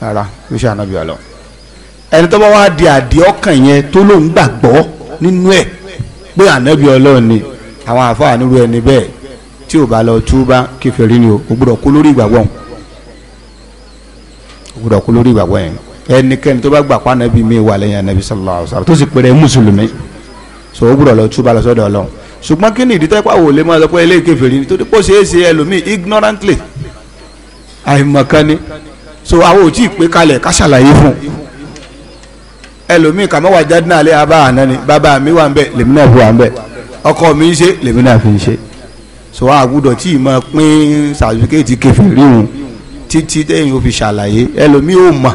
rárá ló ṣe ànábì ọlọ́run ẹni tó bá wá di àdí ọkàn yẹn tó lóun gbàgbọ́ nínú ẹ̀ pé ànábì ọlọ́run ni àwọn àfáà nírú ẹni bẹ́ẹ̀ tí ò bá lọ túbá kèfèrí ni o ò gbọ́dọ̀ kú lórí ìgbàgbọ́ òun ò gbọ́dọ̀ kú lórí ìgbàgbọ́ yẹn ẹnikẹ́ni tó bá gbà pànàbí mi wà lẹ́yìn ànábì sallallahu tó sì pèrè mùsùlùmí so ó gbọ́dọ̀ lọ túbá lọ sọ́dọ̀ ọlọ́run ṣùgbọ́n kí ni ìdí tẹ́pá wò lè máa sọ ignorantly àìmọ̀kan ni so àwọn ò tí ì pé kalẹ̀ ká ṣàlàyé fún ẹlòmíì kàmọ́ wà jáde náà lé abá àná ni bàbá mi wà ń bẹ̀ lèmi náà fi wà ń bẹ̀ ọkọ mi ń ṣe lèmi náà fi ń ṣe so àgùdọ̀ tí ì máa pín sàdúkéètì kẹfìrí òun títí tẹ́yìn ò fi ṣàlàyé ẹlòmíì ò mọ̀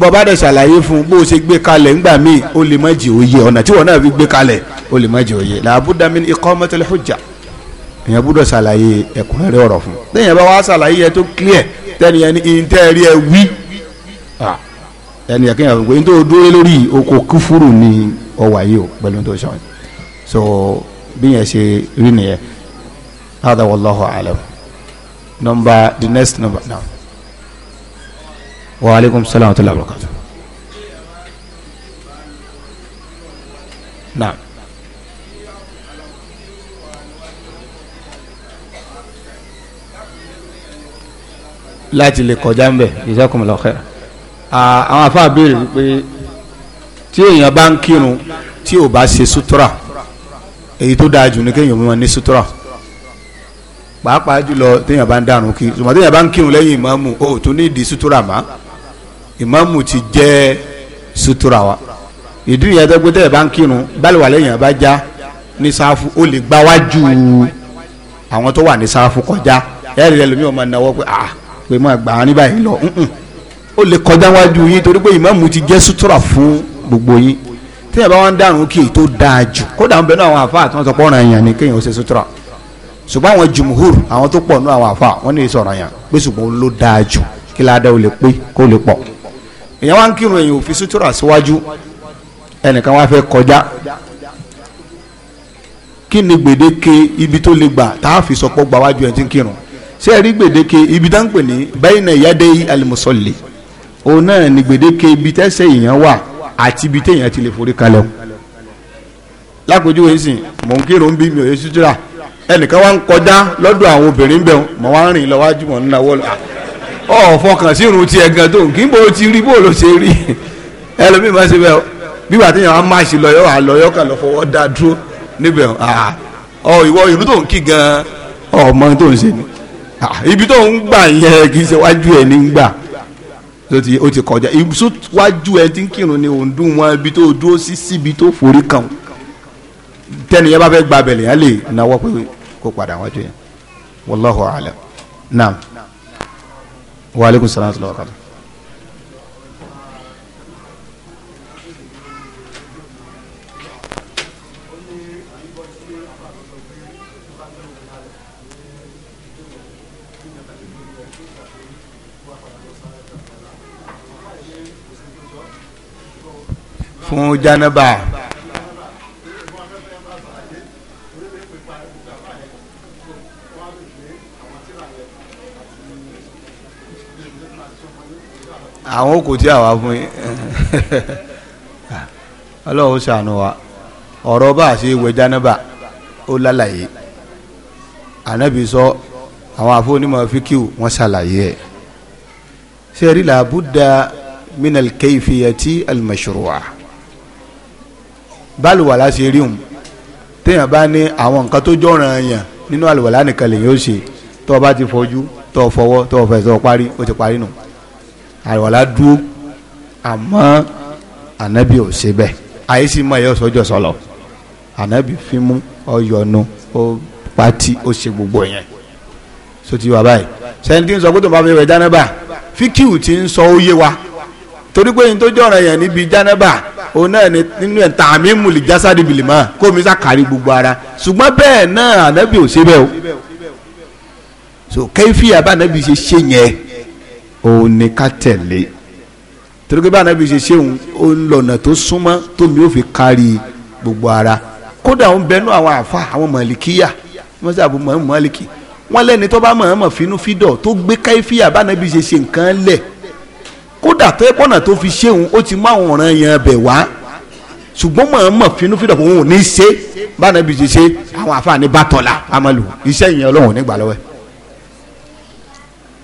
bọ́ bá dẹ̀ ṣàlàyé fún bó o ṣe gbé kalẹ̀ ńgbà míì ó lè má jẹ́ òye ọ̀nà tí wọ́n náà fi gbé kalẹ̀ ó lè má jẹ́ òye làbúdàmí ikọ́ mọ́tẹ́lẹ́ jà èèyàn gbúdọ̀ ṣàlàyé ẹ̀kúnrẹ́rẹ́ ọ̀rọ̀ fún un téèyàn bá wá ṣàlàyé yẹn tó clear tẹ́ni ẹni ìntẹ́ẹ̀rí ẹ wí ẹni ẹ̀kẹ́ yẹn pé nítorí dúró lórí oko kúfúrú ni ọwà yìí o pẹ̀lú tó sọ so bí yẹn ṣe rí nìyẹn hada wallahu alam number the next number now wa aleykum salaam wa rahmatulah Naam. láti lè kọjá ń bẹ̀ jazakumullahu khair àwọn afa béèrè wípé tí èèyàn bá ń kírun tí ò bá ṣe sutura èyí tó dáa jù ní kéèyàn mọ́ ní sutura pàápàá jùlọ téèyàn bá ń dànù kí ṣùgbọ́n téèyàn bá ń kírun lẹ́yìn ìmáàmù ó tó ní ìdí sutura mọ́ ìmáàmù ti jẹ́ sutura wa ìdí ìyẹn tó gbé téèyàn bá ń kírun báliwà lẹ́yìn àbá já ní sáfù ó lè gbáwájú àwọn tó wà ní sáfù kọjá ẹ̀rí ẹlòmíràn máa náwó pé ah pé máa gbà á ní báyìí lọ ó lè kọjá wájú yín torí pé ìmáàmù ti jẹ́ sutura fún gbogbo yín tí yàrá wọn dàrún kí èyí tó dáa jù kódà ń bẹ náà àwọn àfa àti wọn sọ pé ọ̀ràn èèyàn ni kéèyàn ó ṣe sutura ṣùgbọ́n àwọn jùmùhùr àwọn tó pọ̀ nú àwọn àfa wọn ní sọ̀rọ̀ yàn pé ṣùgbọ́n ló dáa jù kí ládà ó lè pé kó lè pọ̀ èèyàn wá ń kírun èèyàn ò fi sutura síwájú ẹnìkan wá fẹ́ kọjá kí ni gbèdéke ibi tó lè gbà tá a fi sọpọ́ gbà wájú ẹ̀ tí ń kírun ṣé ẹ rí gbèdéke ibi tá ń pè ní bayna yadayi al-musalli òun náà ni gbèdéke ibi tẹ́sẹ̀ èèyàn wà àti ibi téèyàn ti lè forí kalẹ̀ o lákòójúwe sìn mò ń kírun bí mi ò yẹ sutura ẹnìkan wá ń kọjá lọ́dọ̀ àwọn obìnrin bẹ̀ mọ̀ wá ń rìn lọ́wájú mọ̀ nínú àwọ̀ ọ̀ fọkàn sí irun tiẹ̀ gan tó kí bó ti rí bó ló ṣe rí ẹlòmíì máa ṣe bẹ́ẹ̀ bíbà téèyàn á máa ṣe lọ́yọ́ àlọ́yọ́ kà lọ́ fọwọ́ dá dúró níbẹ̀ ọ̀ ìwọ ìlú tó ń kí gan ọmọ tó ń ṣe ni ibi tó ń gbà yẹn kì í ṣe wájú ẹ ní gbà ó ti kọjá ibùsùn wájú ẹ ti ń kírun ni òun dùn wọn ibi tó dúró sí síbi tó forí kàn tẹniyẹ bá fẹ́ gba abẹ́lẹ̀ yẹn lè náwó pé kó padà wájú yẹn wallahu alam naam wa aleykum salaam wa fún jánábà àwọn òkú tí àwa fún yín ọlọ́run ṣàánú wa ọ̀rọ̀ bá a ṣe wẹ̀ jánábà ó lálàyé ànábì sọ àwọn àfọwọ́nímọ̀ fíkìw wọ́n ṣàlàyé ẹ̀ ṣe rí làbúdà minal kayfiyati al mashru'a báluwàlá ṣe rí òun téèyàn bá ní àwọn nǹkan tó jọ̀ràn yàn nínú àlùwàlá nìkan lèyìn ó ṣe tó o bá ti fojú tó o fọwọ́ tó o fẹsẹ̀ parí o ti parí nù àlùwàlá dúró àmọ́ ànábì ò ṣe bẹ́ẹ̀ àyè sì mọ ẹ̀yọ́ sọ́jọ́ sọ̀lọ̀ ànábì fímú ọyọ̀nu ó pati ó ṣe gbogbo yẹn so ti báyìí sẹ́ni tí ń sọ pé bá fi wẹ̀ dáná bá fíkìú ti ń sọ ó yé wa torí pé yín tó jọ̀ràn yẹn níbi jánábà òun náà ni nínú ẹ̀ tà mí mùlì jásádì bìlìmọ́ kó mi sá kárí gbogbo ara ṣùgbọ́n bẹ́ẹ̀ náà ànábì ò ṣe bẹ́ẹ̀ o so kẹ́fì àbá ànábì ṣe ṣe yẹn òun ni ká tẹ̀lé torí pé bá ànábì ṣe ṣe òun ó ń lọ̀nà tó súnmọ́ tómi ó fi kárí gbogbo ara kódà òun bẹnu àwọn àfa àwọn mọ̀lìkíyà wọ́n sábà mọ̀lìkì wọ́n lẹ́ni tó bá mọ̀ mọ̀ kódà tó yẹ pọ́nà tó fi ṣéun ó ti mú àwọn ọ̀ràn yẹn bẹ̀ wá ṣùgbọ́n mọ̀ mọ̀ fínú fínú òun ò ní í ṣe báyìí bí ṣe ṣe àwọn àfààní bá tọ̀la amalu iṣẹ́ yẹn ọlọ́run nígbà lọ́wọ́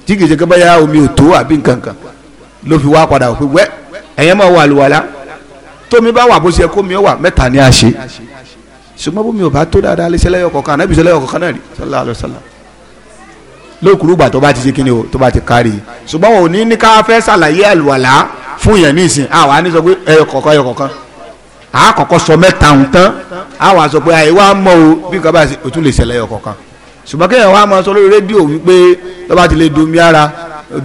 tí kìí ṣe kí báyà omi ò tó àbí nǹkan kan ló fi wá padà òfin wẹ́ ẹ̀yẹ́ máa wà lùwàlá tómi bá wà bó ṣe kó mi ó wà mẹ́ta ni a ṣe ṣùgbọ́n bómi ò bá tó dáadáa lé sẹ́lẹ̀yọ̀ kọ̀ọ̀kan anábìsẹ́lẹ̀yọ̀ kọ̀ọ̀kan náà rí sallallahu alaihi wasallam lókùrúgbà tó bá ti ṣe kíni o tó bá ti kárí ṣùgbọ́n wọn ò ní ní ká fẹ́ ṣàlàyé àlùwàlá fún yẹn nísìn àwa ní sọ pé ẹyọ kọ̀ọ̀kan ẹyọ kọ̀ọ̀kan a kọ́kọ́ sọ mẹ́ta ń tán àwa sọ pé àyè wa mọ o bí nǹkan bá ṣe o tún lè ṣẹlẹ̀ ẹyọ kọ̀ọ̀kan ṣùgbọ́n kéèyàn wa máa sọ lórí rédíò wípé tó bá ti lè domi ara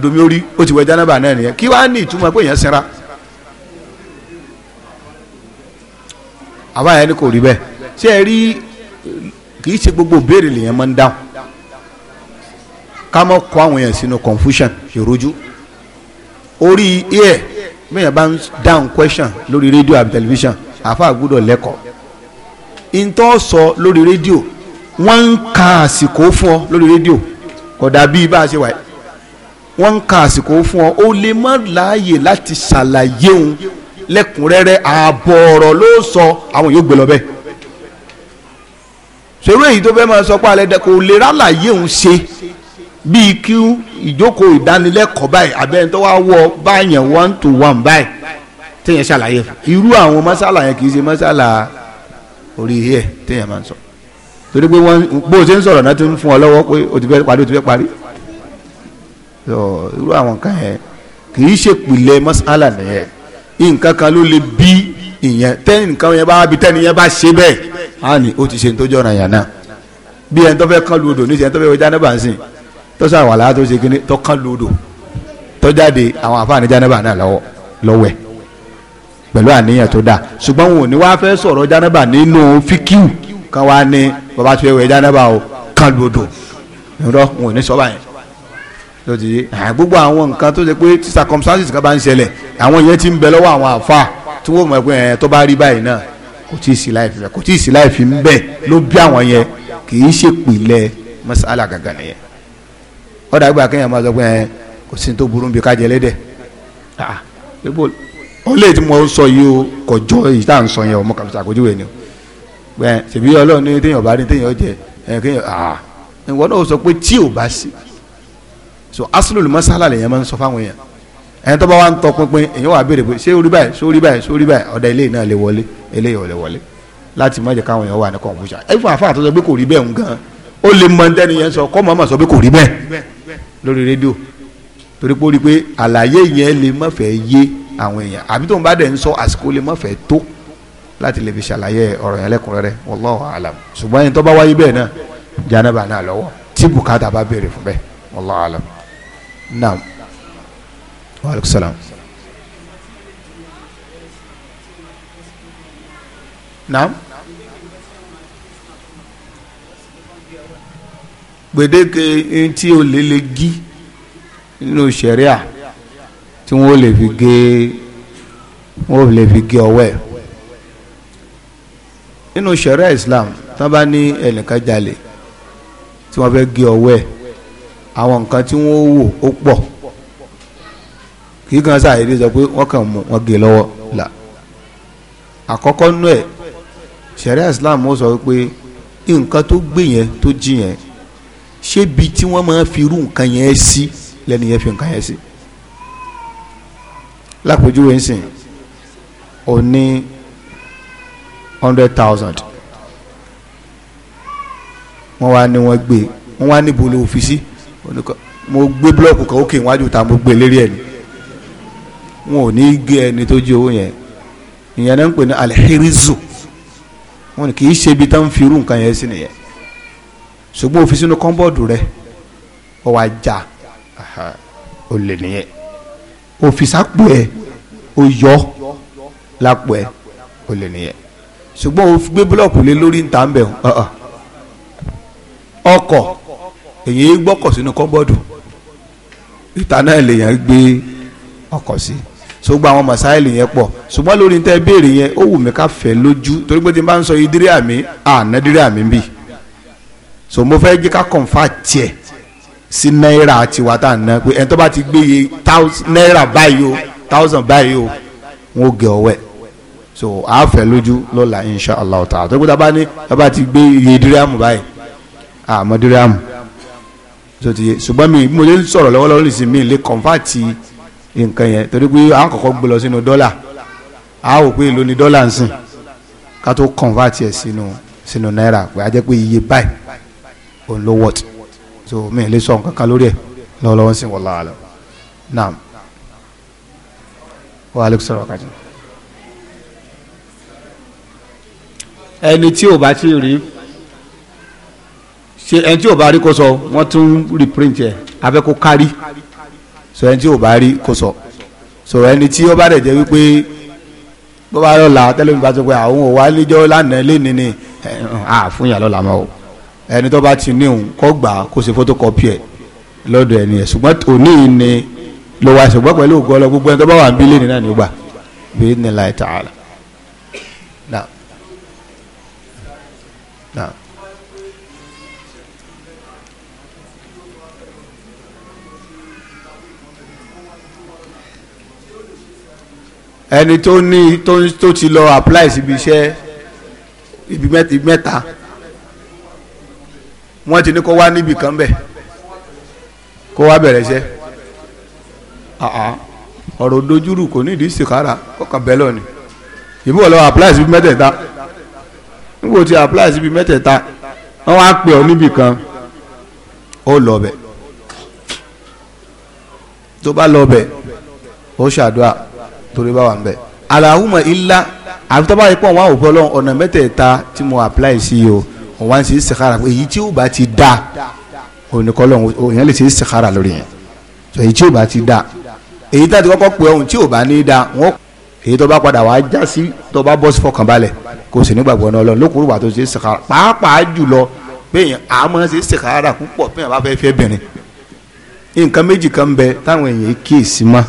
domi orí ó ti wẹ jánábà náà nìyẹn kí wàá ní ìtumọ̀ pé èèyàn sinra àbáyẹn ni kò rí bẹ́ẹ̀ ṣé ẹ rí kì í ṣe gbogbo ìbéèrè lèèyàn máa ń dáhùn ká mọ̀ kó àwọn yẹn sínú confusion ìrújú orí ear bẹ́ẹ̀ bá ń down question lórí rédíò àbí tẹlifíṣàn àfa gbọ́dọ̀ lẹ́kọ̀ọ́ ntọ́ sọ lórí rédíò wọ́n ń ka àsìkò fún ọ lórí rédíò kò dàbí bá a ṣe wà wọ́n ń ka àsìkò fún ọ o lè má láàyè láti ṣàlàyé òun lẹ́kùnrẹ́rẹ́ ààbọ̀ ọ̀rọ̀ ló sọ àwọn yóò gbé lọ bẹ́ẹ̀ ṣerú èyí tó fẹ́ máa sọ pé alẹ́ dẹ́ kò lè rálàyé òun ṣe bíi kí ìjókòó ìdánilẹ́kọ̀ọ́ báyìí abẹ́ni tó wá wọ báyẹn one to one báyìí téèyàn ṣàlàyé irú àwọn mọ́sálà yẹn kì í ṣe mọ́sálà orí yẹ téèyàn máa ń sọ torí pé wọ́n bó o ṣe ń sọ̀rọ̀ náà ti ń fún ọ lọ́wọ́ pé o ti fẹ́ parí o ti fẹ́ parí irú àwọn nǹkan yẹn kì í ṣe pìlẹ̀ mọ́sálà nìyẹn nǹkan kan ló lè bí ìyẹn tẹ́ni nǹkan yẹn bá bí tẹ́ni yẹn bá ṣe bẹ́ẹ̀ á ní o ti ṣe ní tó jọ̀ràn yàn náà bí ẹni tó fẹ́ kán lu odò níṣẹ́ ẹni tó fẹ́ wọ tọ́sà wàlá tó ṣe kíní tọ́kàn lódò tọ́jáde àwọn àfààní jánábà náà lọ́wọ́ lọ́wẹ́ pẹ̀lú àníyàn tó dáa ṣùgbọ́n wọn ò ní wá fẹ́ sọ̀rọ̀ jánábà nínú fíkìú kan wá ní bàbá tó wẹ̀ jánábà o kan lódò irọ́ wọn ò ní sọ́ba yẹn lọ́dí gbogbo àwọn nǹkan tó ṣe pé circumstances kan bá ń ṣẹlẹ̀ àwọn yẹn ti ń bẹ lọ́wọ́ àwọn àfa tí wọ́n mọ̀ pé ẹ̀ tó bá rí báyìí náà kò tí ì sí láì fi kò tí ì sí láì fi ń bẹ́ẹ̀ ló bí àwọn yẹn kì í ṣèpìlẹ̀ mọ́sálà gàgà ọ̀dà gbà kéèyàn máa sọ pé ẹ kò sí tó burú bí kájẹ lẹ́dẹ̀ ó lè tí mo sọ yìí o kò jọ èyí tá à ń sọ yẹn o mo kà fisa ni o bẹ́ẹ̀ ṣèbí ọlọ́run ní téèyàn bá ní téèyàn jẹ ẹ kéèyàn ah ìwọ náà sọ pé tí ò bá sí so asulul masala lèyàn máa ń sọ fáwọn èèyàn ẹni tó bá wà ń tọ pinpin èyàn wà béèrè pé ṣé orí báyìí ṣé orí báyìí ṣé orí báyìí ọ̀dà ilé náà lè wọlé eléyìí ò lè wọlé láti má jẹ́ káwọn èèyàn wà ní kọ̀ǹpútà ẹ fún àfáà tó sọ pé kò rí bẹ́ẹ̀ ń gan ó lè mọ ní tẹ́niyẹn sọ kọ́ mọ́ mọ́ sọ pé kò rí bẹ́ẹ̀ lórí rédíò torí pé ó rí i pé àlàyé yẹn lè má fẹ́ yé àwọn èèyàn àbí tóun bá dẹ̀ ń sọ àsìkò lè má fẹ́ tó láti lè fi ṣàlàyé ọ̀rọ̀ yẹn lẹ́kùnrẹ́rẹ́ wallahu alam ṣùgbọ́n ẹni tó bá wáyé bẹ́ẹ̀ náà janaba náà lọ́wọ́ tí bùkátà bá béèrè fún bẹ́ẹ̀ wallahu alam naam wa aleykum salaam. naam. gbèdéke tí o lè lè gí nínú sẹ̀ríà tí wọ́n lè fi gé wọ́n lè fi gé ọwọ́ ẹ̀ nínú sẹ̀ríà Islam tán bá ní ẹnìkan jalè tí wọ́n fẹ́ gé ọwọ́ ẹ̀ àwọn nǹkan tí wọ́n wò ó pọ̀ kì í kan sáàyèdè sọ pé wọ́n kàn mú wọn gé lọ́wọ́ là àkọ́kọ́ nú ẹ̀ sẹ̀ríà Islam ó sọ pé nǹkan tó gbé tó jí ṣébi tí wọ́n máa fi irú nǹkan yẹn sí lẹ́nu yẹn fi nǹkan yẹn sí. lápèjúwe ń sìn ó ní hundred thousand wọ́n wá ní wọ́n gbé wọ́n wá níbo ló fi sí mo gbé búlọ́ọ̀kù kan òkè níwájú ta mo gbé lérí ẹ̀ ni wọn ò ní gé ẹni tó jí owó yẹn ìyẹn náà ń pè ní alihirizu wọn kì í ṣe ibi tá ń fi irú nǹkan yẹn sí nìyẹn ṣùgbọ́n o fi sínú kọ́ńbọ́ọ̀dù rẹ ọ wá já o lè nìyẹn o fi sápò ẹ o yọ lápò ẹ o lè nìyẹn ṣùgbọ́n o gbé búlọ̀kù lé lórí níta ń bẹ̀ uh-uh. ọkọ̀ èyí gbọ́kọ̀ sínú kọ́ńbọ́ọ̀dù ìta náà lèèyàn gbé ọkọ̀ sí ṣùgbọ́n àwọn masáìlì yẹn pọ̀ ṣùgbọ́n lórí níta ẹ béèrè yẹn ó wù mí ká fẹ́ lójú torí pé tí n bá ń sọ yìí dírí àmì àná dírí àmì bíi so mo fẹ́ jẹ́ ká kọ̀nfà tiẹ̀ sí náírà tiwa tá à pé ẹni tó bá ti gbé iye náírà báyìí o thousand báyìí o wọn ò gẹ ọwẹ́ so a fẹ́ lójú lọ́la insha allah ta'ala tó kúta bá ní ẹ bá ti gbé iye díríàmù báyìí àmọ́ díríàmù so ti yé ṣùgbọ́n mi mo lè sọ̀rọ̀ lọ́wọ́lọ́wọ́ lè sin mi lè kọ̀nfà ti nǹkan yẹn torí pé à ń kọ́kọ́ gbé lọ sínú dọ́là a ò pé èlò ni dọ́là ń sìn ká tó kọ̀nfà tiẹ̀ sínú sínú náírà pé a jẹ́ pé iye báyìí olówọ́t so mi ò lè sọ nǹkan kan lórí ẹ̀ lọ́wọ́lọ́wọ́ ń sìn wọ́n láàlá naam wa aleykum salaam wa rahmatulah. ẹni tí ò bá ti rí ṣe ẹni tí ò bá rí kó sọ wọ́n tún reprint ẹ̀ abẹ́ kó kárí so ẹni tí ò bá rí kó sọ so ẹni tí ó bá dẹ̀ jẹ́ wípé bó bá lọ́la tẹ́lẹ̀ mi bá tó pé àwọn ò wá ni. lánàá lé nìní àfúnyà lọ́la máa o ẹni tó bá ti ní òun kọ́ gbà kó ṣe photocopy ẹ̀ lọ́dọ̀ ẹni ẹ̀ ṣùgbọ́n òní yìí ni ló wá ṣùgbọ́n pẹ̀lú ògùn ọlọ gbogbo ẹni tó bá wà ń bí lẹ́ni náà ní gbà bí ní láì tààlà. ẹni tó ní tó ti lọ apply síbi iṣẹ́ ibi mẹ́ta wọ́n ti ní kó wá níbì kan bẹ̀ kó wá bẹ̀rẹ̀ iṣẹ́ ah, ah. ọ̀rọ̀ dojúrù kò nídìí sìkára kọkàn bẹ́ẹ̀ lọ ni ìbú wọ́n lọ apply síbi mẹ́tẹ̀ẹ̀ta nígbò tí apply síbi mẹ́tẹ̀ẹ̀ta wọ́n wá pè ọ́ níbì kan ó lọ bẹ̀ tó bá lọ bẹ̀ ó ṣàdúrà torí bá wà ń bẹ̀ alahuma illa àfi tó bá yẹ pọ̀ wọ́n á wò pé ọlọ́run ọ̀nà mẹ́tẹ̀ẹ̀ta tí mo apply sí yìí o òun wá ń ṣe istikhara pé èyí tí ó bá ti da onikọlọ òyìn lè ṣe istikhara lórí yẹn èyí tí ó bá ti da èyí tá a ti kọ́kọ́ pé ohun tí ó bá ní da wọn èyí tó bá padà wá já sí tó bá bọ́ sí fọkànbalẹ̀ kò sì nígbàgbọ́ náà lọ́nà lókùrú wà tó ṣe istikhara pàápàá jùlọ bẹ́ẹ̀ àmọ́ ṣe istikhara púpọ̀ bẹ́ẹ̀ bá fẹ́ fẹ́ bìnrin nǹkan méjì kan bẹ táwọn èèyàn kíyèsí mọ́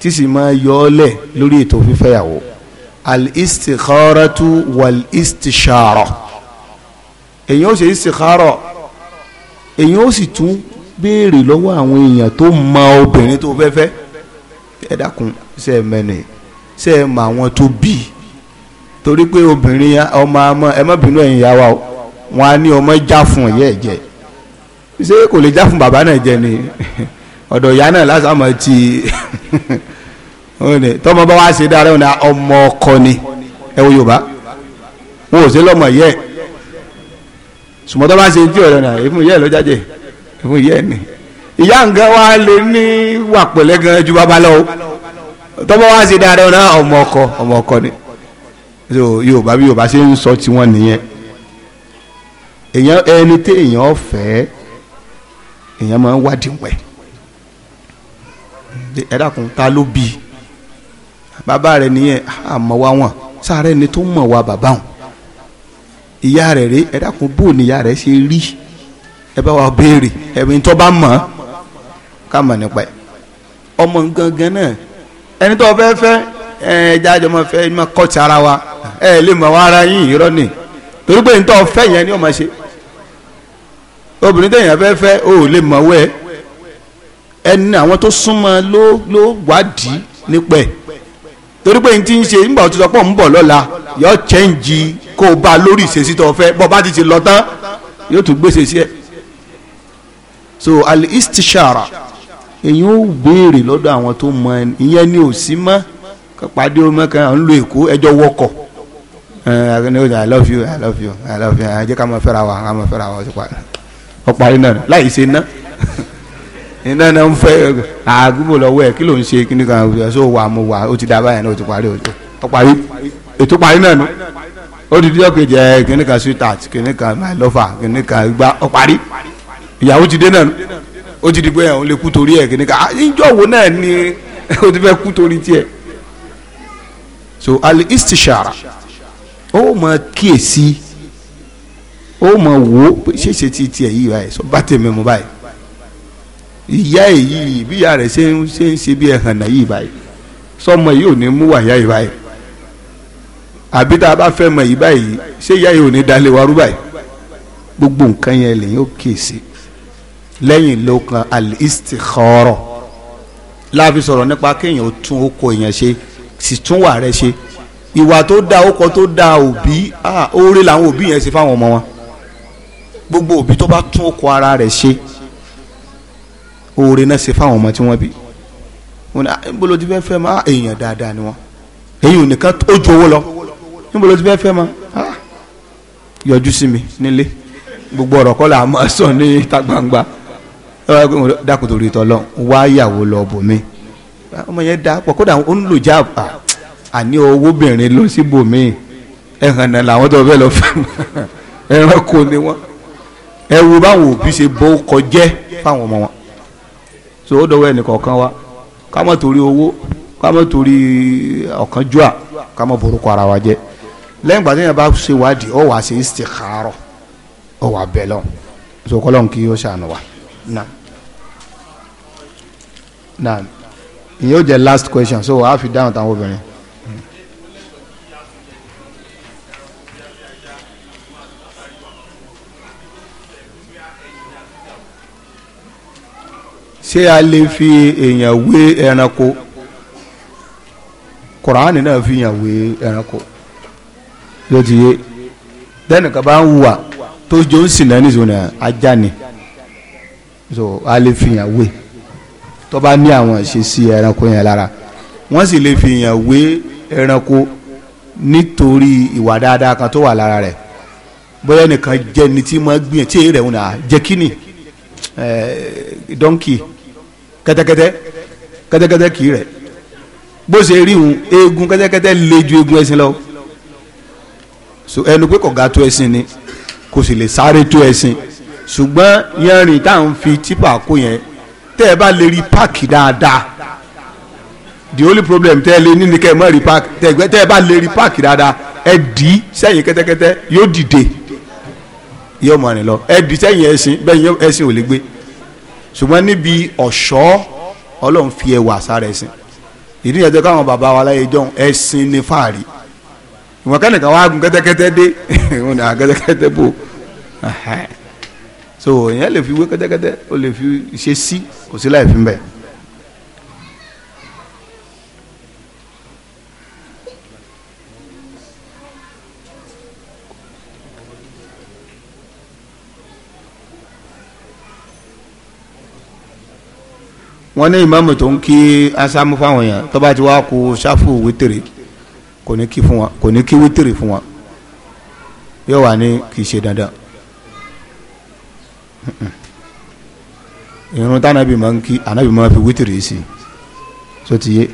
tí sì máa yọ ọ́ lẹ̀ lórí ètò fífẹ́yàwó al-istikharatu wal-istishara èyàn ó ṣe istikhara èyàn ó sì tún béèrè lọ́wọ́ àwọn èèyàn tó mọ obìnrin tó fẹ́ fẹ́ ẹ dákun ṣe é mẹ́nì ṣe é mọ àwọn tó bí torí pé obìnrin ọmọ ọmọ ẹ má bínú ẹ̀yin yá wa o wọn á ní ọmọ já fún ẹ̀yẹ́ ẹ̀jẹ̀ ṣé kò lè já fún bàbá náà jẹ ni ọ̀dọ̀ ìyá náà lásàmọ̀ ti tọ́mọ bá wá ṣe dára ọmọ ọkọ ni ẹ wo Yorùbá wọn ò sí lọ́mọ yẹ́ ẹ̀ sùmọ́tọ́ bá ṣe tí ọ̀rẹ́ náà ìfún ìyá ẹ̀ ló jáde ìfún ìyá ni ìyá nǹkan wa lè ní wà pẹ̀lẹ́ gan ju bàbá lọ o tọ́mọ dáadáa náà ọmọ ọkọ ọmọ ọkọ ni yorùbá bí yorùbá ṣe ń sọ tiwọn nìyẹn èèyàn ẹni tí èèyàn fẹ́ èèyàn máa ń wádìí wẹ̀ ẹ dákun ta ló bí bàbá rẹ nìyẹn àmọ́ wa wọn sáré ni tó mọ̀ wá bàbá wọn ìyá rẹ̀ rè ẹ dákun bó ni ìyá rẹ̀ ṣe rí ẹ bá wa béèrè ẹ̀mí tó bá mọ̀ ká mọ̀ nípa ẹ̀ ọmọ gangan náà ẹni tó fẹ́ fẹ́ ẹ jáde ọmọ fẹ́ ara wa ẹ lè mọ̀ wá ara yín ni torí ni ṣe obìnrin tẹ̀yìn lè mọ̀ wẹ́ ẹni torí pé n ti ń ṣe ńgbà òtítọ́ pọ̀ ń bọ̀ lọ́la yọ chẹ́ǹjì kó o bá lórí ìṣesí tó fẹ́ bọ́ bá ti ti lọ tán yóò tún gbèsè sí ẹ. so al istishara èyí ó béèrè lọ́dọ̀ àwọn tó mọ ẹni ìyẹn ni ò mọ́ pàdé omi kan ń lo èkó ẹjọ́ wọkọ̀ I love you I love you I love you ẹ jẹ́ ká máa fẹ́ra wa ká máa fẹ́ra wa ọ̀parí náà láì ṣe náà iná náà ń fẹ́ àgúmọ̀ lọ́wọ́ ẹ̀ kí ló ń ṣe kí ni kan ṣó wà mo wà ó ti da báyìí náà ó ti parí ó parí ètò parí náà nù ó ti díjọ́ kejì ẹ̀ kí ni kan sweetheart kí ni kan my lover kí ni kan gba ó parí ìyàwó ti dé náà nù ó ti di pé òun lè kú torí ẹ̀ kí ni kan ìjọ wo náà ni ó ti fẹ́ kú torí tiẹ̀ so ali istishara ó mọ kíyèsí ó mọ wò ó ṣèṣe ti tiẹ̀ yìí báyìí sọ bá tèmi mu báyìí ìyá ẹ̀ yìí bí ìyá rẹ̀ ṣe ń ṣe ń ṣe bí ẹ̀hàn náà yìí báyìí sọmọ yìí ò ní mú wàyà yìí báyìí àbí tá a bá fẹ́ mọ̀ yìí báyìí ṣé ìyá yìí ò ní dalẹ̀ warú báyìí gbogbo nǹkan yẹn lèyìn ó kíyèsí lẹ́yìn ló kan al láàfin sọ̀rọ̀ nípa kéèyàn tún oko èèyàn ṣe sì tún wà rẹ̀ ṣe ìwà tó da oko tó da òbí ah, oore làwọn òbí yẹn ṣe fáwọn ọmọ wọn gbogbo òbí tó bá tún oko ara rẹ̀ ṣe oore náà ṣe fáwọn ọmọ tí wọ́n bí wọn ni ah, níbo ló ti fẹ́ fẹ́ ma ah, èèyàn dáadáa ni wọn èyí ò nìkan ó ju owó lọ níbo ti fẹ́ fẹ́ ma ah, yọjú sí mi nílé gbogbo ọ̀rọ̀ kọ́ la máa sọ ní ìta gbangba dákòtò rí tọ́ lọ wá yàwó lọ bò mí ọmọ yẹn dá pọ̀ kódà ó ń lò já àní owóbìnrin lọ sí bò mí ẹ̀hàn náà làwọn tó fẹ́ lọ fẹ́ ẹranko ni wọ́n ẹ wo báwọn òbí ṣe bó kọjẹ́ fáwọn ọmọ wọn so ó dọwọ́ ẹnìkọ̀ọ̀kan wa ká má torí owó ká má torí ọ̀kánjúà ká má borúkọ ara wa jẹ lẹ́yìn gbàtẹ́ yẹn bá ṣe wádìí ọ̀ wá ṣe istikharo ọ̀ wá bẹ̀ lọ́n so kọ́lọ́n kí ó ṣàánú wa na na ìyẹn ó jẹ last question so a fi dáhùn táwọn obìnrin. ṣé a lè fi èèyàn wé ẹranko kùránì náà fi yàn wé ẹranko ló ti yé dẹ́nìkan bá ń wùwà tó jọ ń sìn náà nìṣó náà ajá ni so a lè fi yàn wé tó bá ní àwọn ìṣesí ẹranko yẹn lára wọ́n sì lè fi yàn wé ẹranko nítorí ìwà dáadáa kan tó wà lára rẹ̀ bóyá nìkan jẹ́ ni tí mo gbìyànjú tí èyí rẹ̀ wọ́n náà jẹ́ kínní eh, dọ́ńkì kẹ́tẹ́kẹ́tẹ́ kẹ́tẹ́kẹ́tẹ́ kì í rẹ̀ bó ṣe rí òun eegun kẹ́tẹ́kẹ́tẹ́ le ju eegun ẹṣin lọ so ẹnu pé kọ̀ga tó ẹṣin ni kò sì lè sáré tó ẹṣin ṣùgbọ́n yanrìn tá à ń fi tipa kó yẹn tẹ́ ẹ bá lè rí páàkì dáadáa the only problem tẹ́ ẹ lé ní ni kẹ́ ẹ mọ́ rí páàkì tẹ́ ẹ bá lè rí páàkì dáadáa ẹ dì í sẹ́yìn kẹ́tẹ́kẹ́tẹ́ yóò dìde yóò mọ̀ rìn lọ ẹ dì í sẹ́yìn ẹṣin bẹ́ẹ̀ ẹṣin ò lè gbé ṣùgbọ́n níbi ọ̀ṣọ́ ọlọ́run fi ẹwà sára ẹ̀sìn ìdí yẹn tó káwọn bàbá wa láyé jọ̀hún ẹ̀sìn ní fàárì ìwọ̀n kẹ́nìkan wá gun kẹ́tẹ́kẹ́tẹ́ dé ìwọ̀n náà kẹ́tẹ́kẹ́tẹ́ bò so ìyẹn lè fi wé kẹ́tẹ́kẹ́tẹ́ ó lè fi ṣe sí kò sí láì fi mbẹ́. wọ́n ní ìmáàmù tó ń kí asámú fáwọn èèyàn tó bá ti wá kó ṣáfù wítìrì kò ní kí fún wa kò ní kí wítìrì fún wa yóò wà ní kì í ṣe dandan irun tánàbì máa ń kí ànábì máa fi wítìrì sí i tó ti yé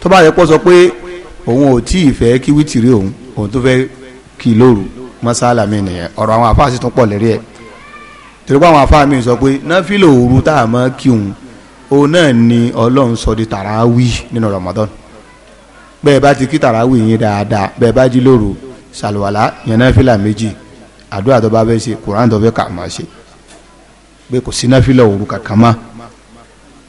tó bá yẹ kó sọ pé òun ò tí ì fẹ́ kí wítìrì òun òun tó fẹ́ kí lóru mọ́sálà mi nìyẹn ọ̀rọ̀ àwọn àfáà sì pọ̀ lérí ẹ̀ torí pé àwọn àfáà sọ pé náfìlò òru tá a máa kí òun o náà ni ọlọ́run sọ di tàràwí nínú Ramadan bẹ́ẹ̀ bá ti kí tàràwí yín dáadáa bẹ́ẹ̀ bá jí lóru ṣàlùwàlá yanáfìlà méjì àdúrà tó bá fẹ́ ṣe Kùránì tó fẹ́ kà máa ṣe pé kò sí òru kankan mọ́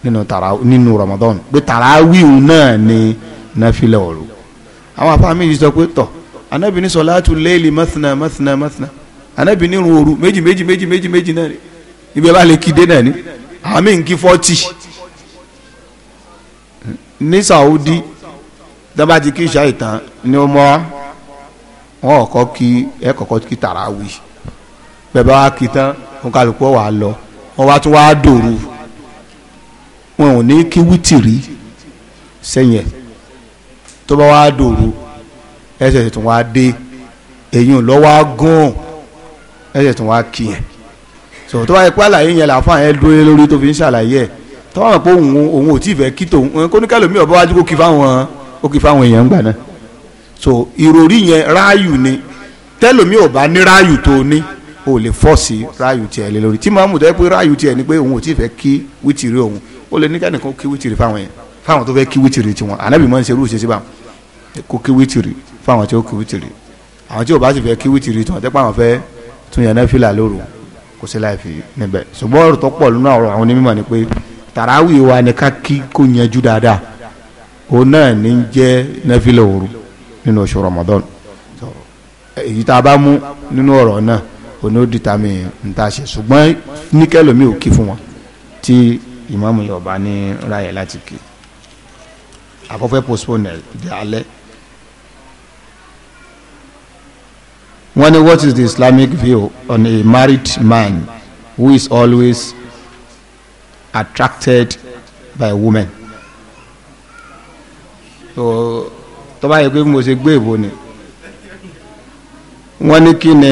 nínú tàràwí nínú Ramadan pé tàràwí òun náà ni náfìlà òru àwọn afá méjì sọ pé tọ̀ anábìíní sọláàtù léèlì mathna mathna mathna anábìíní rún òru méjì méjì méjì méjì náà ní Saudi dábàá ti kí ìṣá ìtàn ni ó mọ́ wọn kọ́ kí ẹ kọ́kọ́ kí tàràwì bẹ́ẹ̀ bá wá kí tán wọn kálukú wà á lọ wọn wá tún wá dòru wọn ò ní kí wítìrí sẹ́yìn tó bá wá dòru ẹsẹ̀ tún wá dé èyí ò lọ wá gún ẹsẹ̀ tún wá kí yẹn sọ̀tọ́ wáyé pé àlàyé yẹn làáfàá yẹn dúró lórí tó fi ń ṣàlàyé ẹ̀ tọ́wọ́n pé òun òun ò tí ì fẹ́ kí tòun kóníkàlù mi ọba wájú kó kí fáwọn ó kí fáwọn èèyàn gbà náà so ìròrí yẹn ráàyù ni tẹ́lòmí ò bá ní ráàyù tó ní o lè fọ́ọ̀sì ráàyù tiẹ̀ lé lórí tí màmú tẹ́ pé ráàyù tiẹ̀ ni pé òun ò tí ì fẹ́ kí wítìrì òun ó lè níkànnì kó kí wítìrì fáwọn yẹn fáwọn tó fẹ́ kí wítìrì tiwọn ànábì máa ń ṣe irú ìṣesí báwọn kó kí wítìrì fáwọn tí ó kí wítìrì àwọn tí ò bá sì fẹ́ kí wítìrì tiwọn tẹ́ pé àwọn fẹ́ tún ni pé tàràwì wa ni ká kí kó yanjú dáadáa òun náà ní jẹ́ nẹ́fílẹ̀ òru nínú oṣù ramadan èyí tá a bá mú nínú ọ̀rọ̀ náà òun ó dìtà mí n ta ṣe ṣùgbọ́n níkẹ́lòmí ò kí fún wọn tí ìmáàmù yorùbá ní ráyè láti kí àkọ́fẹ́ postpone di alẹ́. wọ́n ní what is the islamic view on a married man who is always attracted by women so tó bá yẹ pé mo ṣe gbé ìbò ni wọ́n ní kí ni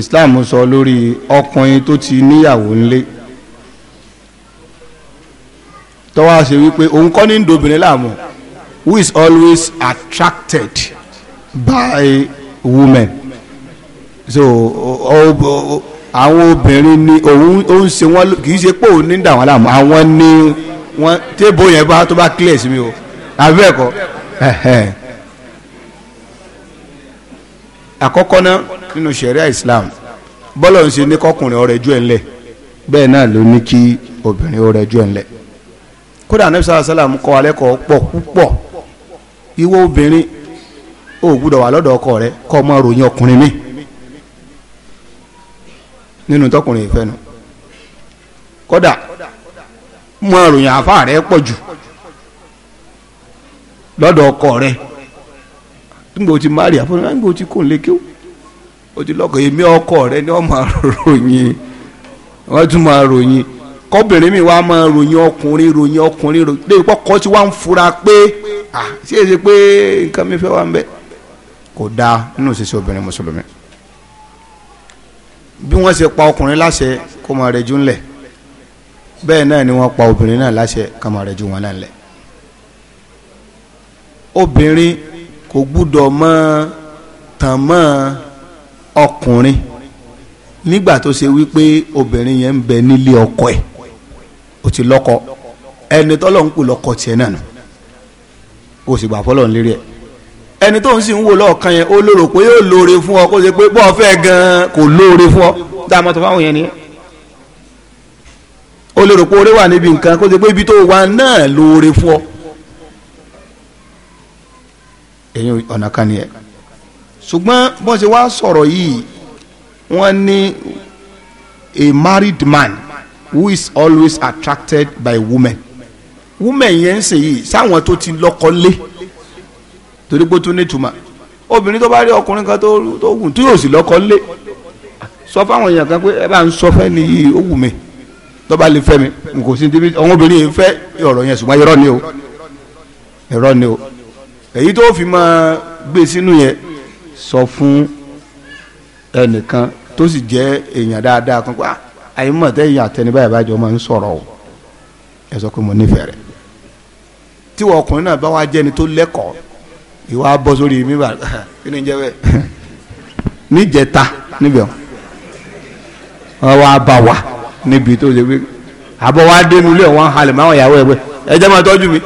Islam sọ lórí ọkùnrin tó ti níyàwó ńlé tó ṣe wípé òun kọ́ ní ndobìnrin láàmú who is always attracted by women so oh. àwọn obìnrin ni òun ó ń ṣe wọn kì í ṣe pé ní dà wọn láàmú àwọn ni wọn téèbù yẹn bá tó bá clear sí mi o àbí bẹ́ẹ̀ àkọ́kọ́ náà nínú sharia Islam bọ́lọ̀ ń ṣe ní ẹ̀ ńlẹ̀ bẹ́ẹ̀ náà ló ní kí obìnrin ẹ̀ ńlẹ̀ kódà kọ́ alẹ́ kọ́ pọ̀ púpọ̀ ọkọ rẹ kọ́ ọ máa ròyìn nínú tọkùnrin ìfẹ́ nu kódà mọ àròyìn àfa rẹ pọ̀ jù lọ́dọ̀ ọkọ rẹ nígbà tí mari àfọlọ́nà ah, nígbà tí kò ń lékè o ti lọ́kọ̀ èmi ọkọ rẹ ni wọ́n máa ròyìn wọ́n tún máa ròyìn kọ́bìnrin mi wá máa ròyìn ọkùnrin ròyìn ọkùnrin ròyìn lè pọ́ kọ́ tí wọ́n ń fura pé à sí èsì pé nǹkan mi fẹ́ wá ń bẹ̀ kò dáa nínú òṣìṣẹ́ obìnrin mùsùlùmí. bí wọ́n ṣe pa ọkùnrin láṣẹ kó máa rẹ̀ ńlẹ̀ bẹ́ẹ̀ náà ni wọ́n pa obìnrin náà láṣẹ ká máa rẹ̀ wọn náà lẹ̀ obìnrin kò gbúdọ̀ mọ́ tàn mọ́ ọkùnrin nígbà tó ṣe wípé obìnrin yẹn ń bẹ nílé ọkọ ẹ̀ ó ti lọ́kọ ẹni tọ́lọ́ ń pè lọ́kọ tiẹ̀ náà nù sì gbà fọlọ́ ń lérí ẹ̀ ẹni tó ń sì ń wò lọ́ọ̀kan yẹn ó lérò pé yóò lóore fún ọ kó ṣe pé bọ́ọ̀ fẹ́ gan-an kò lóore fún ọ dáàmọ́ tó fáwọn yẹn ni ó lérò pé oore wà níbi nǹkan kó ṣe pé ibi tó wà náà lóore fún ọ. èyí ọ̀nà kan nìyẹn ṣùgbọ́n bọ́n ṣe wá sọ̀rọ̀ yìí wọ́n ní a married man who is always attracted by women women yẹn ń ṣe yìí sáwọn tó ti lọ́kọ lé torí pé ó tún ní ìtumọ̀ obìnrin tó bá rí ọkùnrin kan tó wù tí yóò sì lọ́kọ lé sọ fáwọn èèyàn kan pé ẹ bá ń sọ fẹ́ ni yìí ó wù mí tó bá lè fẹ́ mi n kò sí ní tíbi àwọn obìnrin yìí fẹ́ ọ̀rọ̀ yẹn ṣùgbọ́n irọ́ ni o irọ́ ni o èyí tó fi máa gbé sínú yẹn sọ fún ẹnìkan tó sì jẹ́ èèyàn dáadáa kan pé ah, àyìnbó tẹ̀yìn àtẹnibá ìbájọ́ máa ń sọ̀rọ̀ o ẹ sọ pé mo nífẹ̀ẹ́ rẹ̀ tí wọ́n ọkùnrin náà bá wá jẹ́ni tó lẹ́kọ̀ọ́ ìwà bọ́ sórí mi bá kí ni jẹ́ bẹ́ẹ̀ níjẹta níbẹ̀ wọ́n wá bá wa níbi tó ṣe pé àbọ̀ wa dénú ilé wọn halẹ̀ máa wọn yàwó ẹ̀ pé ẹ jẹ́ máa tọ́jú mi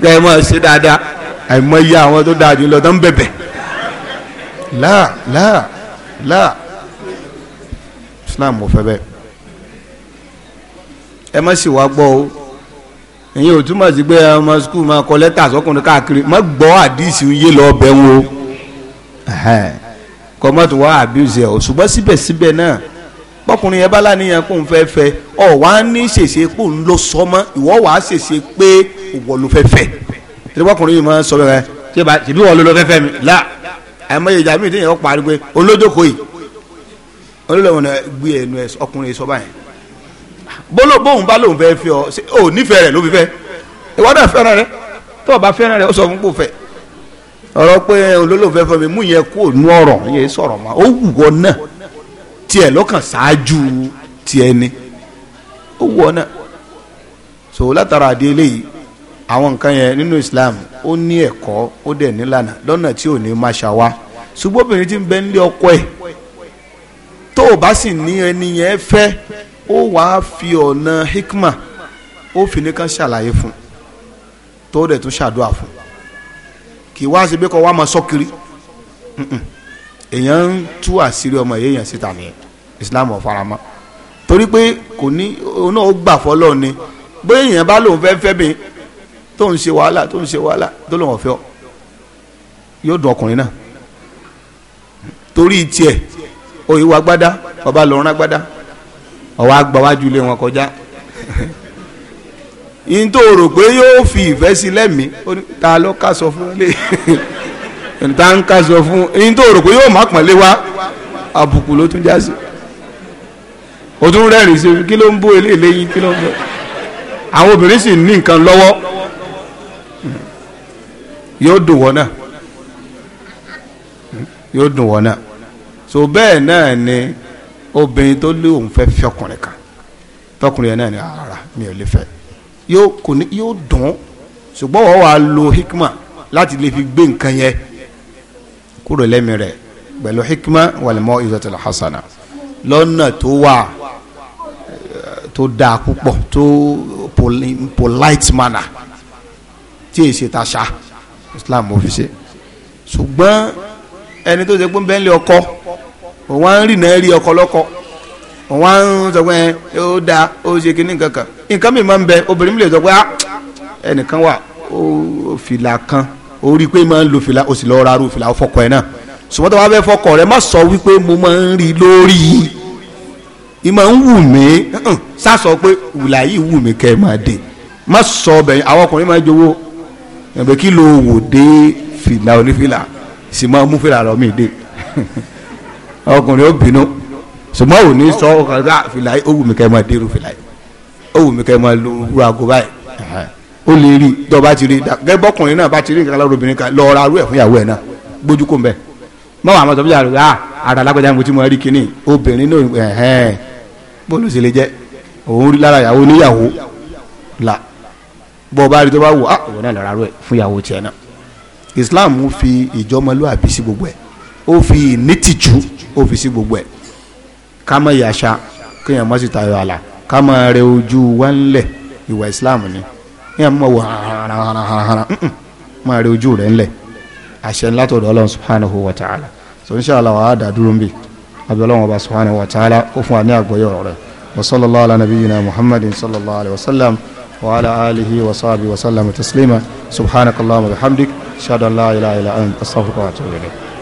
kẹ́ ẹ máa ṣe dáadáa àìmọ̀ iye àwọn tó dáa jù tó ń bẹ̀bẹ̀ láà láà láà Islam ò fẹ́ bẹ́ẹ̀ ẹ má sì wá gbọ́ o ẹ̀yin ò túmọ̀ sí pé ọmọ skul máa kọ lẹ́tà sọ́kùnrin káàkiri má gbọ́ àdìsí yé lọ bẹ̀ ń wo kọ́mọ́tò wá àbíùsẹ̀ ọ̀ ṣùgbọ́n síbẹ̀síbẹ̀ náà bọ́kùnrin yẹn bá láníyàn kó ń fẹ́ fẹ́ ọ wá ní ṣèṣe pò ń lọ sọmọ ìwọ wà á ṣèṣe pé ìwọ ló fẹ́ fẹ́ tí bọ́kùnrin yìí máa sọ bẹ́ẹ̀ ṣé bá ṣèbí wọ́n ló fẹ́ fẹ́ mi là àmọ́ ìjà mi ìdíyàn parí pé olójókòó yìí olólùwọ̀n gbé ẹnu ọkùnrin sọ báyìí bóló bóun bá lóun fẹ́ fi ọ ò nífẹ̀ẹ́ rẹ̀ ló fi fẹ́ ìwọ náà fẹ́ràn rẹ tó o bá sọ fún pé mi mú yẹn kó nu yẹn ó wù ọ náà ṣáájú ni ó wù ọ náà so látara àdé eléyìí àwọn nǹkan yẹn nínú Islam ó ní ó bẹ ọkọ tó o bá sì ní ó wàá fi ọ̀nà hikma ó fi nìkan ṣàlàyé fún tó dẹ̀ tún ṣàdúrà fún kì í wá ṣe bí kò wá máa sọ kiri èèyàn ń tú àṣírí ọmọ èèyàn síta nìyẹn Islam ọ̀faramọ́ torí pé kò ní òun náà ó gbà fọlọ́ ni bóyá èèyàn bá lòun fẹ́ fẹ́ mi tó ń ṣe wàhálà tó ń ṣe wàhálà tó lòun ọ̀fẹ́ ọ yóò dùn ọkùnrin náà torí tiẹ̀ òyìnbó agbádá bàbá lọ́rùn agbádá ọwọ́ agbáwájú lé wọn kọjá yín tó rò pé yóò fi ìfẹ́ sí lẹ́mìí ta ló ká sọ fún lé ta ń ká sọ fún yín tó rò pé yóò má pọ̀n lé wa àbùkù ló tún já o tún rẹ́rìn sí kí ló ń bó eléyìí kí ló ń bó àwọn obìnrin sì ní nǹkan lọ́wọ́ yóò dùn wọ́n náà yóò dùn wọ́n náà so bẹ́ẹ̀ náà ni obìnrin tó lé òun fẹ́ fi ọkùnrin kan tọkùnrin yẹn náà ni ara ah, mi ò lè fẹ́ yóò kò ní yóò dùn ṣùgbọ́n wọ́n wàá lo hikma láti lè fi gbé nǹkan yẹn kúrò lẹ́mi rẹ̀ pẹ̀lú hikma wàlímọ́ ìzọ́tò hasana lọ́nà tó wà eh, tó dáa púpọ̀ tó polite manner tí èsì ta ṣá Islam ò fi ṣe ṣùgbọ́n ẹni tó ṣe pé ń ọkọ. òun ń rìn náà rí ọkọ ń ó da ó ṣe kí nǹkan mi máa ń bẹ obìnrin mi lè ah, fìlà kan ó rí i pé máa ń lo fìlà ó sì lọ́ọ́ fìlà fọkọ náà fọkọ rẹ má sọ wípé mo máa ń rí i lórí máa ń wù mí pé wùlà yìí wù mí kẹ́ ẹ máa dé má sọ àwọn ọkùnrin máa jowó ọkùnrin ó bínú ṣùgbọ́n òní sọ ọkàn ká fìlà ó wù mí kẹ́ máa dérú fìlà ó wù mí kẹ́ máa lo wúrọ̀ àgọ́ báyìí ó lè rí dọ́ba ti rí gẹ́gẹ́ bọ́kùnrin náà bá ti rí nǹkan lára obìnrin kan lọ́ọ́ ra arú ẹ̀ fún ìyàwó ẹ̀ náà gbójú kò ń bẹ̀ mọ́ àwọn àmọ́tọ́ bí ah, ara alágbèjà mo ti mọ rí kinní obìnrin náà ẹ̀hẹ́n bólú sì lè jẹ́ òun rí lára ìyàwó níyàwó la bọ́ ọba rí tó bá wù á ah, òun náà lọ́ọ́ ra arú ẹ̀ fún ìyàwó tiẹ̀ náà Islam fi ìjọmọlúwàbí sí gbogbo ẹ̀ ó fi nítìjú ó fi sí gbogbo ẹ̀ ká má yàṣà kéèyàn má sì tayọ àlà ká má rẹ ojú wa ńlẹ̀ ìwà islam ni kéèyàn má wọ hàràhàràhàrà má rẹ ojú rẹ ńlẹ̀ àṣẹ ńlá tó dọ̀ ọlọ́run subhanahu wa ta'ala so inshallah wa á dà dúró nbí abdullahi wa subhanahu wa ta'ala ó fún wa ní àgbọ̀yọ̀ rẹ̀ wa sallallahu ala nabiyyina muhammadin sallallahu alayhi wa sallam wa ala alihi wa sahbihi wa sallam taslima subhanakallahumma wa bihamdik shadu an la ilaha illa anta astaghfiruka wa atubu ilayk